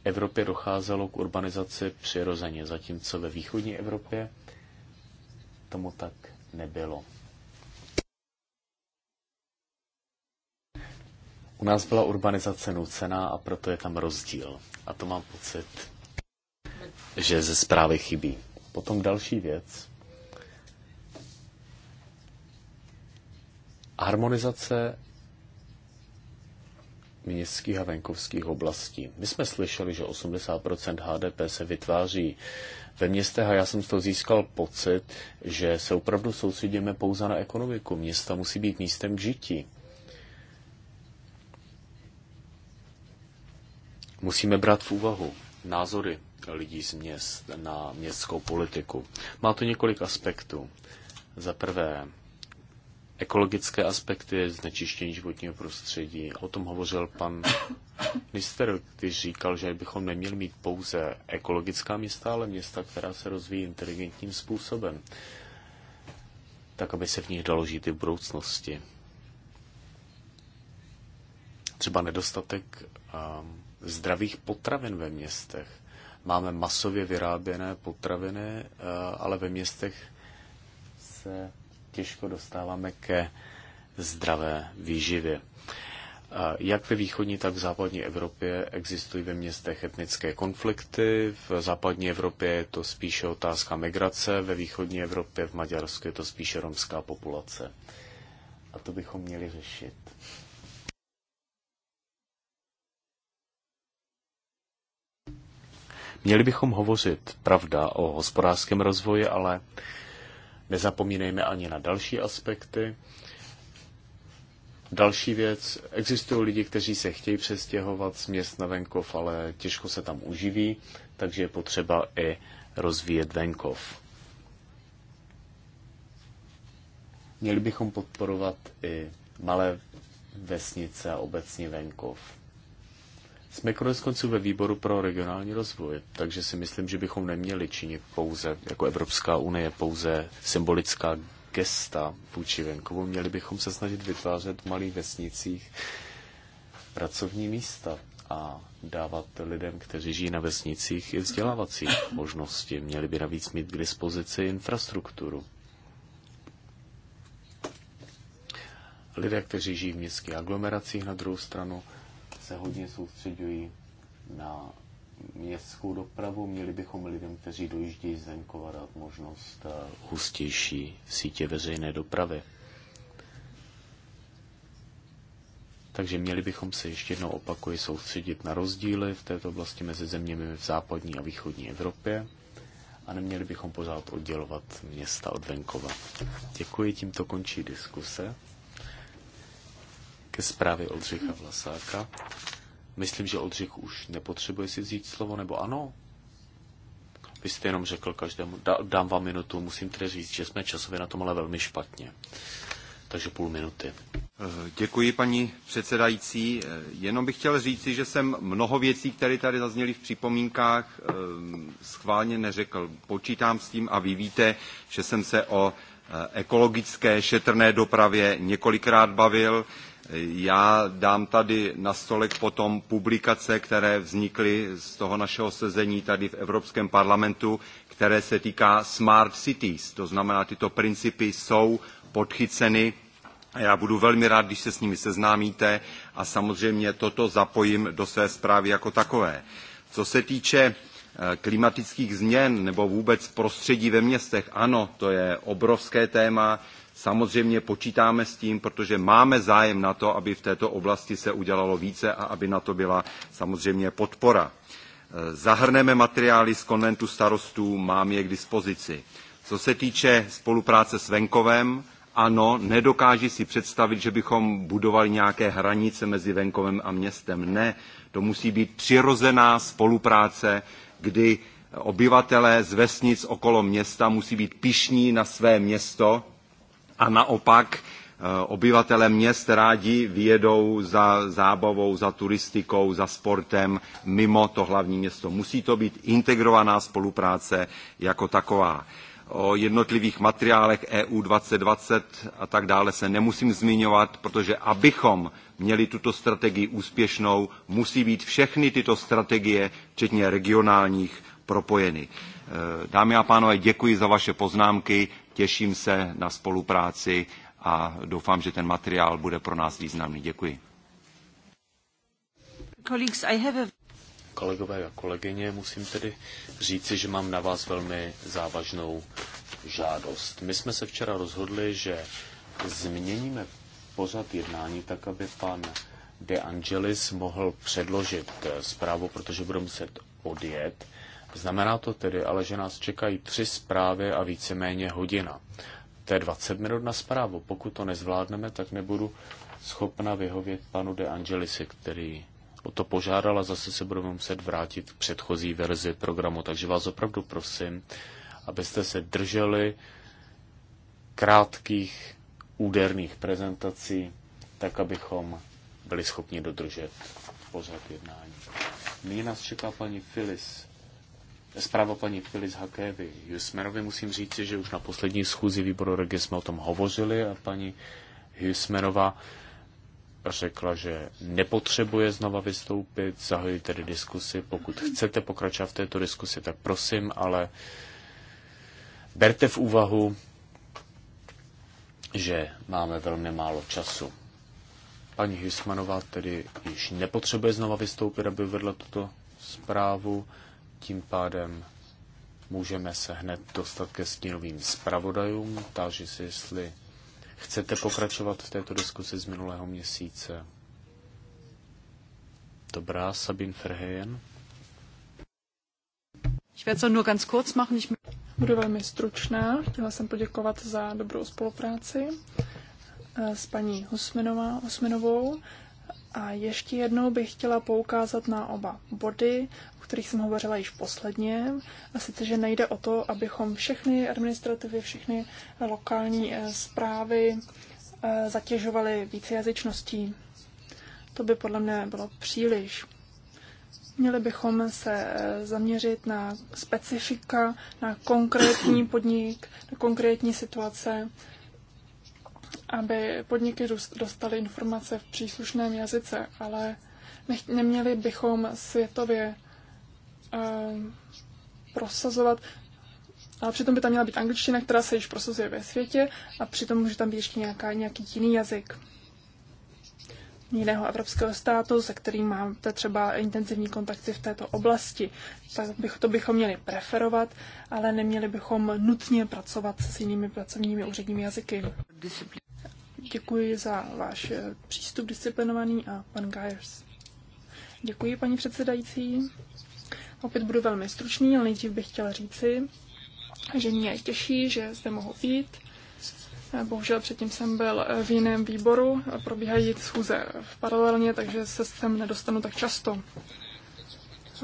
Evropě docházelo k urbanizaci přirozeně, zatímco ve východní Evropě tomu tak nebylo. U nás byla urbanizace nucená a proto je tam rozdíl. A to mám pocit, že ze zprávy chybí. Potom další věc. Harmonizace městských a venkovských oblastí. My jsme slyšeli, že 80% HDP se vytváří ve městech a já jsem z toho získal pocit, že se opravdu soustředíme pouze na ekonomiku. Města musí být místem k žití. Musíme brát v úvahu názory lidí z měst na městskou politiku. Má to několik aspektů. Za prvé, ekologické aspekty znečištění životního prostředí. O tom hovořil pan minister, když říkal, že bychom neměli mít pouze ekologická města, ale města, která se rozvíjí inteligentním způsobem, tak aby se v nich dalo žít i v budoucnosti. Třeba nedostatek um, zdravých potravin ve městech. Máme masově vyráběné potraviny, uh, ale ve městech se těžko dostáváme ke zdravé výživě. Jak ve východní, tak v západní Evropě existují ve městech etnické konflikty. V západní Evropě je to spíše otázka migrace, ve východní Evropě, v Maďarsku je to spíše romská populace. A to bychom měli řešit. Měli bychom hovořit, pravda, o hospodářském rozvoji, ale Nezapomínejme ani na další aspekty. Další věc, existují lidi, kteří se chtějí přestěhovat z měst na venkov, ale těžko se tam uživí, takže je potřeba i rozvíjet venkov. Měli bychom podporovat i malé vesnice a obecně venkov. Jsme konec konců ve výboru pro regionální rozvoj, takže si myslím, že bychom neměli činit pouze, jako Evropská unie, pouze symbolická gesta vůči venkovu. Měli bychom se snažit vytvářet v malých vesnicích pracovní místa a dávat lidem, kteří žijí na vesnicích, i vzdělávací možnosti. Měli by navíc mít k dispozici infrastrukturu. Lidé, kteří žijí v městských aglomeracích na druhou stranu, se hodně soustředují na městskou dopravu. Měli bychom lidem, kteří dojíždějí z venkova, dát možnost eh, hustější sítě veřejné dopravy. Takže měli bychom se ještě jednou opakuji soustředit na rozdíly v této oblasti mezi zeměmi v západní a východní Evropě a neměli bychom pořád oddělovat města od venkova. Děkuji, tímto končí diskuse ke zprávě Oldřicha Vlasáka. Myslím, že Oldřich už nepotřebuje si vzít slovo, nebo ano? Vy jste jenom řekl každému, dám vám minutu, musím tedy říct, že jsme časově na tom ale velmi špatně. Takže půl minuty. Děkuji, paní předsedající. Jenom bych chtěl říci, že jsem mnoho věcí, které tady zazněly v připomínkách, eh, schválně neřekl. Počítám s tím a vy víte, že jsem se o eh, ekologické šetrné dopravě několikrát bavil. Já dám tady na stolek potom publikace, které vznikly z toho našeho sezení tady v Evropském parlamentu, které se týká Smart Cities. To znamená, tyto principy jsou podchyceny a já budu velmi rád, když se s nimi seznámíte a samozřejmě toto zapojím do své zprávy jako takové. Co se týče eh, klimatických změn nebo vůbec prostředí ve městech, ano, to je obrovské téma. Samozřejmě počítáme s tím, protože máme zájem na to, aby v této oblasti se udělalo více a aby na to byla samozřejmě podpora. Eh, zahrneme materiály z konventu starostů, mám je k dispozici. Co se týče spolupráce s venkovem, ano, nedokáží si představit, že bychom budovali nějaké hranice mezi venkovem a městem. Ne, to musí být přirozená spolupráce, kdy obyvatelé z vesnic okolo města musí být pišní na své město a naopak eh, obyvatele měst rádi vyjedou za zábavou, za turistikou, za sportem mimo to hlavní město. Musí to být integrovaná spolupráce jako taková. O jednotlivých materiálech EU 2020 a tak dále se nemusím zmiňovat, protože abychom měli tuto strategii úspěšnou, musí být všechny tyto strategie, včetně regionálních, propojeny. Eh, dámy a pánové, děkuji za vaše poznámky Těším se na spolupráci a doufám, že ten materiál bude pro nás významný. Děkuji. Kolegové a kolegyně, musím tedy říci, že mám na vás velmi závažnou žádost. My jsme se včera rozhodli, že změníme pořad jednání tak, aby pan De Angelis mohl předložit eh, zprávu, protože bude muset odjet. Znamená to tedy ale, že nás čekají tři zprávy a víceméně hodina. To je 20 minut na zprávu. Pokud to nezvládneme, tak nebudu schopna vyhovět panu De Angelisi, který o to požádal a zase se budeme muset vrátit k předchozí verzi programu. Takže vás opravdu prosím, abyste se drželi krátkých úderných prezentací, tak abychom byli schopni dodržet pořad jednání. Nyní nás čeká paní Filis zpráva paní Filiz Hakévy Jusmerovi. Musím říct, že už na poslední schůzi výboru regi jsme o tom hovořili a paní Jusmerova řekla, že nepotřebuje znova vystoupit, zahojí tedy diskusi. Pokud chcete pokračovat v této diskusi, tak prosím, ale berte v úvahu, že máme velmi málo času. Paní Hysmanová tedy již nepotřebuje znova vystoupit, aby vedla tuto zprávu. Tím pádem můžeme se hned dostat ke stínovým zpravodajům. Táži si, jestli chcete pokračovat v této diskusi z minulého měsíce. Dobrá, Sabine Verheyen. Budu velmi stručná. Chtěla jsem poděkovat za dobrou spolupráci eh, s paní Husminovou a ještě jednou bych chtěla poukázat na oba body, o kterých jsem hovořila již posledně. A sice, že nejde o to, abychom všechny administrativy, všechny lokální eh, zprávy eh, zatěžovali vícejazyčností. To by podle mě bylo příliš. Měli bychom se eh, zaměřit na specifika, na konkrétní podnik, na konkrétní situace aby podniky dostaly informace v příslušném jazyce, ale nech, neměli bychom světově uh, prosazovat, ale přitom by tam měla být angličtina, která se již prosazuje ve světě a přitom může tam být ještě nějaká, nějaký jiný jazyk jiného evropského státu, se kterým máte třeba intenzivní kontakty v této oblasti. Tak bych, to bychom měli preferovat, ale neměli bychom nutně pracovat s jinými pracovními úředními jazyky. Děkuji za váš eh, přístup disciplinovaný a pan Gajers. Děkuji, paní předsedající. Opět budu velmi stručný, ale nejdřív bych chtěla říci, že mě těší, že zde mohu být. Eh, Bohužel předtím jsem byl eh, v jiném výboru, probíhají schůze v paralelně, takže se sem nedostanu tak často.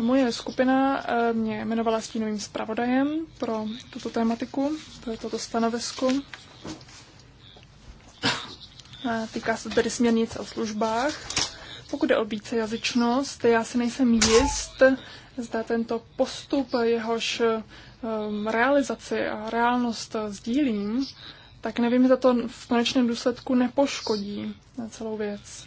Moje skupina mě jmenovala stínovým zpravodajem pro tuto tématiku, pro toto stanovisko. Týká se tedy směrnice o službách. Pokud je o jazyčnost, já si nejsem jist, zda tento postup, jehož um, realizaci a reálnost sdílím, tak nevím, zda to v konečném důsledku nepoškodí na celou věc.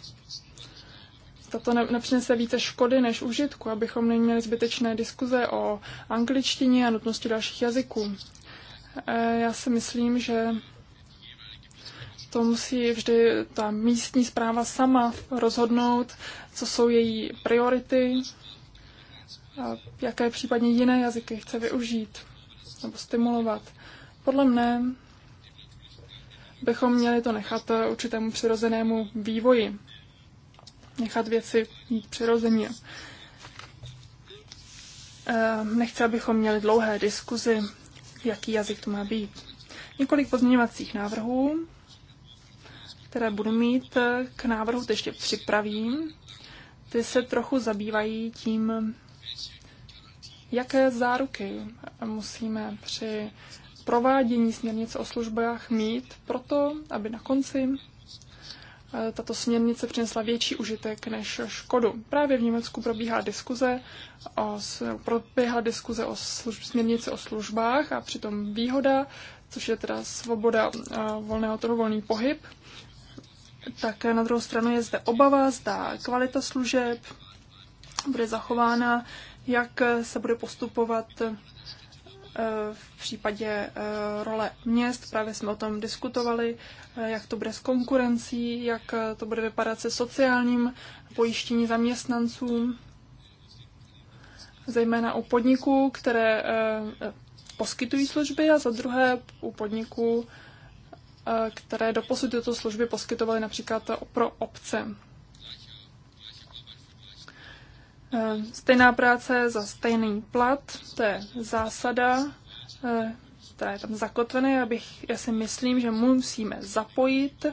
Zda to nepřinese více škody než užitku, abychom neměli zbytečné diskuze o angličtině a nutnosti dalších jazyků. E, já si myslím, že to musí vždy ta místní zpráva sama rozhodnout, co jsou její priority, a jaké případně jiné jazyky chce využít nebo stimulovat. Podle mne bychom měli to nechat určitému přirozenému vývoji. Nechat věci jít přirozeně. Ehm, nechci, abychom měli dlouhé diskuzi, jaký jazyk to má být. Několik pozměňovacích návrhů které budu mít eh, k návrhu, to ještě připravím. Ty se trochu zabývají tím, jaké záruky musíme při provádění směrnice o službách mít proto, aby na konci eh, tato směrnice přinesla větší užitek než škodu. Právě v Německu probíhá diskuze o, probíhá diskuze o služb, směrnici o službách a přitom výhoda, což je teda svoboda eh, volného trhu, volný pohyb, tak na druhou stranu je zde obava, zda kvalita služeb bude zachována, jak se bude postupovat eh, v případě eh, role měst. Právě jsme o tom diskutovali, eh, jak to bude s konkurencí, jak to bude vypadat se sociálním pojištění zaměstnanců, zejména u podniků, které poskytují služby a za druhé u podniků, Eh, které doposud tyto služby poskytovaly například eh, pro obce. Eh, stejná práce za stejný plat, to je zásada, která je tam zakotvená. Abych, já si myslím, že musíme zapojit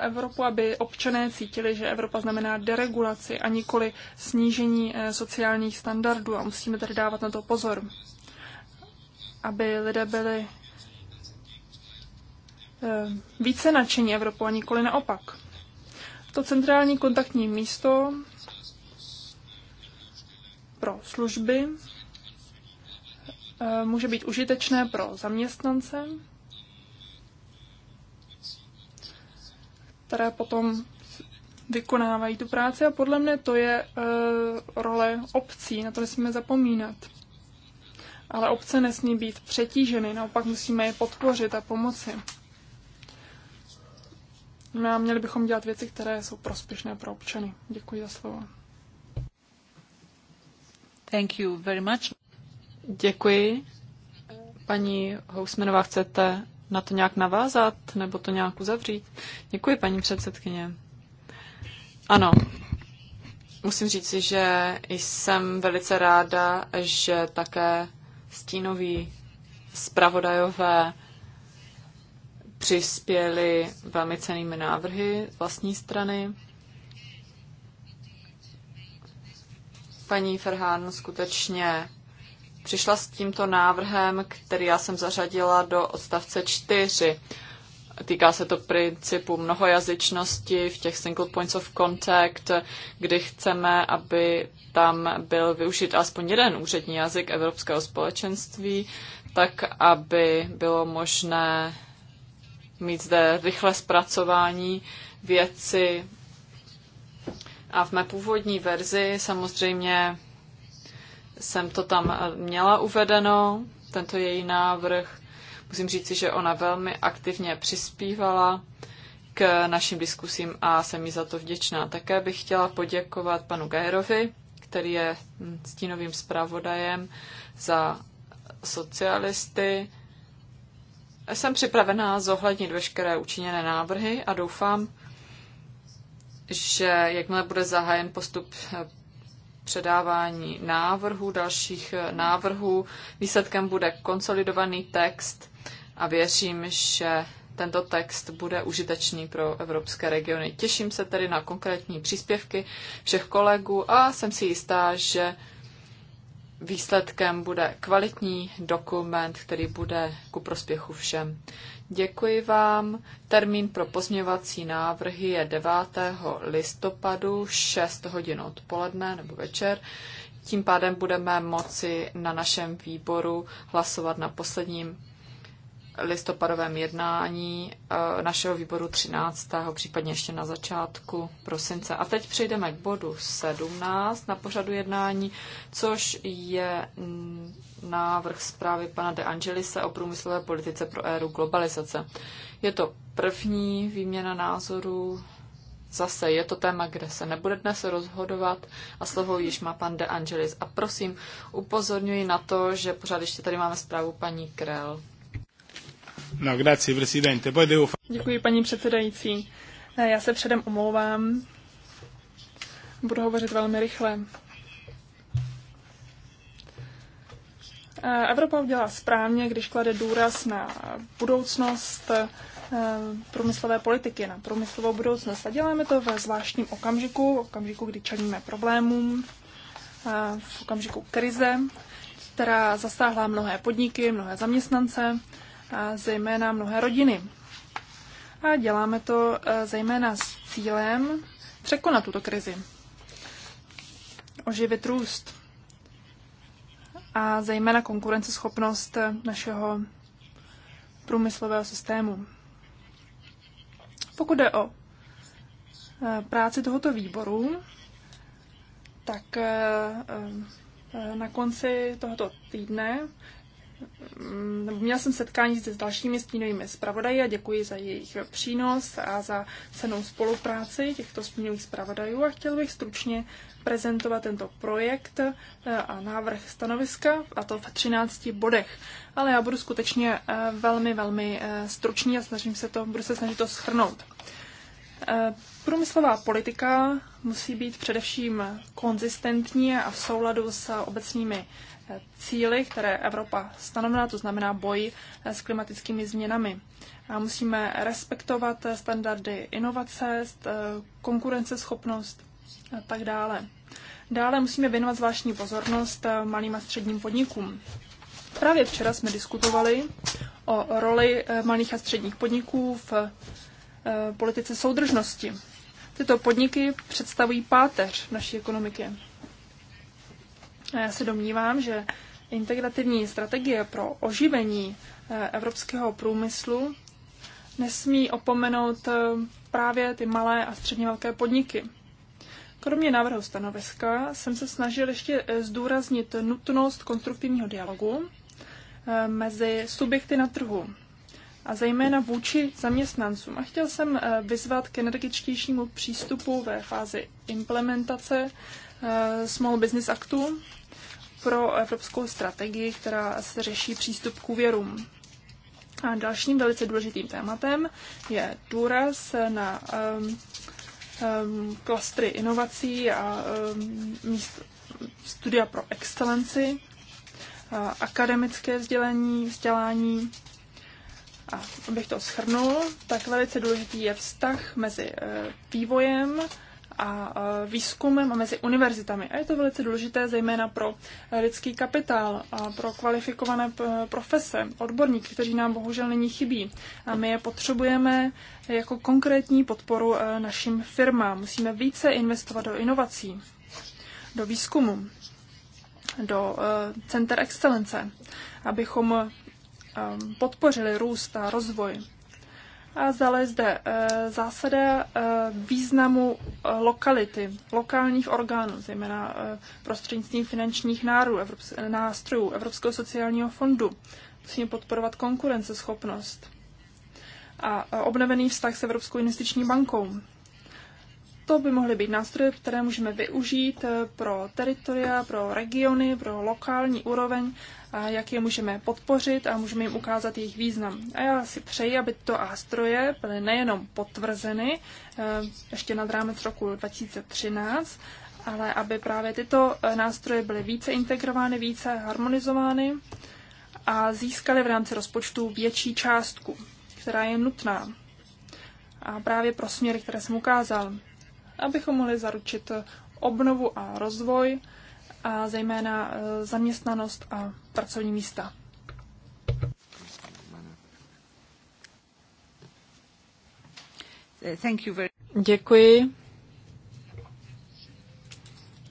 Evropu, aby občané cítili, že Evropa znamená deregulaci a nikoli snížení sociálních standardů a musíme tedy dávat na to pozor, aby lidé byli Eh, více nadšení Evropu a nikoli naopak. To centrální kontaktní místo pro služby eh, může být užitečné pro zaměstnance, které potom vykonávají tu práci a podle mne to je e, role obcí, na to nesmíme zapomínat. Ale obce nesmí být přetíženy, naopak musíme je podpořit a pomoci. No a měli bychom dělat věci, které jsou prospěšné pro občany. Děkuji za slovo. Thank you very much. Děkuji. Paní Housmanová, chcete na to nějak navázat nebo to nějak uzavřít? Děkuji, paní předsedkyně. Ano, musím říct, že jsem velice ráda, že také stínoví zpravodajové přispěli velmi cenými návrhy z vlastní strany. Paní Ferhán skutečně přišla s tímto návrhem, který já jsem zařadila do odstavce 4. Týká se to principu mnohojazyčnosti v těch single points of contact, kdy chceme, aby tam byl využit aspoň jeden úřední jazyk Evropského společenství, tak aby bylo možné mít zde rychle zpracování věci. A v mé původní verzi samozřejmě jsem to tam eh, měla uvedeno, tento její návrh. Musím říci, že ona velmi aktivně přispívala k našim diskusím a jsem jí za to vděčná. Také bych chtěla poděkovat panu Gajerovi, který je stínovým zpravodajem za socialisty jsem připravená zohlednit veškeré učiněné návrhy a doufám, že jakmile bude zahájen postup eh, předávání návrhů, dalších eh, návrhů, výsledkem bude konsolidovaný text a věřím, že tento text bude užitečný pro evropské regiony. Těším se tedy na konkrétní příspěvky všech kolegů a jsem si jistá, že výsledkem bude kvalitní dokument, který bude ku prospěchu všem. Děkuji vám. Termín pro pozměvací návrhy je 9. listopadu 6 hodin odpoledne nebo večer. Tím pádem budeme moci na našem výboru hlasovat na posledním listopadovém jednání eh, našeho výboru 13. případně ještě na začátku prosince. A teď přejdeme k bodu 17 na pořadu jednání, což je návrh zprávy pana De Angelise o průmyslové politice pro éru globalizace. Je to první výměna názorů Zase je to téma, kde se nebude dnes rozhodovat a slovo již má pan De Angelis. A prosím, upozorňuji na to, že pořád ještě tady máme zprávu paní Krell. No, grazie, presidente. Poi devo... Děkuji, paní předsedající. Eh, já se předem omlouvám. Budu hovořit velmi rychle. Eh, Evropa udělá správně, když klade důraz na budoucnost eh, průmyslové politiky, na průmyslovou budoucnost. A děláme to ve zvláštním okamžiku, okamžiku, kdy čelíme problémům, v okamžiku krize, která zasáhla mnohé podniky, mnohé zaměstnance a zejména mnohé rodiny. A děláme to e, zejména s cílem překonat tuto krizi, oživit růst a zejména konkurenceschopnost našeho průmyslového systému. Pokud jde o e, práci tohoto výboru, tak e, na konci tohoto týdne Měl jsem setkání s dalšími stínovými zpravodaji a děkuji za jejich přínos a za cenou spolupráci těchto stínových zpravodajů a chtěl bych stručně prezentovat tento projekt eh, a návrh stanoviska, a to v 13 bodech. Ale já budu skutečně eh, velmi, velmi eh, stručný a snažím se to, budu se snažit to schrnout. Průmyslová politika musí být především konzistentní a v souladu s obecnými cíly, které Evropa stanovila, to znamená boj s klimatickými změnami. A musíme respektovat standardy inovace, konkurenceschopnost a tak dále. Dále musíme věnovat zvláštní pozornost eh, malým a středním podnikům. Právě včera jsme diskutovali o roli eh, malých a středních podniků v eh, politice soudržnosti. Tyto podniky představují páteř naší ekonomiky. A já se domnívám, že integrativní strategie pro oživení eh, evropského průmyslu nesmí opomenout eh, právě ty malé a středně velké podniky. Kromě návrhu stanoviska jsem se snažil ještě eh, zdůraznit nutnost konstruktivního dialogu mezi subjekty na trhu a zejména vůči zaměstnancům. A chtěl jsem vyzvat k energičtějšímu přístupu ve fázi implementace Small Business Actu pro evropskou strategii, která se řeší přístup k úvěrům. A dalším velice důležitým tématem je důraz na um, um, klastry inovací a um, míst, studia pro excelenci, a akademické vzdělení, vzdělání. A abych to shrnul, tak velice důležitý je vztah mezi eh, vývojem, a výzkumem a mezi univerzitami. A je to velice důležité zejména pro lidský kapitál a pro kvalifikované e, profese, odborníky, kteří nám bohužel nyní chybí. A my je potřebujeme jako konkrétní podporu e, našim firmám. Musíme více investovat do inovací, do výzkumu, do e, center excelence, abychom podpořili růst a rozvoj a dále zde eh, zásada eh, významu eh, lokality, lokálních orgánů, zejména prostřednictvím finančních náru, Evrops- nástrojů Evropského sociálního fondu. Musíme podporovat konkurenceschopnost a obnovený vztah s Evropskou investiční bankou to by mohly být nástroje, které můžeme využít eh, pro teritoria, pro regiony, pro lokální úroveň, a jak je můžeme podpořit a můžeme jim ukázat jejich význam. A já si přeji, aby tyto nástroje byly nejenom potvrzeny eh, ještě nad rámec roku 2013, ale aby právě tyto eh, nástroje byly více integrovány, více harmonizovány a získaly v rámci rozpočtu větší částku, která je nutná. A právě pro směry, které jsem ukázal abychom mohli zaručit obnovu a rozvoj a zejména eh, zaměstnanost a pracovní místa. Děkuji.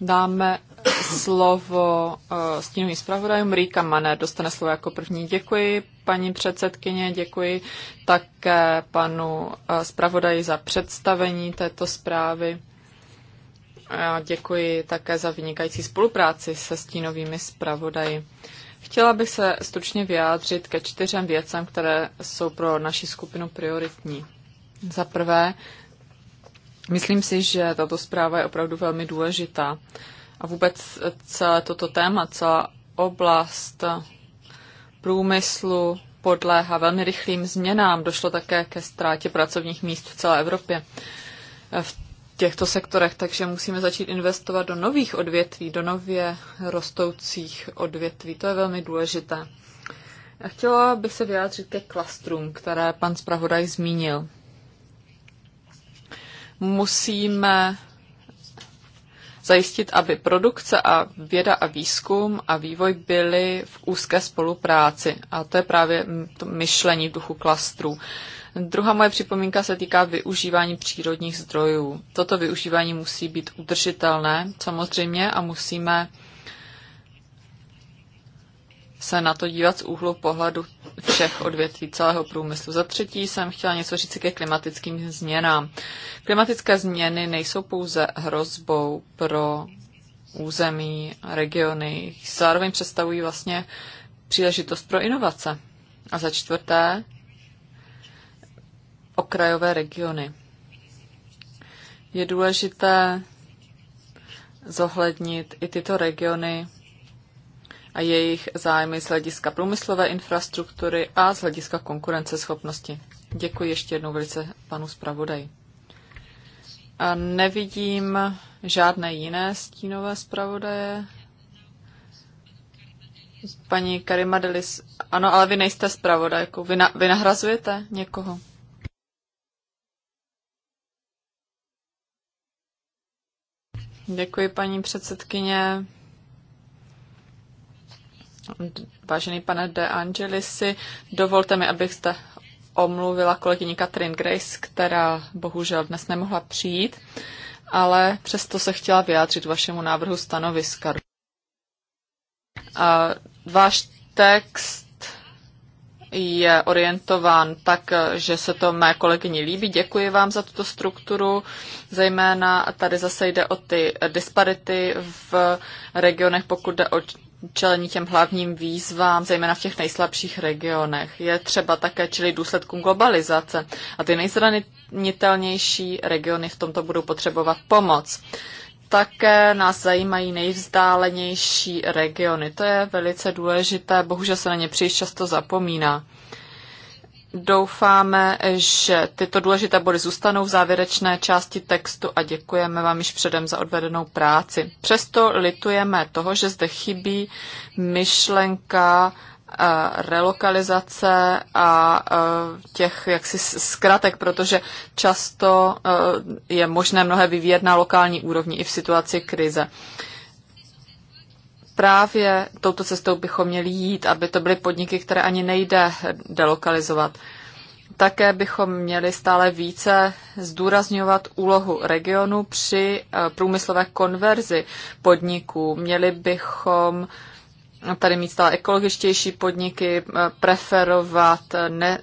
Dáme slovo eh, stínovým zpravodajům. Rika Mané dostane slovo jako první. Děkuji, paní předsedkyně, děkuji také panu eh, zpravodaji za představení této zprávy. A děkuji také za vynikající spolupráci se stínovými zpravodaji. Chtěla bych se stručně vyjádřit ke čtyřem věcem, které jsou pro naši skupinu prioritní. Za prvé, myslím si, že tato zpráva je opravdu velmi důležitá. A vůbec celé toto téma, celá oblast průmyslu podléhá velmi rychlým změnám. Došlo také ke ztrátě pracovních míst v celé Evropě eh, v těchto sektorech, takže musíme začít investovat do nových odvětví, do nově rostoucích odvětví. To je velmi důležité. A chtěla bych se vyjádřit ke klastrům, které pan zpravodaj zmínil. Musíme zajistit, aby produkce a věda a výzkum a vývoj byly v úzké spolupráci. A to je právě to myšlení v duchu klastrů. Druhá moje připomínka se týká využívání přírodních zdrojů. Toto využívání musí být udržitelné samozřejmě a musíme se na to dívat z úhlu pohledu všech odvětví celého průmyslu. Za třetí jsem chtěla něco říct ke klimatickým změnám. Klimatické změny nejsou pouze hrozbou pro území, regiony, zároveň představují vlastně příležitost pro inovace. A za čtvrté, okrajové regiony. Je důležité zohlednit i tyto regiony a jejich zájmy z hlediska průmyslové infrastruktury a z hlediska konkurenceschopnosti. Děkuji ještě jednou velice panu zpravodaji. A nevidím žádné jiné stínové zpravodaje. Paní Karimadelis, ano, ale vy nejste zpravodajkou. Vy, na, vy nahrazujete někoho? Děkuji, paní předsedkyně. Vážený pane De Angelisi, dovolte mi, abych zde omluvila kolegyni Katrin Grace, která bohužel dnes nemohla přijít, ale přesto se chtěla vyjádřit vašemu návrhu stanoviska. A váš text je orientován tak, že se to mé kolegyni líbí. Děkuji vám za tuto strukturu. Zejména tady zase jde o ty disparity v regionech, pokud jde o čelení těm hlavním výzvám, zejména v těch nejslabších regionech. Je třeba také čili důsledkům globalizace a ty nejzranitelnější regiony v tomto budou potřebovat pomoc. Také nás zajímají nejvzdálenější regiony. To je velice důležité, bohužel se na ně příliš často zapomíná. Doufáme, že tyto důležité body zůstanou v závěrečné části textu a děkujeme vám již předem za odvedenou práci. Přesto litujeme toho, že zde chybí myšlenka eh, relokalizace a eh, těch jaksi zkratek, protože často eh, je možné mnohé vyvíjet na lokální úrovni i v situaci krize právě touto cestou bychom měli jít, aby to byly podniky, které ani nejde delokalizovat. Také bychom měli stále více zdůrazňovat úlohu regionu při eh, průmyslové konverzi podniků. Měli bychom tady mít stále ekologičtější podniky, eh, preferovat eh, ne,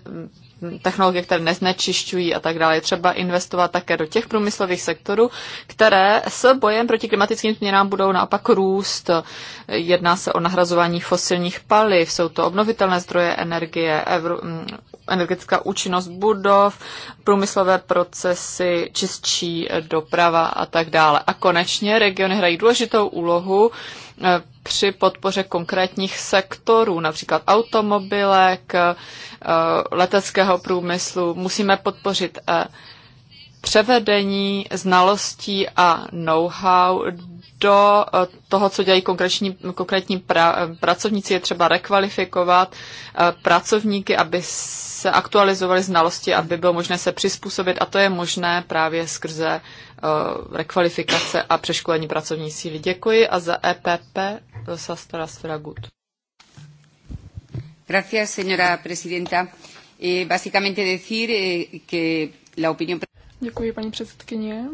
technologie, které neznečišťují a tak dále. Třeba investovat také do těch průmyslových sektorů, které s bojem proti klimatickým změnám budou naopak růst. Jedná se o nahrazování fosilních paliv, jsou to obnovitelné zdroje energie, evro, mm, energetická účinnost budov, průmyslové procesy, čistší doprava a tak dále. A konečně regiony hrají důležitou úlohu eh, při podpoře konkrétních sektorů, například automobilek, eh, leteckého průmyslu. Musíme podpořit eh, převedení znalostí a know-how do eh, toho, co dělají konkrétní, konkrétní pra, eh, pracovníci, je třeba rekvalifikovat eh, pracovníky, aby se aktualizovaly znalosti, aby bylo možné se přizpůsobit a to je možné právě skrze rekvalifikace a přeškolení pracovní síly. Děkuji a za EPP sfera GUT. Gracias, señora presidenta. Eh, básicamente decir eh, que la opinión... Děkuji, paní předsedkyně.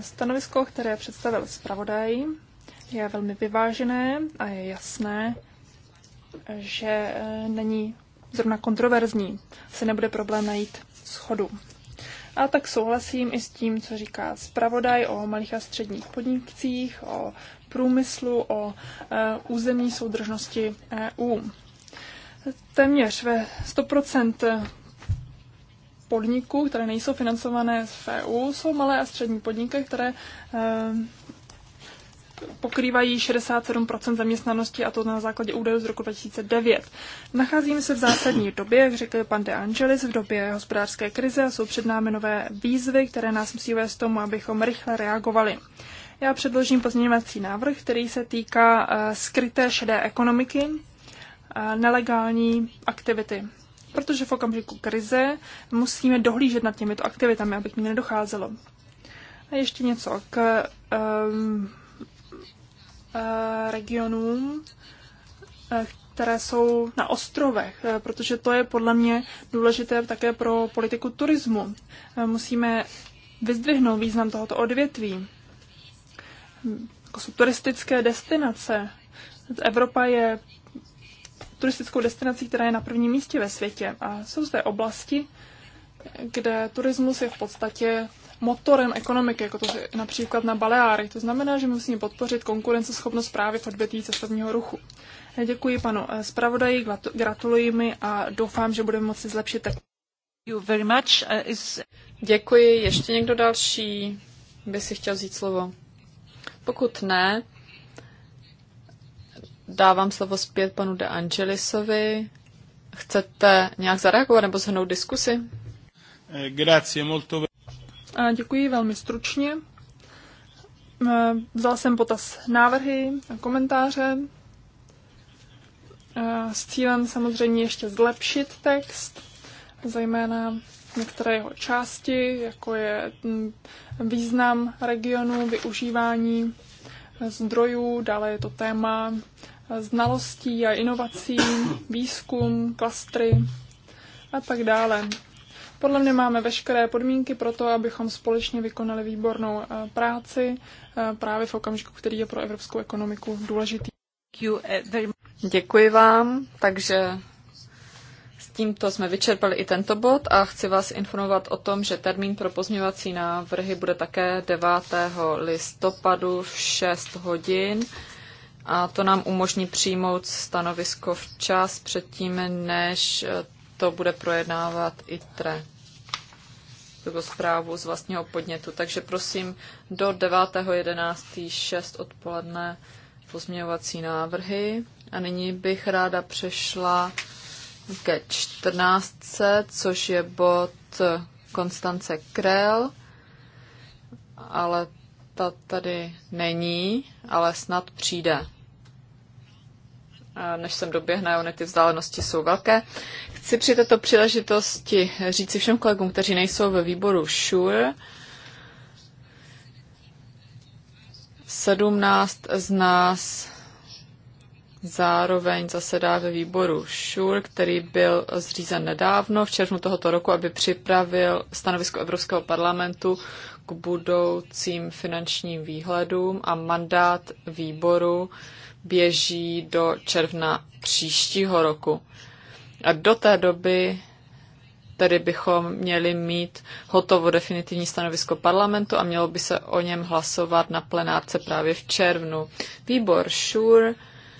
Stanovisko, které představil zpravodaj, je velmi vyvážené a je jasné, že eh, není zrovna kontroverzní, se nebude problém najít schodu. A tak souhlasím i s tím, co říká zpravodaj o malých a středních podnikcích, o průmyslu, o eh, územní soudržnosti EU. Téměř ve 100% podniků, které nejsou financované z EU, jsou malé a střední podniky, které eh, pokrývají 67% zaměstnanosti a to na základě údajů z roku 2009. Nacházíme se v zásadní době, jak řekl pan De Angelis, v době hospodářské krize a jsou před námi nové výzvy, které nás musí vést tomu, abychom rychle reagovali. Já předložím pozměňovací návrh, který se týká eh, skryté šedé ekonomiky, eh, nelegální aktivity protože v okamžiku krize musíme dohlížet nad těmito aktivitami, aby k ní nedocházelo. A ještě něco k um, regionům, eh, které jsou na ostrovech, eh, protože to je podle mě důležité také pro politiku turismu. Musíme vyzdvihnout význam tohoto odvětví. Jako jsou turistické destinace. Evropa je turistickou destinací, která je na prvním místě ve světě. A jsou zde oblasti, kde turismus je v podstatě motorem ekonomiky, jako to například na Baleáry. To znamená, že musíme podpořit konkurenceschopnost právě v odvětví cestovního ruchu. Děkuji panu eh, zpravodaji, gratuluji mi a doufám, že budeme moci zlepšit tak. Uh, Děkuji. Ještě někdo další by si chtěl vzít slovo? Pokud ne, dávám slovo zpět panu De Angelisovi. Chcete nějak zareagovat nebo zhrnout diskusi? Grazie, molto... A děkuji velmi stručně. E, vzal jsem potaz návrhy a komentáře e, s cílem samozřejmě ještě zlepšit text, zejména některé jeho části, jako je význam regionu, využívání zdrojů, dále je to téma znalostí a inovací, výzkum, klastry a tak dále. Podle mě máme veškeré podmínky pro to, abychom společně vykonali výbornou eh, práci eh, právě v okamžiku, který je pro evropskou ekonomiku důležitý. Děkuji vám, takže s tímto jsme vyčerpali i tento bod a chci vás informovat o tom, že termín pro pozměňovací návrhy bude také 9. listopadu v 6 hodin a to nám umožní přijmout stanovisko včas předtím, než eh, to bude projednávat ITRE tuto zprávu z vlastního podnětu. Takže prosím do 9.11.6 odpoledne pozměňovací návrhy. A nyní bych ráda přešla ke 14, což je bod Konstance Krel, ale ta tady není, ale snad přijde. Než sem doběhne, ony ty vzdálenosti jsou velké. Chci při této příležitosti říci všem kolegům, kteří nejsou ve výboru SURE, 17 z nás zároveň zasedá ve výboru ŠUR, který byl zřízen nedávno v červnu tohoto roku, aby připravil stanovisko Evropského parlamentu budoucím finančním výhledům a mandát výboru běží do června příštího roku. A do té doby tedy bychom měli mít hotovo definitivní stanovisko parlamentu a mělo by se o něm hlasovat na plenárce právě v červnu. Výbor šur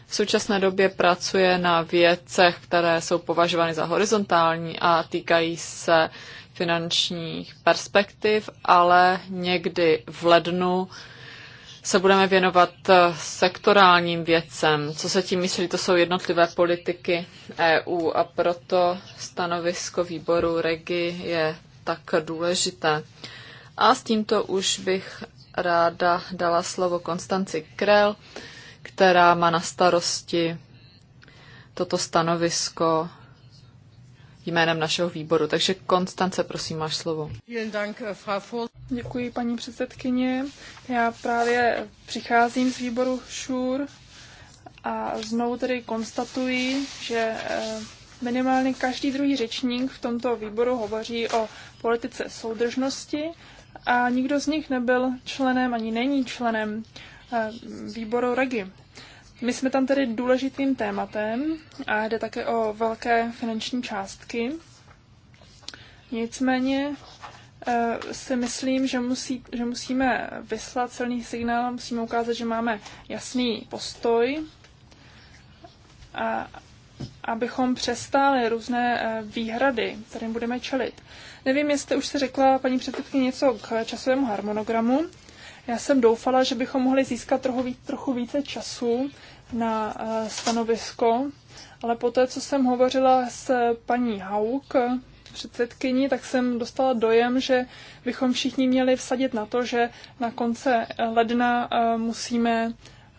v současné době pracuje na věcech, které jsou považovány za horizontální a týkají se finančních perspektiv, ale někdy v lednu se budeme věnovat eh, sektorálním věcem. Co se tím myslí, to jsou jednotlivé politiky EU a proto stanovisko výboru REGI je tak důležité. A s tímto už bych ráda dala slovo Konstanci Krel, která má na starosti toto stanovisko jménem našeho výboru. Takže Konstance, prosím, máš slovo. Eh, Děkuji, paní předsedkyně. Já právě přicházím z výboru ŠUR a znovu tedy konstatuji, že eh, minimálně každý druhý řečník v tomto výboru hovoří o politice soudržnosti a nikdo z nich nebyl členem ani není členem eh, výboru REGI. My jsme tam tedy důležitým tématem a jde také o velké finanční částky. Nicméně eh, si myslím, že, musí, že musíme vyslat silný signál, musíme ukázat, že máme jasný postoj, a, abychom přestáli různé eh, výhrady, kterým budeme čelit. Nevím, jestli už se řekla paní předsedkyně něco k časovému harmonogramu. Já jsem doufala, že bychom mohli získat trochu, víc, trochu více času, na eh, stanovisko, ale poté, co jsem hovořila s paní Hauk, předsedkyní, tak jsem dostala dojem, že bychom všichni měli vsadit na to, že na konce ledna eh, musíme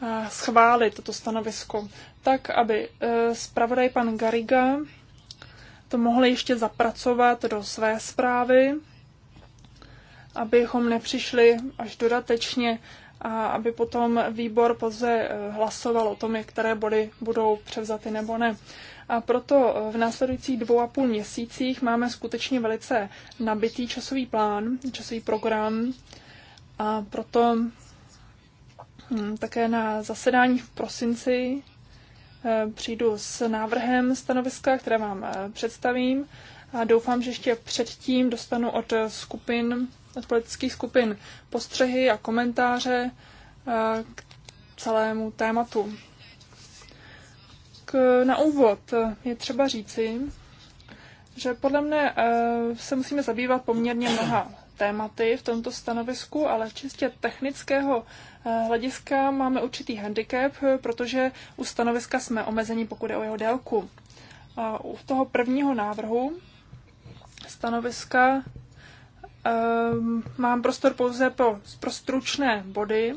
eh, schválit toto stanovisko, tak aby zpravodaj pan Gariga to mohl ještě zapracovat do své zprávy, abychom nepřišli až dodatečně a aby potom výbor pouze eh, hlasoval o tom, které body budou převzaty nebo ne. A proto eh, v následujících dvou a půl měsících máme skutečně velice nabitý časový plán, časový program a proto hm, také na zasedání v prosinci eh, přijdu s návrhem stanoviska, které vám představím a doufám, že ještě předtím dostanu od skupin z politických skupin postřehy a komentáře eh, k celému tématu. K, na úvod je třeba říci, že podle mne eh, se musíme zabývat poměrně mnoha tématy v tomto stanovisku, ale čistě technického eh, hlediska máme určitý handicap, protože u stanoviska jsme omezeni, pokud je o jeho délku. A u toho prvního návrhu stanoviska um, mám prostor pouze pro, pro stručné body.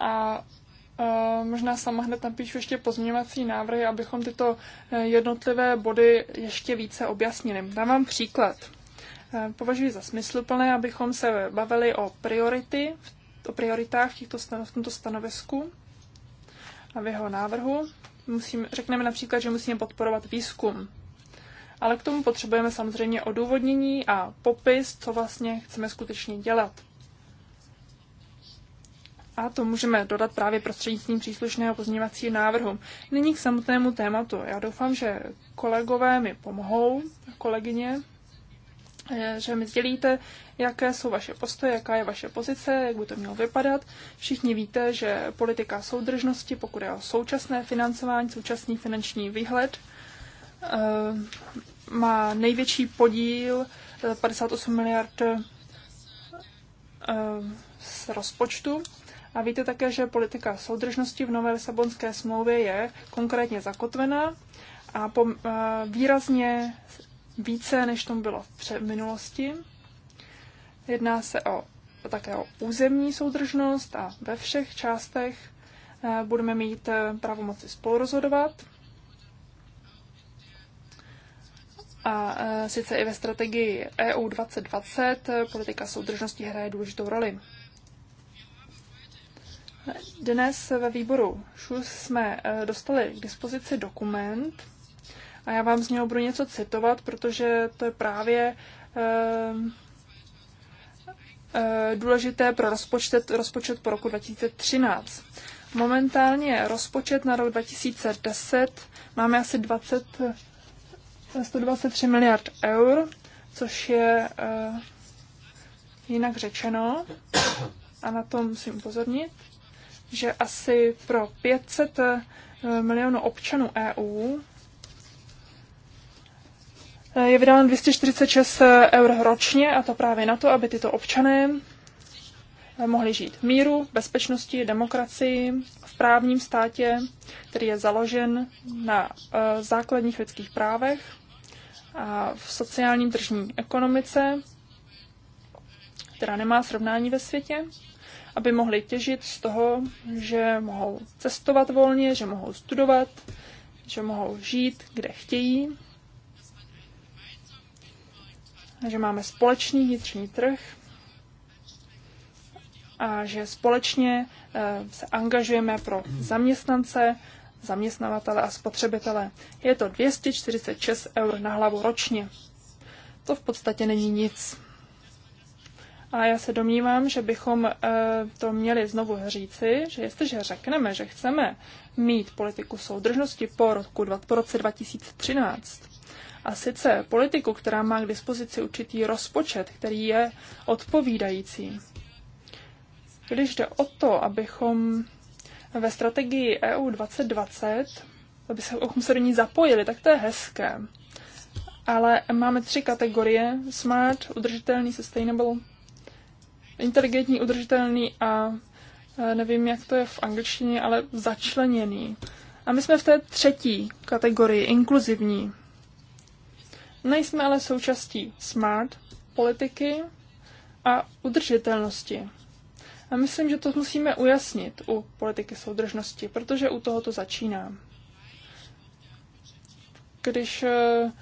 A uh, možná sama hned napíšu ještě pozměňovací návrhy, abychom tyto eh, jednotlivé body ještě více objasnili. Dám vám příklad. Ehm, považuji za smysluplné, abychom se bavili o priority, o prioritách v, těchto, v tomto stanovisku a v jeho návrhu. Musím, řekneme například, že musíme podporovat výzkum ale k tomu potřebujeme samozřejmě odůvodnění a popis, co vlastně chceme skutečně dělat. A to můžeme dodat právě prostřednictvím příslušného pozměňovacího návrhu. Nyní k samotnému tématu. Já doufám, že kolegové mi pomohou, kolegyně, eh, že mi sdělíte, jaké jsou vaše postoje, jaká je vaše pozice, jak by to mělo vypadat. Všichni víte, že politika soudržnosti, pokud je o současné financování, současný finanční výhled, eh, má největší podíl, 58 eh, miliard eh, z rozpočtu. A víte také, že politika soudržnosti v nové Lisabonské smlouvě je konkrétně zakotvená a po, eh, výrazně více, než tomu bylo v minulosti. Jedná se o také o územní soudržnost a ve všech částech budeme mít pravomoci spolurozhodovat. a e, sice i ve strategii EU 2020 e, politika soudržnosti hraje důležitou roli. Dnes ve výboru ŠUS jsme e, dostali k dispozici dokument a já vám z něho budu něco citovat, protože to je právě důležité pro rozpočet, rozpočet po roku 2013. Momentálně rozpočet na rok 2010 máme asi 20 123 miliard eur, což je uh, jinak řečeno, a na to musím upozornit, že asi pro 500 eh, milionů občanů EU eh, je vydáno 246 eur ročně a to právě na to, aby tyto občané mohli žít v míru, bezpečnosti, demokracii, v právním státě, který je založen na základních lidských právech a v sociální držní ekonomice, která nemá srovnání ve světě, aby mohli těžit z toho, že mohou cestovat volně, že mohou studovat, že mohou žít, kde chtějí, že máme společný vnitřní trh a že společně eh, se angažujeme pro zaměstnance, zaměstnavatele a spotřebitele. Je to 246 eur na hlavu ročně. To v podstatě není nic. A já se domnívám, že bychom eh, to měli znovu říci, že jestliže řekneme, že chceme mít politiku soudržnosti po, roku, po roce 2013, a sice politiku, která má k dispozici určitý rozpočet, který je odpovídající. Když jde o to, abychom ve strategii EU 2020, aby se, abychom se do ní zapojili, tak to je hezké. Ale máme tři kategorie. Smart, udržitelný, sustainable, inteligentní, udržitelný a nevím, jak to je v angličtině, ale začleněný. A my jsme v té třetí kategorii, inkluzivní. Nejsme ale součástí smart politiky a udržitelnosti. A myslím, že to musíme ujasnit u politiky soudržnosti, protože u toho to začíná. Když eh,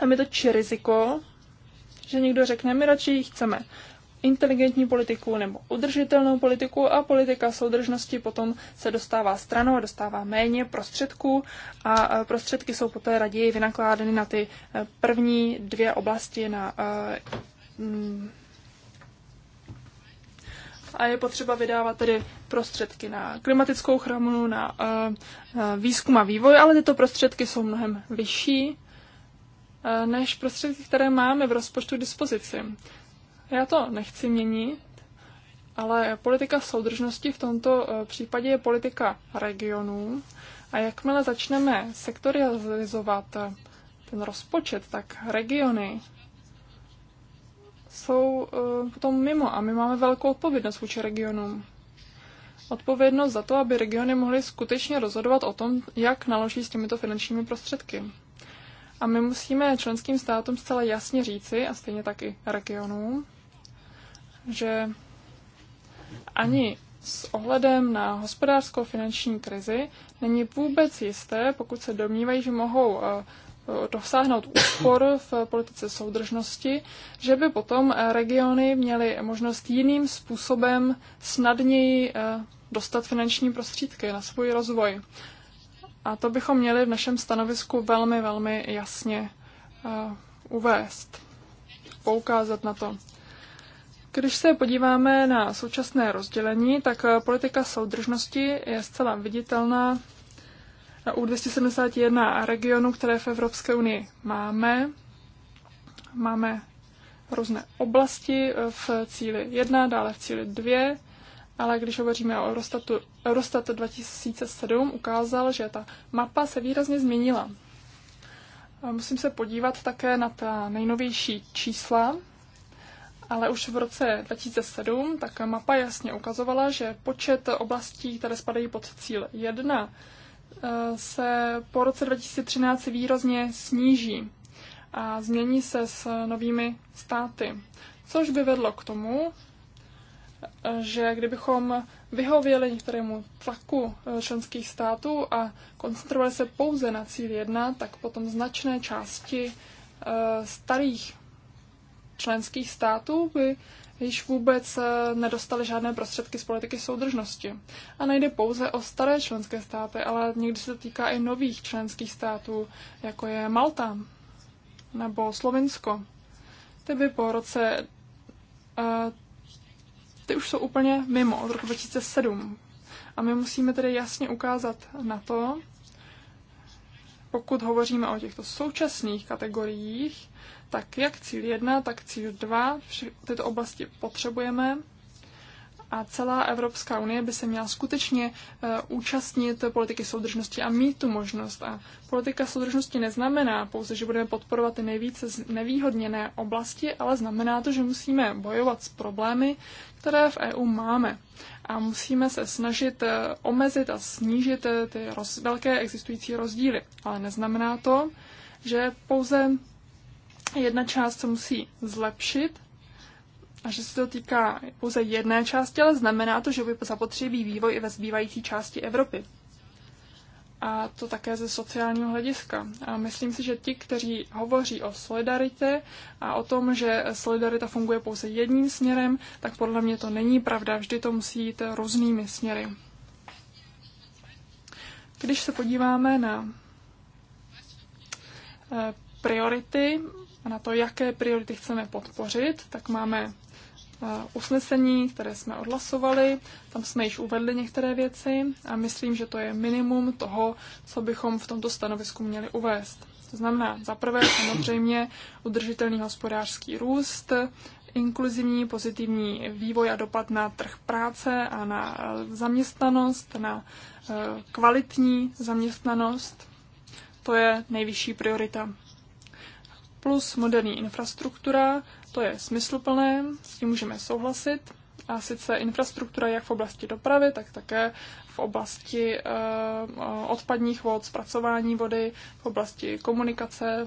tam je to či riziko, že někdo řekne, my radši chceme inteligentní politiku nebo udržitelnou politiku a politika soudržnosti potom se dostává stranou a dostává méně prostředků a eh, prostředky jsou poté raději vynakládány na ty eh, první dvě oblasti, na mm, a je potřeba vydávat tedy prostředky na klimatickou ochranu, na, eh, na výzkum a vývoj, ale tyto prostředky jsou mnohem vyšší eh, než prostředky, které máme v rozpočtu k dispozici. Já to nechci měnit, ale politika soudržnosti v tomto eh, případě je politika regionů a jakmile začneme sektorializovat ten rozpočet, tak regiony jsou eh, potom mimo a my máme velkou odpovědnost vůči regionům. Odpovědnost za to, aby regiony mohly skutečně rozhodovat o tom, jak naloží s těmito finančními prostředky. A my musíme členským státům zcela jasně říci, a stejně tak i regionům, že ani s ohledem na hospodářskou finanční krizi není vůbec jisté, pokud se domnívají, že mohou eh, dosáhnout úspor v politice soudržnosti, že by potom regiony měly možnost jiným způsobem snadněji eh, dostat finanční prostředky na svůj rozvoj. A to bychom měli v našem stanovisku velmi, velmi jasně eh, uvést, poukázat na to. Když se podíváme na současné rozdělení, tak eh, politika soudržnosti je zcela viditelná u 271 regionů, které v Evropské unii máme. Máme různé oblasti eh, v cíli 1, dále v cíli 2, ale když hovoříme o Eurostatu, Eurostat 2007 ukázal, že ta mapa se výrazně změnila. Musím se podívat také na ta nejnovější čísla, ale už v roce 2007 tak mapa jasně ukazovala, že počet oblastí, které spadají pod cíl 1, se po roce 2013 výrazně sníží a změní se s novými státy. Což by vedlo k tomu, že kdybychom vyhověli některému tlaku eh, členských států a koncentrovali se pouze na cíl 1, tak potom značné části eh, starých členských států by již vůbec eh, nedostali žádné prostředky z politiky soudržnosti. A nejde pouze o staré členské státy, ale někdy se to týká i nových členských států, jako je Malta nebo Slovinsko. Ty by po roce, eh, ty už jsou úplně mimo od roku 2007. A my musíme tedy jasně ukázat na to, pokud hovoříme o těchto současných kategoriích, tak jak cíl 1, tak cíl 2, tyto oblasti potřebujeme a celá Evropská unie by se měla skutečně e, účastnit politiky soudržnosti a mít tu možnost. A politika soudržnosti neznamená pouze, že budeme podporovat ty nejvíce nevýhodněné oblasti, ale znamená to, že musíme bojovat s problémy, které v EU máme. A musíme se snažit e, omezit a snížit e, ty roz, velké existující rozdíly. Ale neznamená to, že pouze jedna část se musí zlepšit a že se to týká pouze jedné části, ale znamená to, že by zapotřebí vývoj i ve zbývající části Evropy. A to také ze sociálního hlediska. A myslím si, že ti, kteří hovoří o solidaritě a o tom, že solidarita funguje pouze jedním směrem, tak podle mě to není pravda. Vždy to musí jít různými směry. Když se podíváme na eh, priority a na to, jaké priority chceme podpořit, tak máme eh, usnesení, které jsme odhlasovali. Tam jsme již uvedli některé věci a myslím, že to je minimum toho, co bychom v tomto stanovisku měli uvést. To znamená, za prvé samozřejmě udržitelný hospodářský růst, inkluzivní pozitivní vývoj a dopad na trh práce a na eh, zaměstnanost, na eh, kvalitní zaměstnanost. To je nejvyšší priorita plus moderní infrastruktura, to je smysluplné, s tím můžeme souhlasit. A sice infrastruktura jak v oblasti dopravy, tak také v oblasti uh, odpadních vod, zpracování vody, v oblasti komunikace,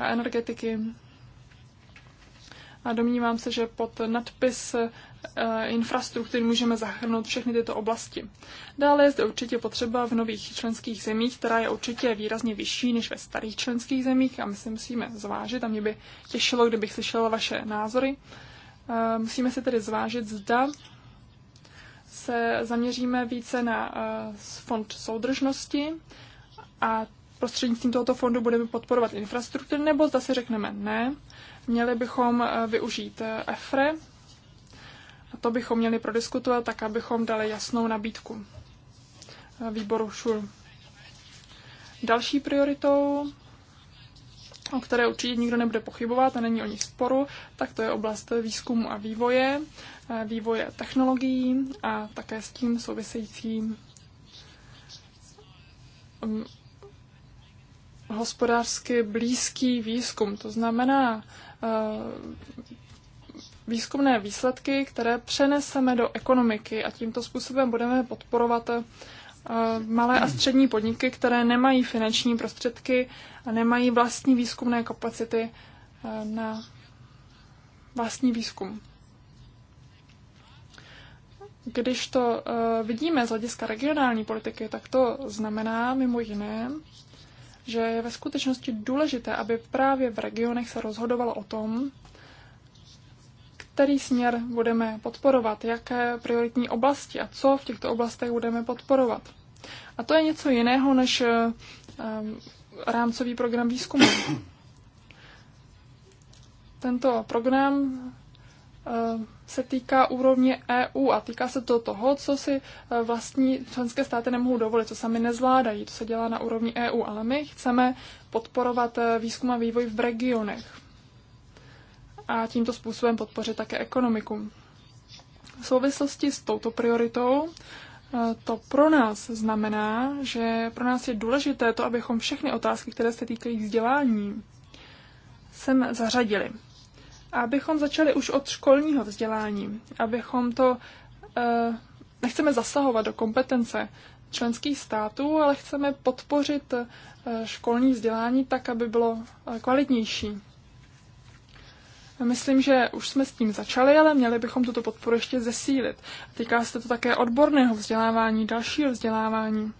energetiky a domnívám se, že pod nadpis eh, infrastruktury můžeme zahrnout všechny tyto oblasti. Dále je zde určitě potřeba v nových členských zemích, která je určitě výrazně vyšší než ve starých členských zemích a my si musíme zvážit a mě by těšilo, kdybych slyšela vaše názory. Eh, musíme si tedy zvážit, zda se zaměříme více na eh, fond soudržnosti a prostřednictvím tohoto fondu budeme podporovat infrastrukturu, nebo zda si řekneme ne, Měli bychom eh, využít eh, EFRE a to bychom měli prodiskutovat tak, abychom dali jasnou nabídku eh, výboru šul. Další prioritou, o které určitě nikdo nebude pochybovat a není o ní sporu, tak to je oblast výzkumu a vývoje, vývoje technologií a také s tím související mm, hospodářsky blízký výzkum. To znamená Eh, výzkumné výsledky, které přeneseme do ekonomiky a tímto způsobem budeme podporovat eh, malé a střední podniky, které nemají finanční prostředky a nemají vlastní výzkumné kapacity eh, na vlastní výzkum. Když to vidíme z hlediska regionální politiky, tak to znamená mimo jiné, že je ve skutečnosti důležité, aby právě v regionech se rozhodovalo o tom, který směr budeme podporovat, jaké prioritní oblasti a co v těchto oblastech budeme podporovat. A to je něco jiného než eh, eh, rámcový program výzkumu. Tento program se týká úrovně EU a týká se to toho, co si eh, vlastní členské státy nemohou dovolit, co sami nezvládají. To se dělá na úrovni EU, ale my chceme podporovat eh, výzkum a vývoj v regionech a tímto způsobem podpořit také ekonomiku. V souvislosti s touto prioritou eh, to pro nás znamená, že pro nás je důležité to, abychom všechny otázky, které se týkají vzdělání, sem zařadili abychom začali už od školního vzdělání, abychom to e, nechceme zasahovat do kompetence členských států, ale chceme podpořit eh, školní vzdělání tak, aby bylo eh, kvalitnější. Myslím, že už jsme s tím začali, ale měli bychom tuto podporu ještě zesílit. Týká se to také odborného vzdělávání, dalšího vzdělávání.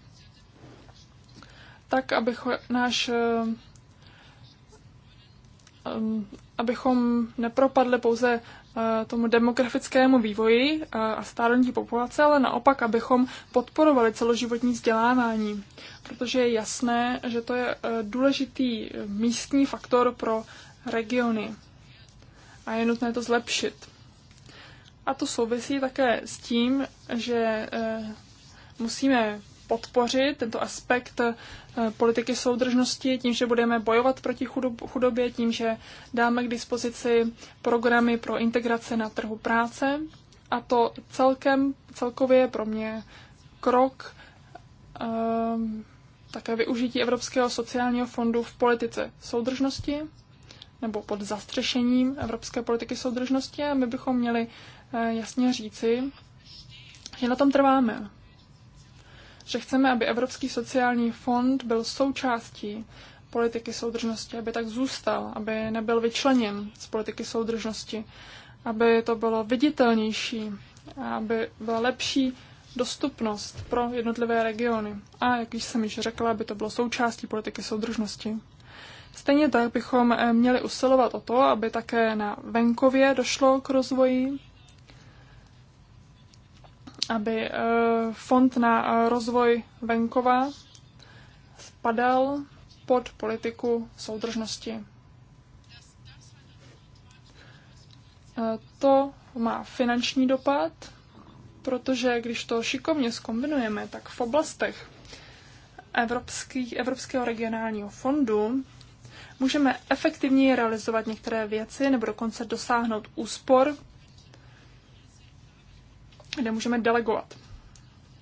Tak, abychom náš abychom nepropadli pouze eh, tomu demografickému vývoji eh, a stárnutí populace, ale naopak, abychom podporovali celoživotní vzdělávání, protože je jasné, že to je eh, důležitý místní faktor pro regiony a je nutné to zlepšit. A to souvisí také s tím, že musíme podpořit tento aspekt eh, politiky soudržnosti tím, že budeme bojovat proti chudobě, tím, že dáme k dispozici programy pro integraci na trhu práce. A to celkem, celkově je pro mě krok ehm, také využití Evropského sociálního fondu v politice soudržnosti nebo pod zastřešením Evropské politiky soudržnosti a my bychom měli eh, jasně říci, že na tom trváme že chceme, aby Evropský sociální fond byl součástí politiky soudržnosti, aby tak zůstal, aby nebyl vyčleněn z politiky soudržnosti, aby to bylo viditelnější, aby byla lepší dostupnost pro jednotlivé regiony. A jak již jsem již řekla, aby to bylo součástí politiky soudržnosti. Stejně tak bychom eh, měli usilovat o to, aby také na venkově došlo k rozvoji aby eh, fond na eh, rozvoj venkova spadal pod politiku soudržnosti. Eh, to má finanční dopad, protože když to šikovně skombinujeme, tak v oblastech Evropský, Evropského regionálního fondu můžeme efektivněji realizovat některé věci nebo dokonce dosáhnout úspor, kde můžeme delegovat.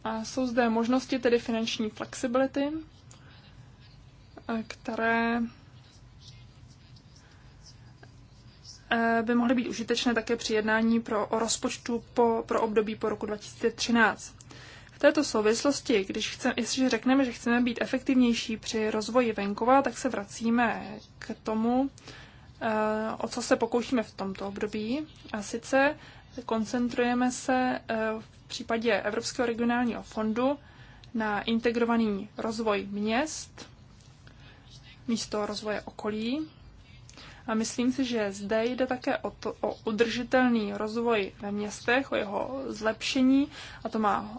A jsou zde možnosti tedy finanční flexibility, eh, které eh, by mohly být užitečné také při jednání pro, o rozpočtu po, pro období po roku 2013. V této souvislosti, když chceme, jestliže řekneme, že chceme být efektivnější při rozvoji venkova, tak se vracíme k tomu, eh, o co se pokoušíme v tomto období, a sice koncentrujeme se eh, v případě Evropského regionálního fondu na integrovaný rozvoj měst místo rozvoje okolí. A myslím si, že zde jde také o, to, o udržitelný rozvoj ve městech, o jeho zlepšení a to má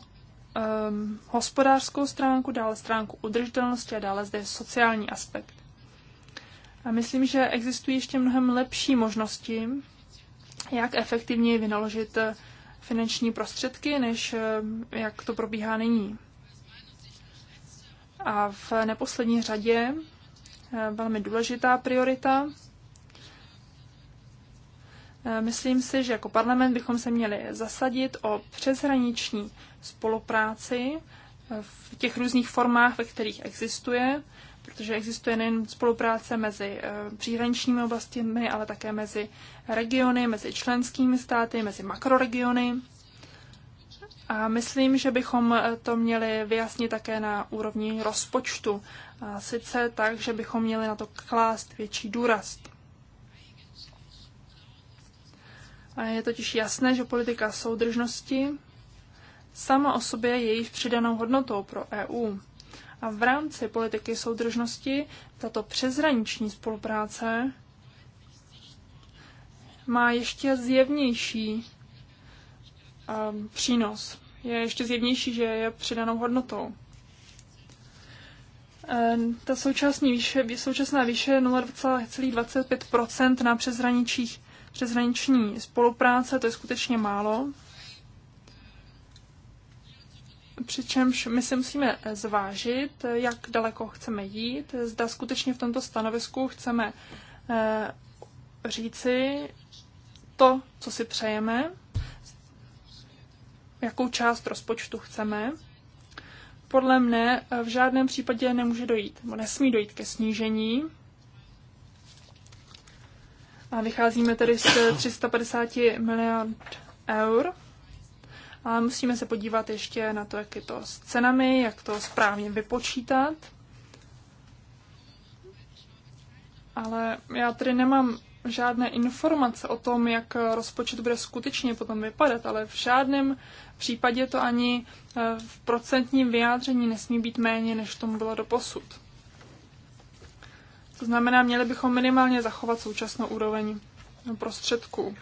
um, hospodářskou stránku, dále stránku udržitelnosti a dále zde je sociální aspekt. A myslím, že existují ještě mnohem lepší možnosti jak efektivněji vynaložit eh, finanční prostředky, než eh, jak to probíhá nyní. A v neposlední řadě eh, velmi důležitá priorita. Myslím si, že jako parlament bychom se měli zasadit o přeshraniční spolupráci v těch různých formách, ve kterých existuje, protože existuje nejen spolupráce mezi eh, příhraničními oblastmi, ale také mezi regiony, mezi členskými státy, mezi makroregiony. A myslím, že bychom eh, to měli vyjasnit také na úrovni rozpočtu. A sice tak, že bychom měli na to klást větší důraz. A je totiž jasné, že politika soudržnosti sama o sobě je již přidanou hodnotou pro EU. A v rámci politiky soudržnosti tato přezraniční spolupráce má ještě zjevnější um, přínos. Je ještě zjevnější, že je přidanou hodnotou. Ehm, ta současná výše, současná výše 0,25 na přezhraničních přeshraniční spolupráce, to je skutečně málo. Přičemž my si musíme zvážit, jak daleko chceme jít, zda skutečně v tomto stanovisku chceme eh, říci to, co si přejeme, jakou část rozpočtu chceme. Podle mne eh, v žádném případě nemůže dojít, nebo nesmí dojít ke snížení. A vycházíme tedy z 350 miliard eur ale musíme se podívat ještě na to, jak je to s cenami, jak to správně vypočítat. Ale já tady nemám žádné informace o tom, jak rozpočet bude skutečně potom vypadat, ale v žádném případě to ani eh, v procentním vyjádření nesmí být méně, než tomu bylo do posud. To znamená, měli bychom minimálně zachovat současnou úroveň prostředků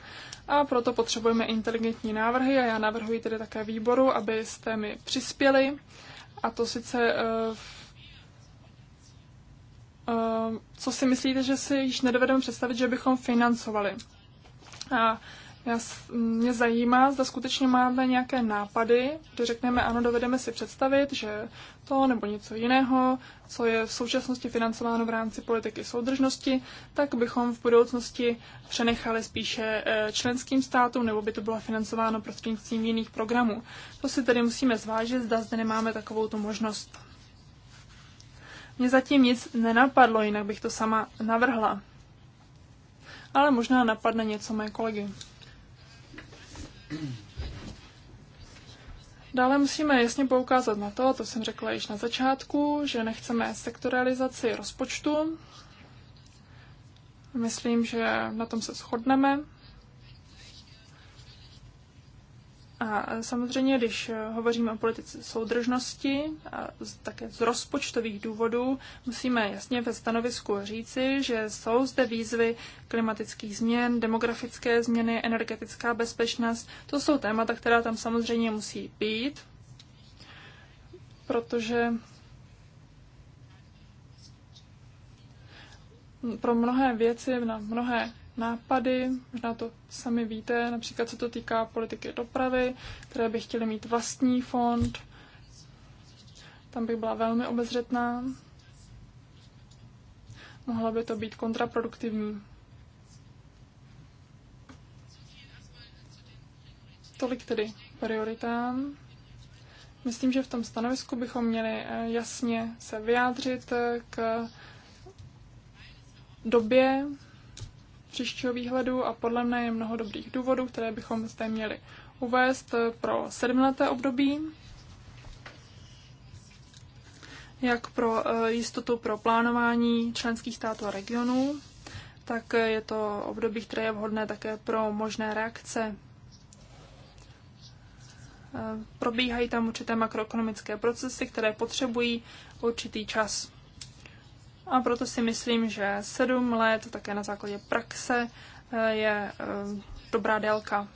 a proto potřebujeme inteligentní návrhy a já navrhuji tedy také výboru, abyste mi přispěli a to sice eh, eh, co si myslíte, že si již nedovedeme představit, že bychom financovali. A já, mě zajímá, zda skutečně máme nějaké nápady, kdy řekneme, ano, dovedeme si představit, že to nebo něco jiného, co je v současnosti financováno v rámci politiky soudržnosti, tak bychom v budoucnosti přenechali spíše eh, členským státům, nebo by to bylo financováno prostřednictvím jiných programů. To si tedy musíme zvážit, zda zde nemáme takovou tu možnost. Mně zatím nic nenapadlo, jinak bych to sama navrhla. Ale možná napadne něco mé kolegy. Dále musíme jasně poukázat na to, to jsem řekla již na začátku, že nechceme sektorializaci rozpočtu. Myslím, že na tom se shodneme. A samozřejmě, když hovoříme o politice soudržnosti, a také z rozpočtových důvodů, musíme jasně ve stanovisku říci, že jsou zde výzvy klimatických změn, demografické změny, energetická bezpečnost. To jsou témata, která tam samozřejmě musí být, protože pro mnohé věci, na mnohé nápady, možná to sami víte, například co to týká politiky dopravy, které by chtěly mít vlastní fond. Tam bych byla velmi obezřetná. Mohla by to být kontraproduktivní. Tolik tedy prioritám. Myslím, že v tom stanovisku bychom měli eh, jasně se vyjádřit eh, k době, příštího výhledu a podle mne je mnoho dobrých důvodů, které bychom zde měli uvést pro sedmleté období, jak pro e, jistotu pro plánování členských států a regionů, tak je to období, které je vhodné také pro možné reakce. E, probíhají tam určité makroekonomické procesy, které potřebují určitý čas. A proto si myslím, že sedm let také na základě praxe eh, je eh, dobrá délka.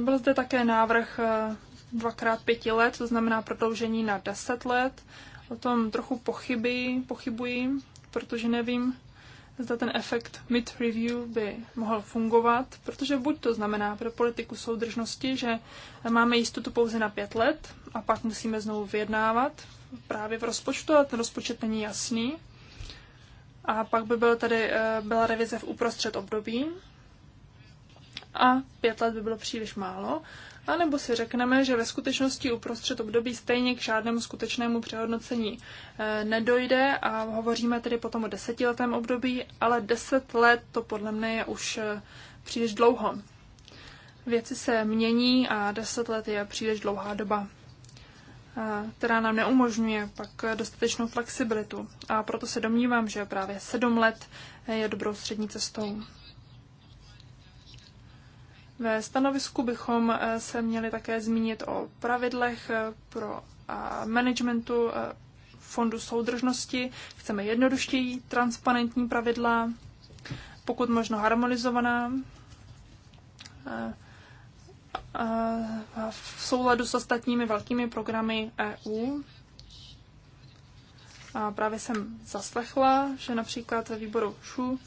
Byl zde také návrh eh, dvakrát pěti let, to znamená prodloužení na deset let. O tom trochu pochybuji, pochybuji, protože nevím, zda ten efekt mid-review by mohl fungovat, protože buď to znamená pro politiku soudržnosti, že máme jistotu pouze na pět let a pak musíme znovu vyjednávat právě v rozpočtu, ale ten rozpočet není jasný. A pak by byl tady, eh, byla revize v uprostřed období a pět let by bylo příliš málo. A nebo si řekneme, že ve skutečnosti uprostřed období stejně k žádnému skutečnému přehodnocení eh, nedojde a hovoříme tedy potom o desetiletém období, ale deset let to podle mne je už eh, příliš dlouho. Věci se mění a deset let je příliš dlouhá doba která nám neumožňuje pak dostatečnou flexibilitu. A proto se domnívám, že právě sedm let je dobrou střední cestou. Ve stanovisku bychom e, se měli také zmínit o pravidlech e, pro managementu e, fondu soudržnosti. Chceme jednodušší, transparentní pravidla, pokud možno harmonizovaná v souladu s ostatními velkými programy EU. A právě jsem zaslechla, že například ve výboru ŠU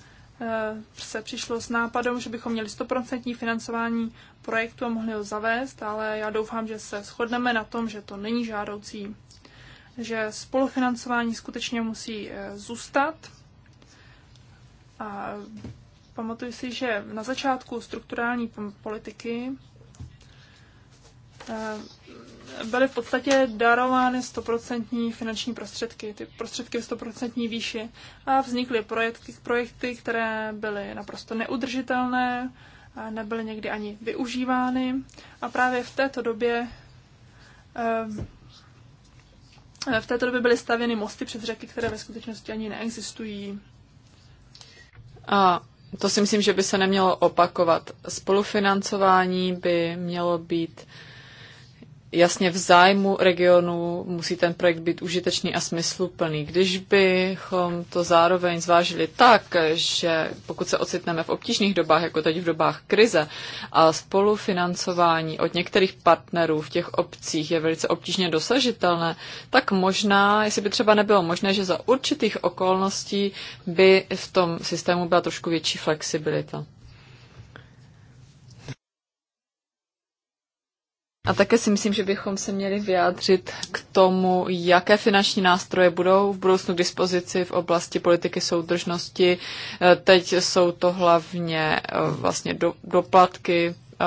eh, se přišlo s nápadem, že bychom měli 100% financování projektu a mohli ho zavést, ale já doufám, že se shodneme na tom, že to není žádoucí, že spolufinancování skutečně musí eh, zůstat. A pamatuju si, že na začátku strukturální politiky Eh, byly v podstatě darovány stoprocentní finanční prostředky, ty prostředky v stoprocentní výši a vznikly projekty, projekty, které byly naprosto neudržitelné, a nebyly někdy ani využívány a právě v této době eh, v této době byly stavěny mosty přes řeky, které ve skutečnosti ani neexistují. A to si myslím, že by se nemělo opakovat. Spolufinancování by mělo být jasně v zájmu regionu musí ten projekt být užitečný a smysluplný. Když bychom to zároveň zvážili tak, že pokud se ocitneme v obtížných dobách, jako teď v dobách krize, a spolufinancování od některých partnerů v těch obcích je velice obtížně dosažitelné, tak možná, jestli by třeba nebylo možné, že za určitých okolností by v tom systému byla trošku větší flexibilita. A také si myslím, že bychom se měli vyjádřit k tomu, jaké finanční nástroje budou v budoucnu k dispozici v oblasti politiky soudržnosti. E, teď jsou to hlavně e, vlastně do, doplatky. E,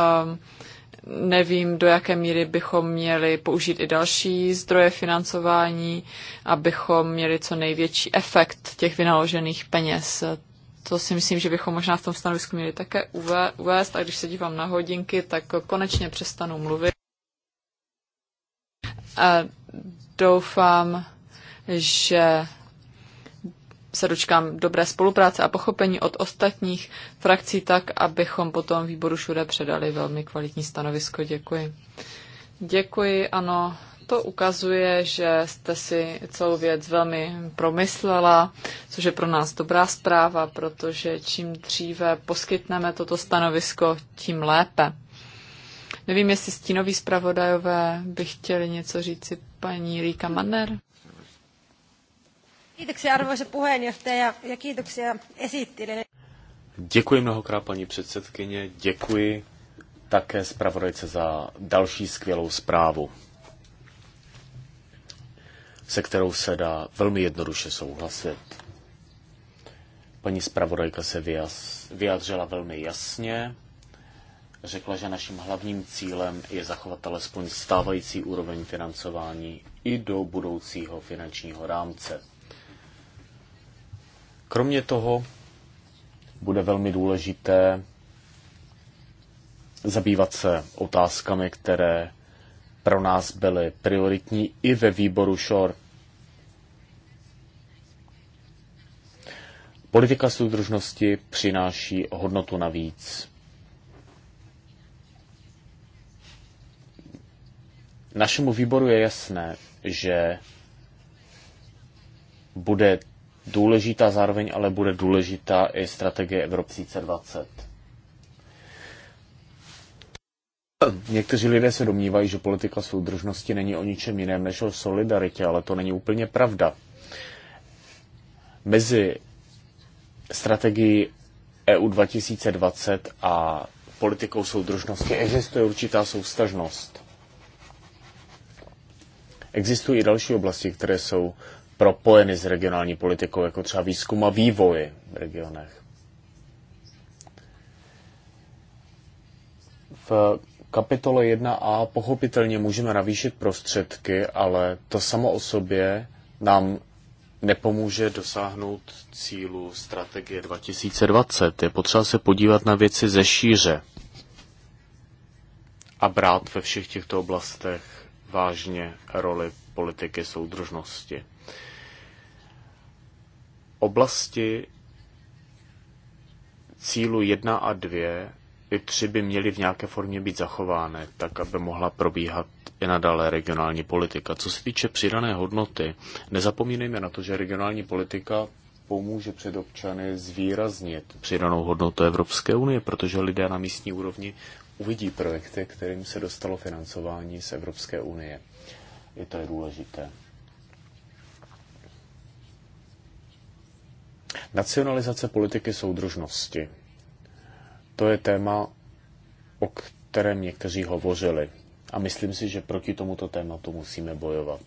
nevím, do jaké míry bychom měli použít i další zdroje financování, abychom měli co největší efekt těch vynaložených peněz. To si myslím, že bychom možná v tom stanovisku měli také uvést. A když se dívám na hodinky, tak konečně přestanu mluvit a doufám, že se dočkám dobré spolupráce a pochopení od ostatních frakcí tak, abychom potom výboru všude předali velmi kvalitní stanovisko. Děkuji. Děkuji, ano. To ukazuje, že jste si celou věc velmi promyslela, což je pro nás dobrá zpráva, protože čím dříve poskytneme toto stanovisko, tím lépe. Nevím, jestli stínoví zpravodajové by chtěli něco říci paní Rika Manner. Kiitoksia arvoisa puheenjohtaja ja kiitoksia Děkuji mnohokrát paní předsedkyně, děkuji také zpravodajce za další skvělou zprávu, se kterou se dá velmi jednoduše souhlasit. Paní zpravodajka se vyjadřila velmi jasně, řekla, že naším hlavním cílem je zachovat alespoň stávající úroveň financování i do budoucího finančního rámce. Kromě toho bude velmi důležité zabývat se otázkami, které pro nás byly prioritní i ve výboru ŠOR. Politika soudržnosti přináší hodnotu navíc Našemu výboru je jasné, že bude důležitá zároveň, ale bude důležitá i strategie Evropy 2020. Někteří lidé se domnívají, že politika soudržnosti není o ničem jiném než o solidaritě, ale to není úplně pravda. Mezi strategií EU 2020 a politikou soudržnosti existuje určitá soustažnost. Existují i další oblasti, které jsou propojeny s regionální politikou, jako třeba výzkum a vývoj v regionech. V kapitole 1a pochopitelně můžeme navýšit prostředky, ale to samo o sobě nám nepomůže dosáhnout cílu strategie 2020. Je potřeba se podívat na věci ze šíře a brát ve všech těchto oblastech vážně roli politiky soudržnosti. Oblasti cílu 1 a 2 i 3 by měly v nějaké formě být zachovány, tak aby mohla probíhat i nadále regionální politika. Co se týče přidané hodnoty, nezapomínejme na to, že regionální politika pomůže před občany zvýraznit přidanou hodnotu Evropské unie, protože lidé na místní úrovni uvidí projekty, kterým se dostalo financování z Evropské unie. I to je důležité. Nacionalizace politiky soudržnosti. To je téma, o kterém někteří hovořili. A myslím si, že proti tomuto tématu musíme bojovat.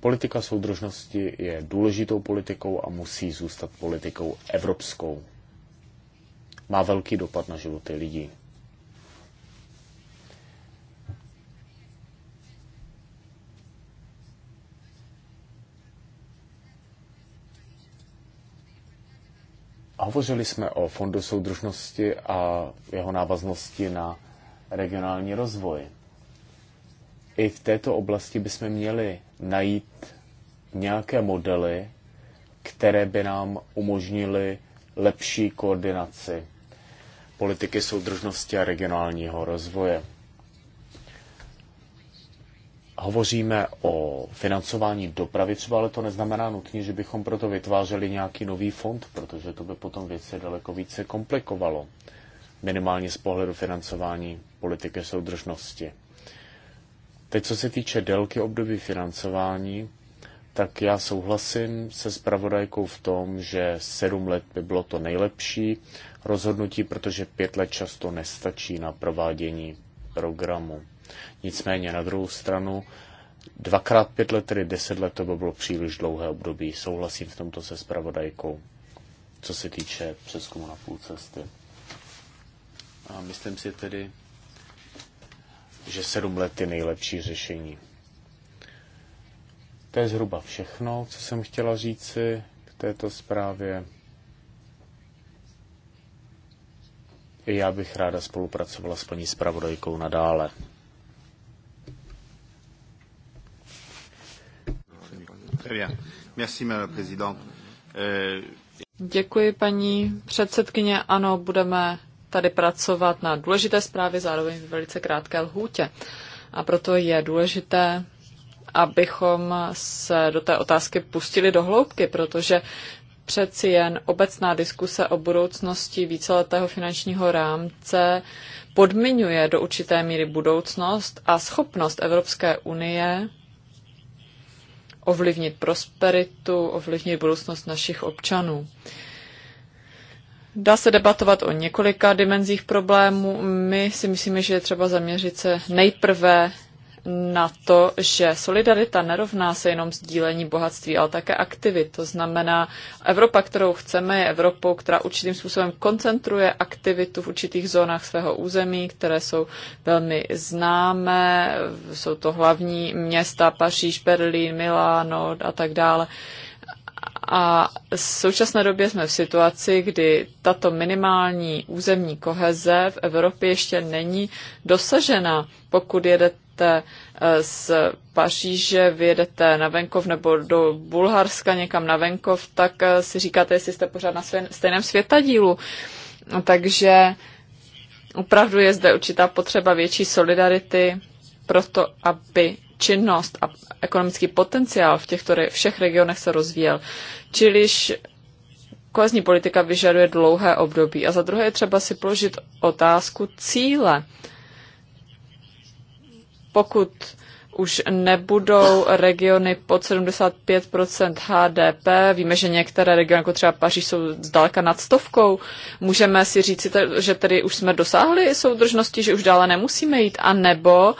Politika soudržnosti je důležitou politikou a musí zůstat politikou evropskou má velký dopad na životy lidí. A hovořili jsme o Fondu soudržnosti a jeho návaznosti na regionální rozvoj. I v této oblasti bychom měli najít nějaké modely, které by nám umožnily lepší koordinaci politiky soudržnosti a regionálního rozvoje. Hovoříme o financování dopravy třeba, ale to neznamená nutně, že bychom proto vytvářeli nějaký nový fond, protože to by potom věci daleko více komplikovalo, minimálně z pohledu financování politiky soudržnosti. Teď, co se týče délky období financování, tak já souhlasím se spravodajkou v tom, že sedm let by bylo to nejlepší rozhodnutí, protože pět let často nestačí na provádění programu. Nicméně na druhou stranu, dvakrát pět let, tedy deset let, to by bylo příliš dlouhé období. Souhlasím v tomto se spravodajkou, co se týče přeskumu na půl cesty. A myslím si tedy, že sedm let je nejlepší řešení. To je zhruba všechno, co jsem chtěla říci k této zprávě. I já bych ráda spolupracovala s paní zpravodajkou nadále. Euh, Děkuji, paní předsedkyně. Ano, budeme tady pracovat na důležité zprávě, zároveň v velice krátké lhůtě. A proto je důležité abychom se do té otázky pustili do hloubky, protože přeci jen obecná diskuse o budoucnosti víceletého finančního rámce podmiňuje do určité míry budoucnost a schopnost Evropské unie ovlivnit prosperitu, ovlivnit budoucnost našich občanů. Dá se debatovat o několika dimenzích problémů. My si myslíme, že je třeba zaměřit se nejprve na to, že solidarita nerovná se jenom sdílení bohatství, ale také aktivit. To znamená, Evropa, kterou chceme, je Evropou, která určitým způsobem koncentruje aktivitu v určitých zónách svého území, které jsou velmi známé. Jsou to hlavní města Paříž, Berlín, Miláno a tak dále. A v současné době jsme v situaci, kdy tato minimální územní koheze v Evropě ještě není dosažena. Pokud jedete Eh, z Paříže, vyjedete na venkov nebo do Bulharska někam na venkov, tak eh, si říkáte, jestli jste pořád na stejném světadílu. Takže opravdu je zde určitá potřeba větší solidarity pro to aby činnost a ekonomický potenciál v těchto re- všech regionech se rozvíjel. Čiliž kohezní politika vyžaduje dlouhé období. A za druhé je třeba si položit otázku cíle pokud už nebudou regiony pod 75 HDP. Víme, že některé regiony, jako třeba Paříž, jsou zdaleka nad stovkou. Můžeme si říct, že tedy už jsme dosáhli soudržnosti, že už dále nemusíme jít, anebo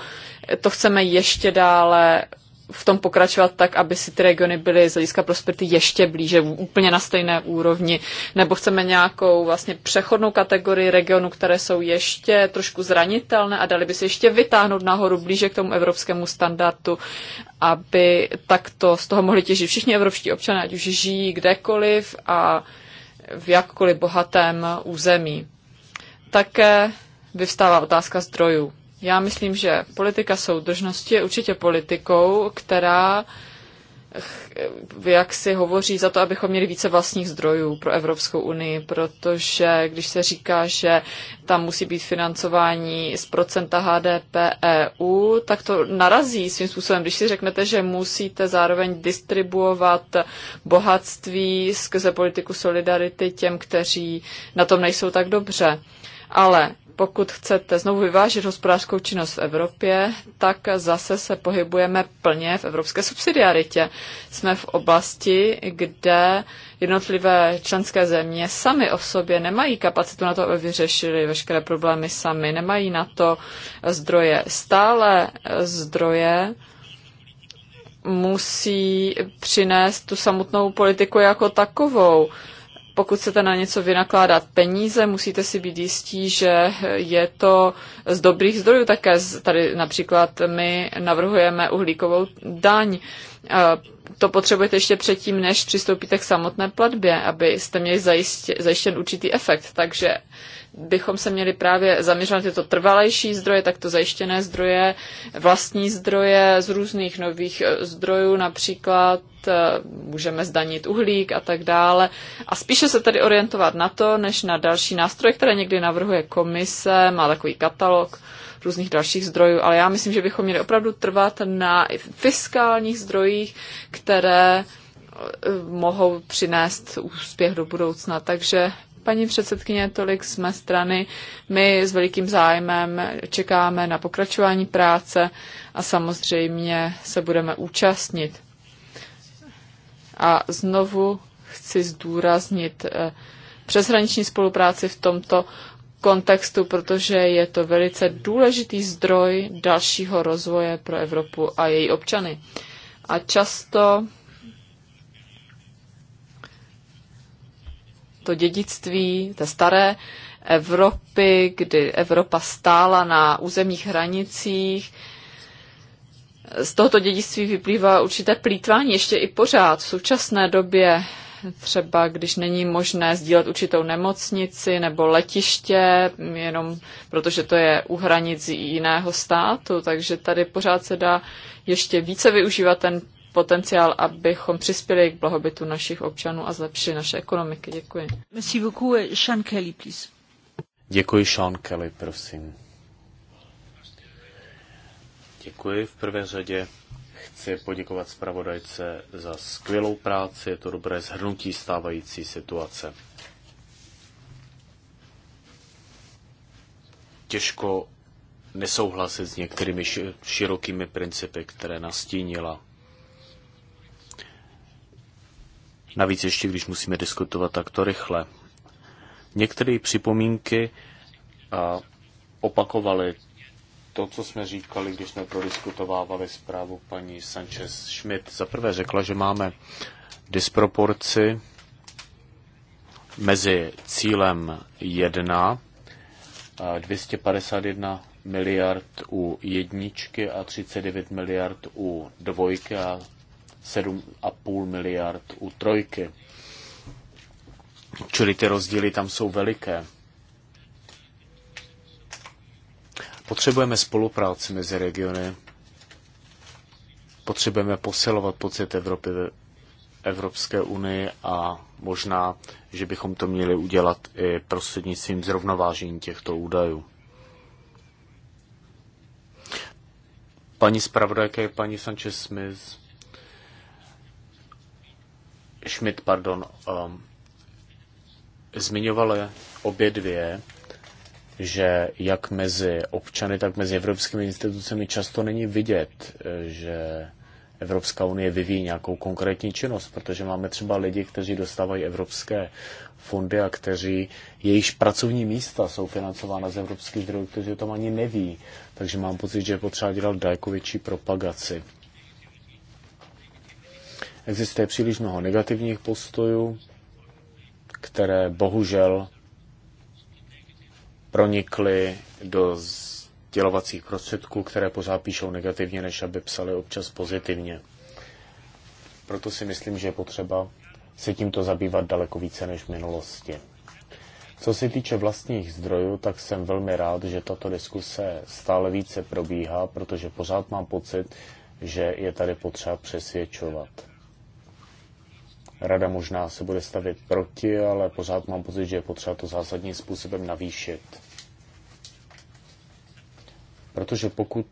to chceme ještě dále v tom pokračovat tak, aby si ty regiony byly z hlediska prosperity ještě blíže, úplně na stejné úrovni, nebo chceme nějakou vlastně přechodnou kategorii regionů, které jsou ještě trošku zranitelné a dali by se ještě vytáhnout nahoru blíže k tomu evropskému standardu, aby takto z toho mohli těžit všichni evropští občané, ať už žijí kdekoliv a v jakkoliv bohatém území. Také vyvstává otázka zdrojů já myslím, že politika soudržnosti je určitě politikou, která jak si hovoří za to, abychom měli více vlastních zdrojů pro Evropskou unii, protože když se říká, že tam musí být financování z procenta HDP EU, tak to narazí svým způsobem. Když si řeknete, že musíte zároveň distribuovat bohatství skrze politiku solidarity těm, kteří na tom nejsou tak dobře. Ale pokud chcete znovu vyvážit hospodářskou činnost v Evropě, tak zase se pohybujeme plně v evropské subsidiaritě. Jsme v oblasti, kde jednotlivé členské země sami o sobě nemají kapacitu na to, aby vyřešili veškeré problémy sami, nemají na to zdroje. Stále zdroje musí přinést tu samotnou politiku jako takovou pokud chcete na něco vynakládat peníze, musíte si být jistí, že je to z dobrých zdrojů také. Tady například my navrhujeme uhlíkovou daň. To potřebujete ještě předtím, než přistoupíte k samotné platbě, abyste měli zajištěn určitý efekt. Takže bychom se měli právě zaměřit na tyto trvalejší zdroje, takto zajištěné zdroje, vlastní zdroje z různých nových eh, zdrojů, například eh, můžeme zdanit uhlík a tak dále. A spíše se tedy orientovat na to, než na další nástroje, které někdy navrhuje komise, má takový katalog různých dalších zdrojů, ale já myslím, že bychom měli opravdu trvat na fiskálních zdrojích, které eh, mohou přinést úspěch do budoucna. Takže Paní předsedkyně, tolik z mé strany. My s velikým zájmem čekáme na pokračování práce a samozřejmě se budeme účastnit. A znovu chci zdůraznit eh, přeshraniční spolupráci v tomto kontextu, protože je to velice důležitý zdroj dalšího rozvoje pro Evropu a její občany. A často to dědictví té staré Evropy, kdy Evropa stála na územních hranicích. Z tohoto dědictví vyplývá určité plítvání ještě i pořád v současné době, třeba když není možné sdílet určitou nemocnici nebo letiště, jenom protože to je u hranic jiného státu, takže tady pořád se dá ještě více využívat ten potenciál, abychom přispěli k blahobytu našich občanů a zlepšili naše ekonomiky. Děkuji. Merci beaucoup. Sean Kelly, please. Děkuji, Sean Kelly, prosím. Děkuji v prvé řadě. Chci poděkovat zpravodajce za skvělou práci, je to dobré zhrnutí stávající situace. Těžko nesouhlasit s některými širokými principy, které nastínila Navíc ještě, když musíme diskutovat takto rychle. Některé připomínky opakovaly to, co jsme říkali, když jsme prodiskutovávali zprávu paní Sanchez Schmidt. Za prvé řekla, že máme disproporci mezi cílem 1, 251 miliard u jedničky a 39 miliard u dvojky a 7,5 miliard u trojky. Čili ty rozdíly tam jsou veliké. Potřebujeme spolupráci mezi regiony. Potřebujeme posilovat pocit Evropy v Evropské unii a možná, že bychom to měli udělat i prostřednictvím zrovnovážení těchto údajů. Paní zpravodajka je paní Sanchez Smith. Schmidt, pardon, um, zmiňovala obě dvě, že jak mezi občany, tak mezi evropskými institucemi často není vidět, že Evropská unie vyvíjí nějakou konkrétní činnost, protože máme třeba lidi, kteří dostávají evropské fondy a kteří, jejichž pracovní místa jsou financována z evropských zdrojů, kteří o tom ani neví. Takže mám pocit, že je potřeba dělat daleko větší propagaci Existuje příliš mnoho negativních postojů, které bohužel pronikly do dělovacích prostředků, které pořád píšou negativně, než aby psali občas pozitivně. Proto si myslím, že je potřeba se tímto zabývat daleko více než v minulosti. Co se týče vlastních zdrojů, tak jsem velmi rád, že tato diskuse stále více probíhá, protože pořád mám pocit, že je tady potřeba přesvědčovat. Rada možná se bude stavět proti, ale pořád mám pocit, že je potřeba to zásadním způsobem navýšit. Protože pokud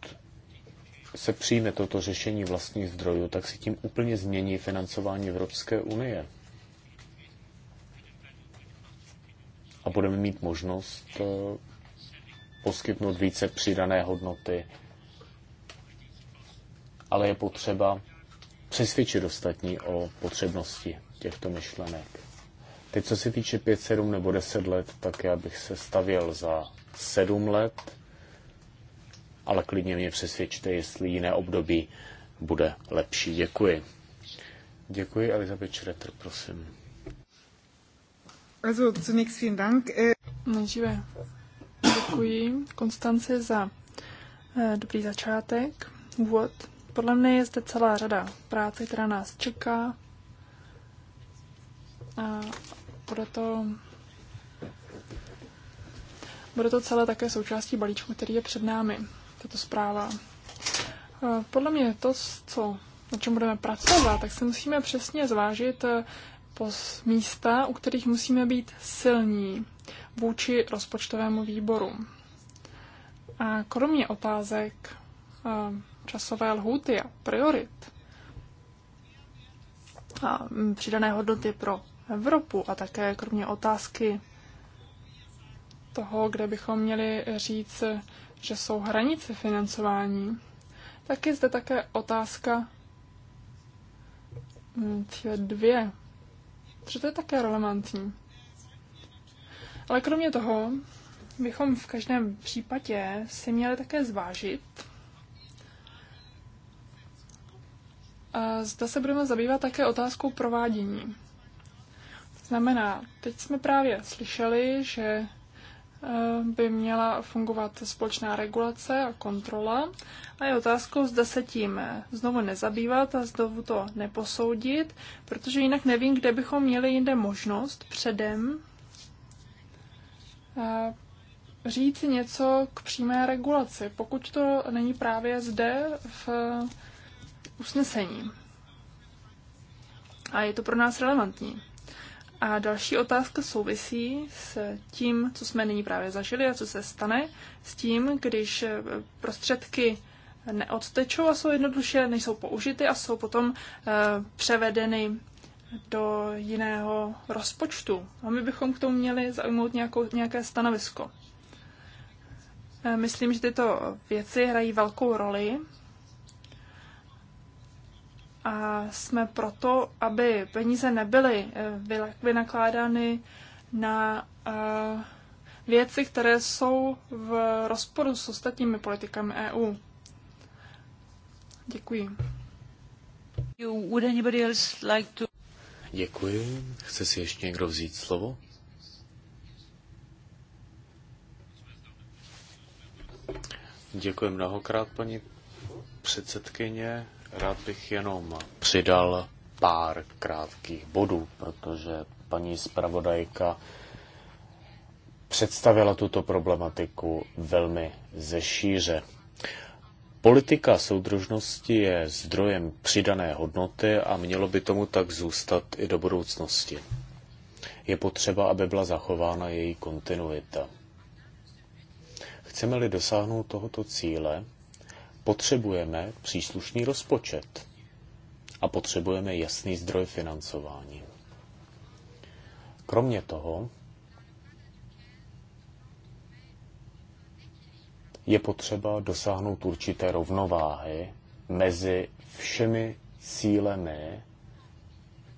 se přijme toto řešení vlastních zdrojů, tak se tím úplně změní financování Evropské unie. A budeme mít možnost eh, poskytnout více přidané hodnoty. Ale je potřeba přesvědčit ostatní o potřebnosti těchto myšlenek. Teď, co se týče 5, 7 nebo 10 let, tak já bych se stavěl za 7 let, ale klidně mě přesvědčte, jestli jiné období bude lepší. Děkuji. Děkuji, Elizabeth Schroeter, prosím. Also zunächst vielen Dank. Nejdříve děkuji Konstance za eh, dobrý začátek, úvod. Podle mě je zde celá řada práce, která nás čeká. A bude to, bude to celé také součástí balíčku, který je před námi, tato zpráva. Podle mě to, co, na čem budeme pracovat, tak se musíme přesně zvážit eh, po místa, u kterých musíme být silní vůči rozpočtovému výboru. A kromě otázek eh, časové lhuty a priorit a mm, přidané hodnoty pro Evropu a také kromě otázky toho, kde bychom měli říct, že jsou hranice financování, tak je zde také otázka mm, dvě, protože to je také relevantní. Ale kromě toho bychom v každém případě si měli také zvážit, zda se budeme zabývat také otázkou provádění. To Znamená, teď jsme právě slyšeli, že eh, by měla fungovat společná regulace a kontrola. A je otázkou, zda se tím eh, znovu nezabývat a znovu to neposoudit, protože jinak nevím, kde bychom měli jinde možnost předem eh, říct něco k přímé regulaci, pokud to není právě zde v usnesení. A je to pro nás relevantní. A další otázka souvisí s tím, co jsme nyní právě zažili a co se stane s tím, když eh, prostředky neodtečou a jsou jednoduše, nejsou použity a jsou potom eh, převedeny do jiného rozpočtu. A my bychom k tomu měli zaujmout nějakou, nějaké stanovisko. Eh, myslím, že tyto věci hrají velkou roli a jsme proto, aby peníze nebyly eh, vynakládány na eh, věci, které jsou v rozporu s ostatními politikami EU. Děkuji. Děkuji. Chce si ještě někdo vzít slovo? Děkuji mnohokrát, paní předsedkyně. Rád bych jenom přidal pár krátkých bodů, protože paní zpravodajka představila tuto problematiku velmi zešíře. Politika soudržnosti je zdrojem přidané hodnoty a mělo by tomu tak zůstat i do budoucnosti. Je potřeba, aby byla zachována její kontinuita. Chceme-li dosáhnout tohoto cíle, potřebujeme příslušný rozpočet a potřebujeme jasný zdroj financování. Kromě toho je potřeba dosáhnout určité rovnováhy mezi všemi cílemi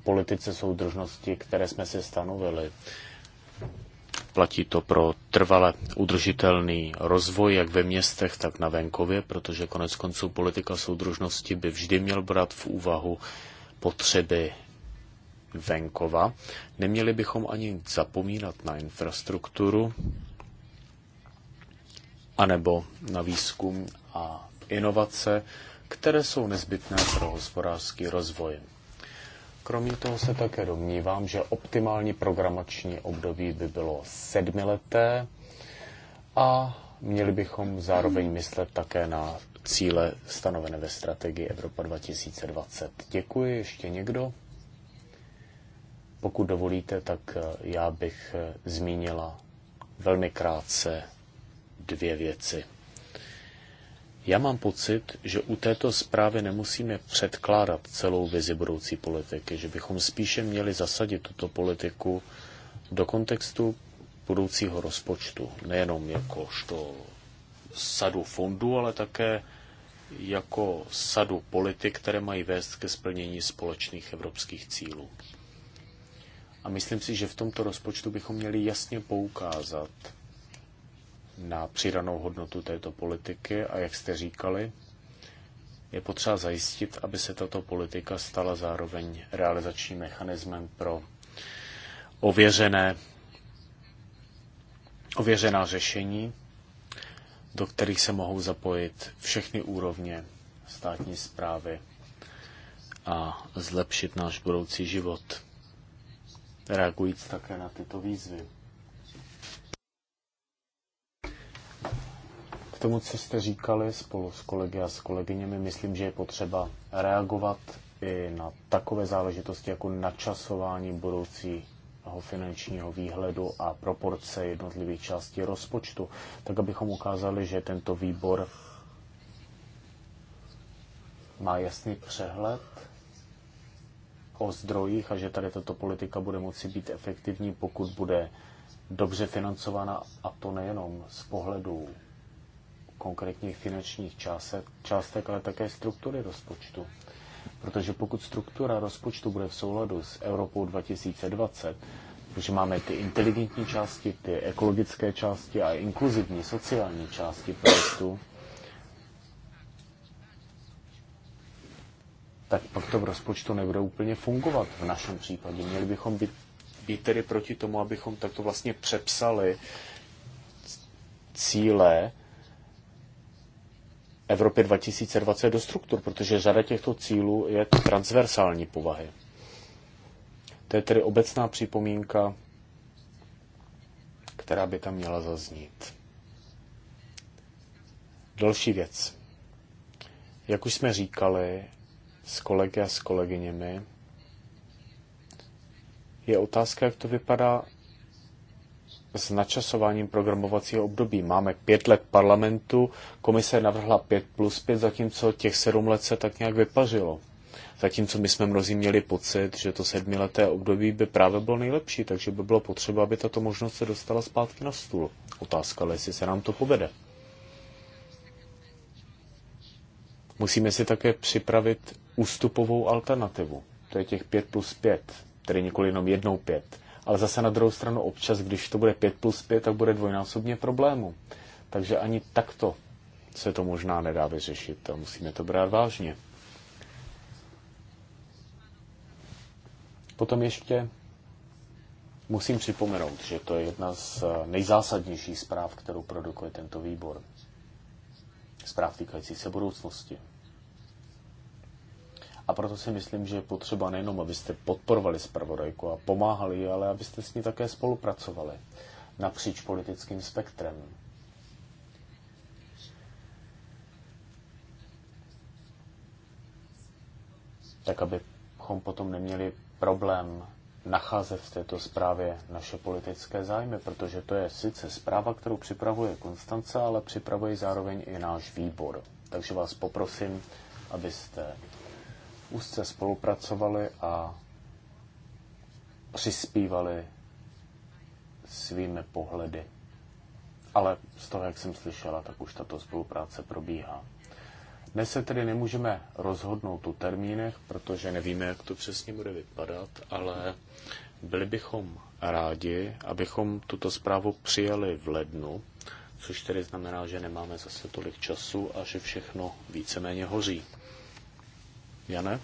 politice soudržnosti, které jsme si stanovili. Platí to pro trvale udržitelný rozvoj jak ve městech, tak na venkově, protože konec konců politika soudržnosti by vždy měl brát v úvahu potřeby venkova. Neměli bychom ani zapomínat na infrastrukturu, anebo na výzkum a inovace, které jsou nezbytné pro hospodářský rozvoj. Kromě toho se také domnívám, že optimální programační období by bylo sedmileté a měli bychom zároveň myslet také na cíle stanovené ve strategii Evropa 2020. Děkuji. Ještě někdo? Pokud dovolíte, tak eh, já bych eh, zmínila velmi krátce dvě věci. Já mám pocit, že u této zprávy nemusíme předkládat celou vizi budoucí politiky, že bychom spíše měli zasadit tuto politiku do kontextu budoucího rozpočtu, nejenom jako što sadu fondů, ale také jako sadu politik, které mají vést ke splnění společných evropských cílů. A myslím si, že v tomto rozpočtu bychom měli jasně poukázat na přidanou hodnotu této politiky a jak jste říkali, je potřeba zajistit, aby se tato politika stala zároveň realizačním mechanismem pro ověřené, ověřená řešení, do kterých se mohou zapojit všechny úrovně státní zprávy a zlepšit náš budoucí život, reagujíc také na tyto výzvy. tomu, co jste říkali spolu s kolegy a s kolegyněmi, myslím, že je potřeba reagovat i na takové záležitosti jako načasování budoucí finančního výhledu a proporce jednotlivých částí rozpočtu, tak abychom ukázali, že tento výbor má jasný přehled o zdrojích a že tady tato politika bude moci být efektivní, pokud bude dobře financována a to nejenom z pohledu konkrétních finančních částek, částek, ale také struktury rozpočtu. Protože pokud struktura rozpočtu bude v souladu s Evropou 2020, protože máme ty inteligentní části, ty ekologické části a inkluzivní sociální části projektu, tak pak to v rozpočtu nebude úplně fungovat v našem případě. Měli bychom být, být tedy proti tomu, abychom takto vlastně přepsali cíle Evropě 2020 do struktur, protože řada těchto cílů je transversální povahy. To je tedy obecná připomínka, která by tam měla zaznít. Další věc. Jak už jsme říkali s kolegy a s kolegyněmi, je otázka, jak to vypadá s načasováním programovacího období. Máme pět let parlamentu, komise navrhla pět plus pět, zatímco těch sedm let se tak nějak vypařilo. Zatímco my jsme mnozí měli pocit, že to sedmileté období by právě bylo nejlepší, takže by bylo potřeba, aby tato možnost se dostala zpátky na stůl. Otázka, ale jestli se nám to povede. Musíme si také připravit ústupovou alternativu. To je těch 5 plus 5, tedy nikoli jenom jednou 5 ale zase na druhou stranu občas, když to bude 5 plus 5, tak bude dvojnásobně problému. Takže ani takto se to možná nedá vyřešit a musíme to brát vážně. Potom ještě musím připomenout, že to je jedna z eh, nejzásadnějších zpráv, kterou produkuje tento výbor. Zpráv týkající se budoucnosti. A proto si myslím, že je potřeba nejenom, abyste podporovali zpravodajku a pomáhali, ale abyste s ní také spolupracovali napříč politickým spektrem. Tak, abychom potom neměli problém nacházet v této zprávě naše politické zájmy, protože to je sice zpráva, kterou připravuje Konstance, ale připravuje zároveň i náš výbor. Takže vás poprosím, abyste úzce spolupracovali a přispívali svými pohledy. Ale z toho, jak jsem slyšela, tak už tato spolupráce probíhá. Dnes se tedy nemůžeme rozhodnout o termínech, protože nevíme, jak to přesně bude vypadat, ale byli bychom rádi, abychom tuto zprávu přijali v lednu, což tedy znamená, že nemáme zase tolik času a že všechno víceméně hoří. Jane?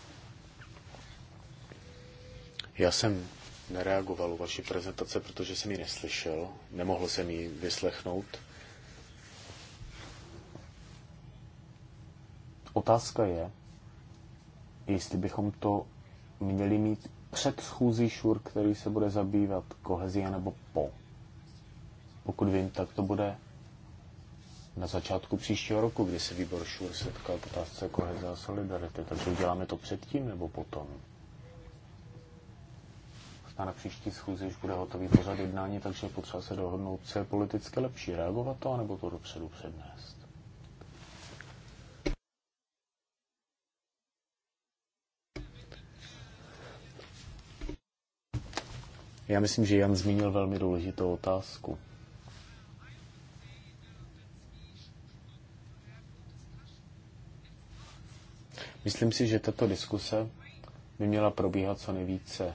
Já jsem nereagoval u vaší prezentace, protože jsem ji neslyšel. Nemohl jsem ji vyslechnout. Otázka je, jestli bychom to měli mít před schůzí šur, který se bude zabývat kohezí, nebo po. Pokud vím, tak to bude na začátku příštího roku, kdy se výbor ŠUR setkal k otázce koheze a solidarity. Takže uděláme to předtím nebo potom? A na příští schůzi už bude hotový pořad jednání, takže je potřeba se dohodnout, co je politicky lepší, reagovat to, nebo to dopředu přednést. Já myslím, že Jan zmínil velmi důležitou otázku. Myslím si, že tato diskuse by měla probíhat co nejvíce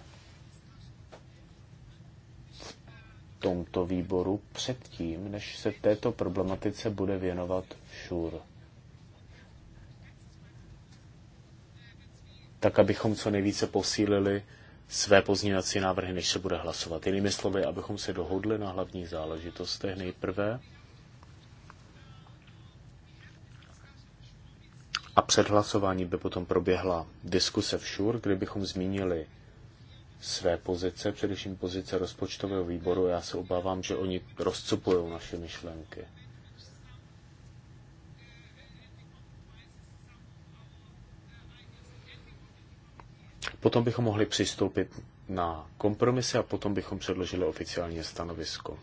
v tomto výboru předtím, než se této problematice bude věnovat ŠUR. Tak, abychom co nejvíce posílili své pozměňovací návrhy, než se bude hlasovat. Jinými slovy, abychom se dohodli na hlavních záležitostech nejprve A před hlasováním by potom proběhla diskuse v ŠUR, kde bychom zmínili své pozice, především pozice rozpočtového výboru. Já se obávám, že oni rozcupují naše myšlenky. Potom bychom mohli přistoupit na kompromisy a potom bychom předložili oficiální stanovisko.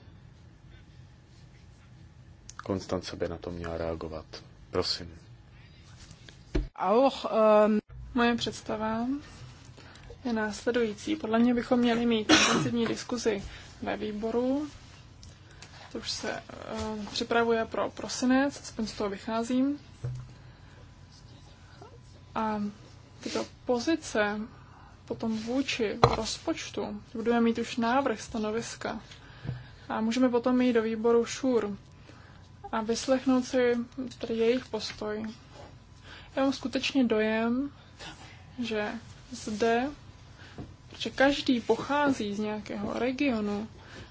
Konstance by na to měla reagovat. Prosím. Auch, um... Moje představa je následující. Podle mě bychom měli mít intenzivní diskuzi ve výboru. To už se uh, připravuje pro prosinec, aspoň z toho vycházím. A tyto pozice potom vůči rozpočtu budeme mít už návrh stanoviska. A můžeme potom jít do výboru ŠUR a vyslechnout si tedy jejich postoj. Já mám skutečně dojem, že zde, že každý pochází z nějakého regionu,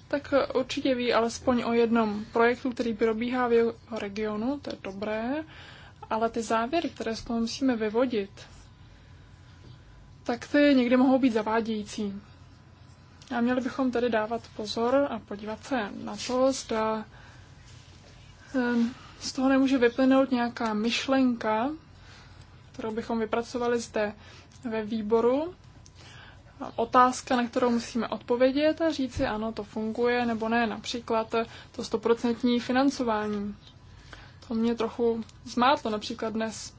tak určitě ví alespoň o jednom projektu, který probíhá v jeho regionu, to je dobré, ale ty závěry, které z toho musíme vyvodit, tak ty někdy mohou být zavádějící. A měli bychom tedy dávat pozor a podívat se na to, zda ehm, z toho nemůže vyplynout nějaká myšlenka, kterou bychom vypracovali zde ve výboru. Otázka, na kterou musíme odpovědět a říci, ano, to funguje, nebo ne, například to stoprocentní financování. To mě trochu zmátlo například dnes.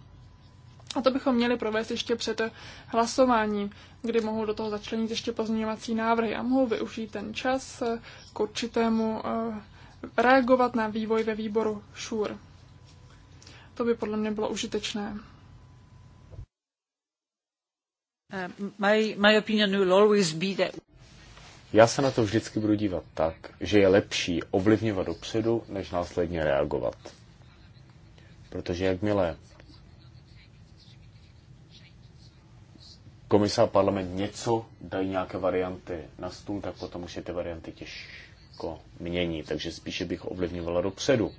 A to bychom měli provést ještě před hlasováním, kdy mohou do toho začlenit ještě pozměňovací návrhy a mohou využít ten čas k určitému eh, reagovat na vývoj ve výboru ŠUR. To by podle mě bylo užitečné. Eh, Já se na to vždycky budu dívat tak, že je lepší ovlivňovat dopředu, než následně reagovat. Protože jakmile komise a parlament něco dají nějaké varianty na stůl, tak potom už je ty varianty těžko mění. Takže spíše bych ovlivňovala dopředu.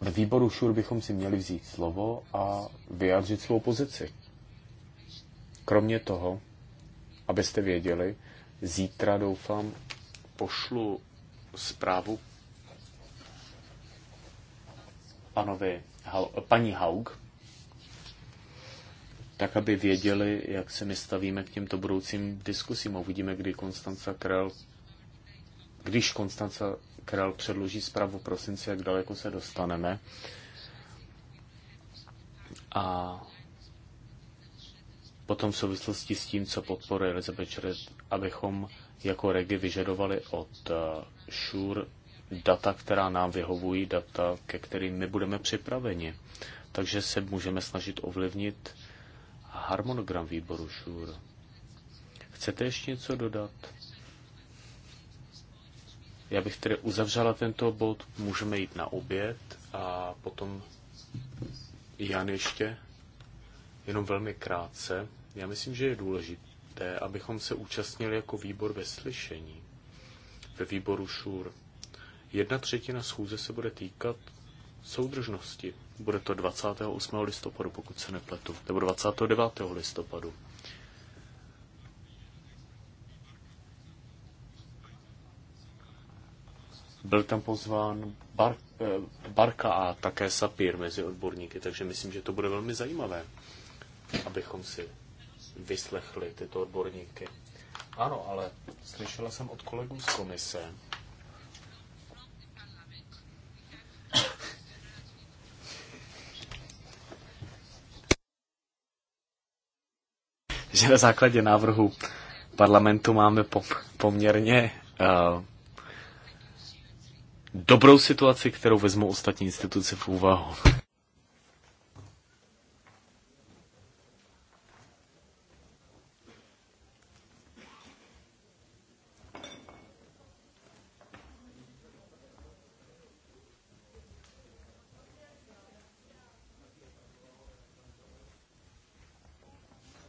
Ve výboru ŠUR bychom si měli vzít slovo a vyjádřit svou pozici. Kromě toho, abyste věděli, zítra doufám pošlu zprávu panovi, paní Haug, tak, aby věděli, jak se my stavíme k těmto budoucím diskusím. Uvidíme, kdy Konstanca Krell, když Konstanca Král předloží zprávu v prosinci, jak daleko se dostaneme. A potom v souvislosti s tím, co podporuje Elizabeth Jared, abychom jako regi vyžadovali od šur eh, data, která nám vyhovují, data, ke kterým my budeme připraveni. Takže se můžeme snažit ovlivnit harmonogram výboru šur. Chcete ještě něco dodat? Já bych tedy uzavřela tento bod, můžeme jít na oběd a potom Jan ještě, jenom velmi krátce. Já myslím, že je důležité, abychom se účastnili jako výbor ve slyšení, ve výboru ŠUR. Jedna třetina schůze se bude týkat soudržnosti. Bude to 28. listopadu, pokud se nepletu, nebo 29. listopadu. Byl tam pozván Bar, eh, Barka a také Sapir mezi odborníky, takže myslím, že to bude velmi zajímavé, abychom si vyslechli tyto odborníky. Ano, ale slyšela jsem od kolegů z komise, že na základě návrhu parlamentu máme po, poměrně uh, dobrou situaci, kterou vezmou ostatní instituce v úvahu.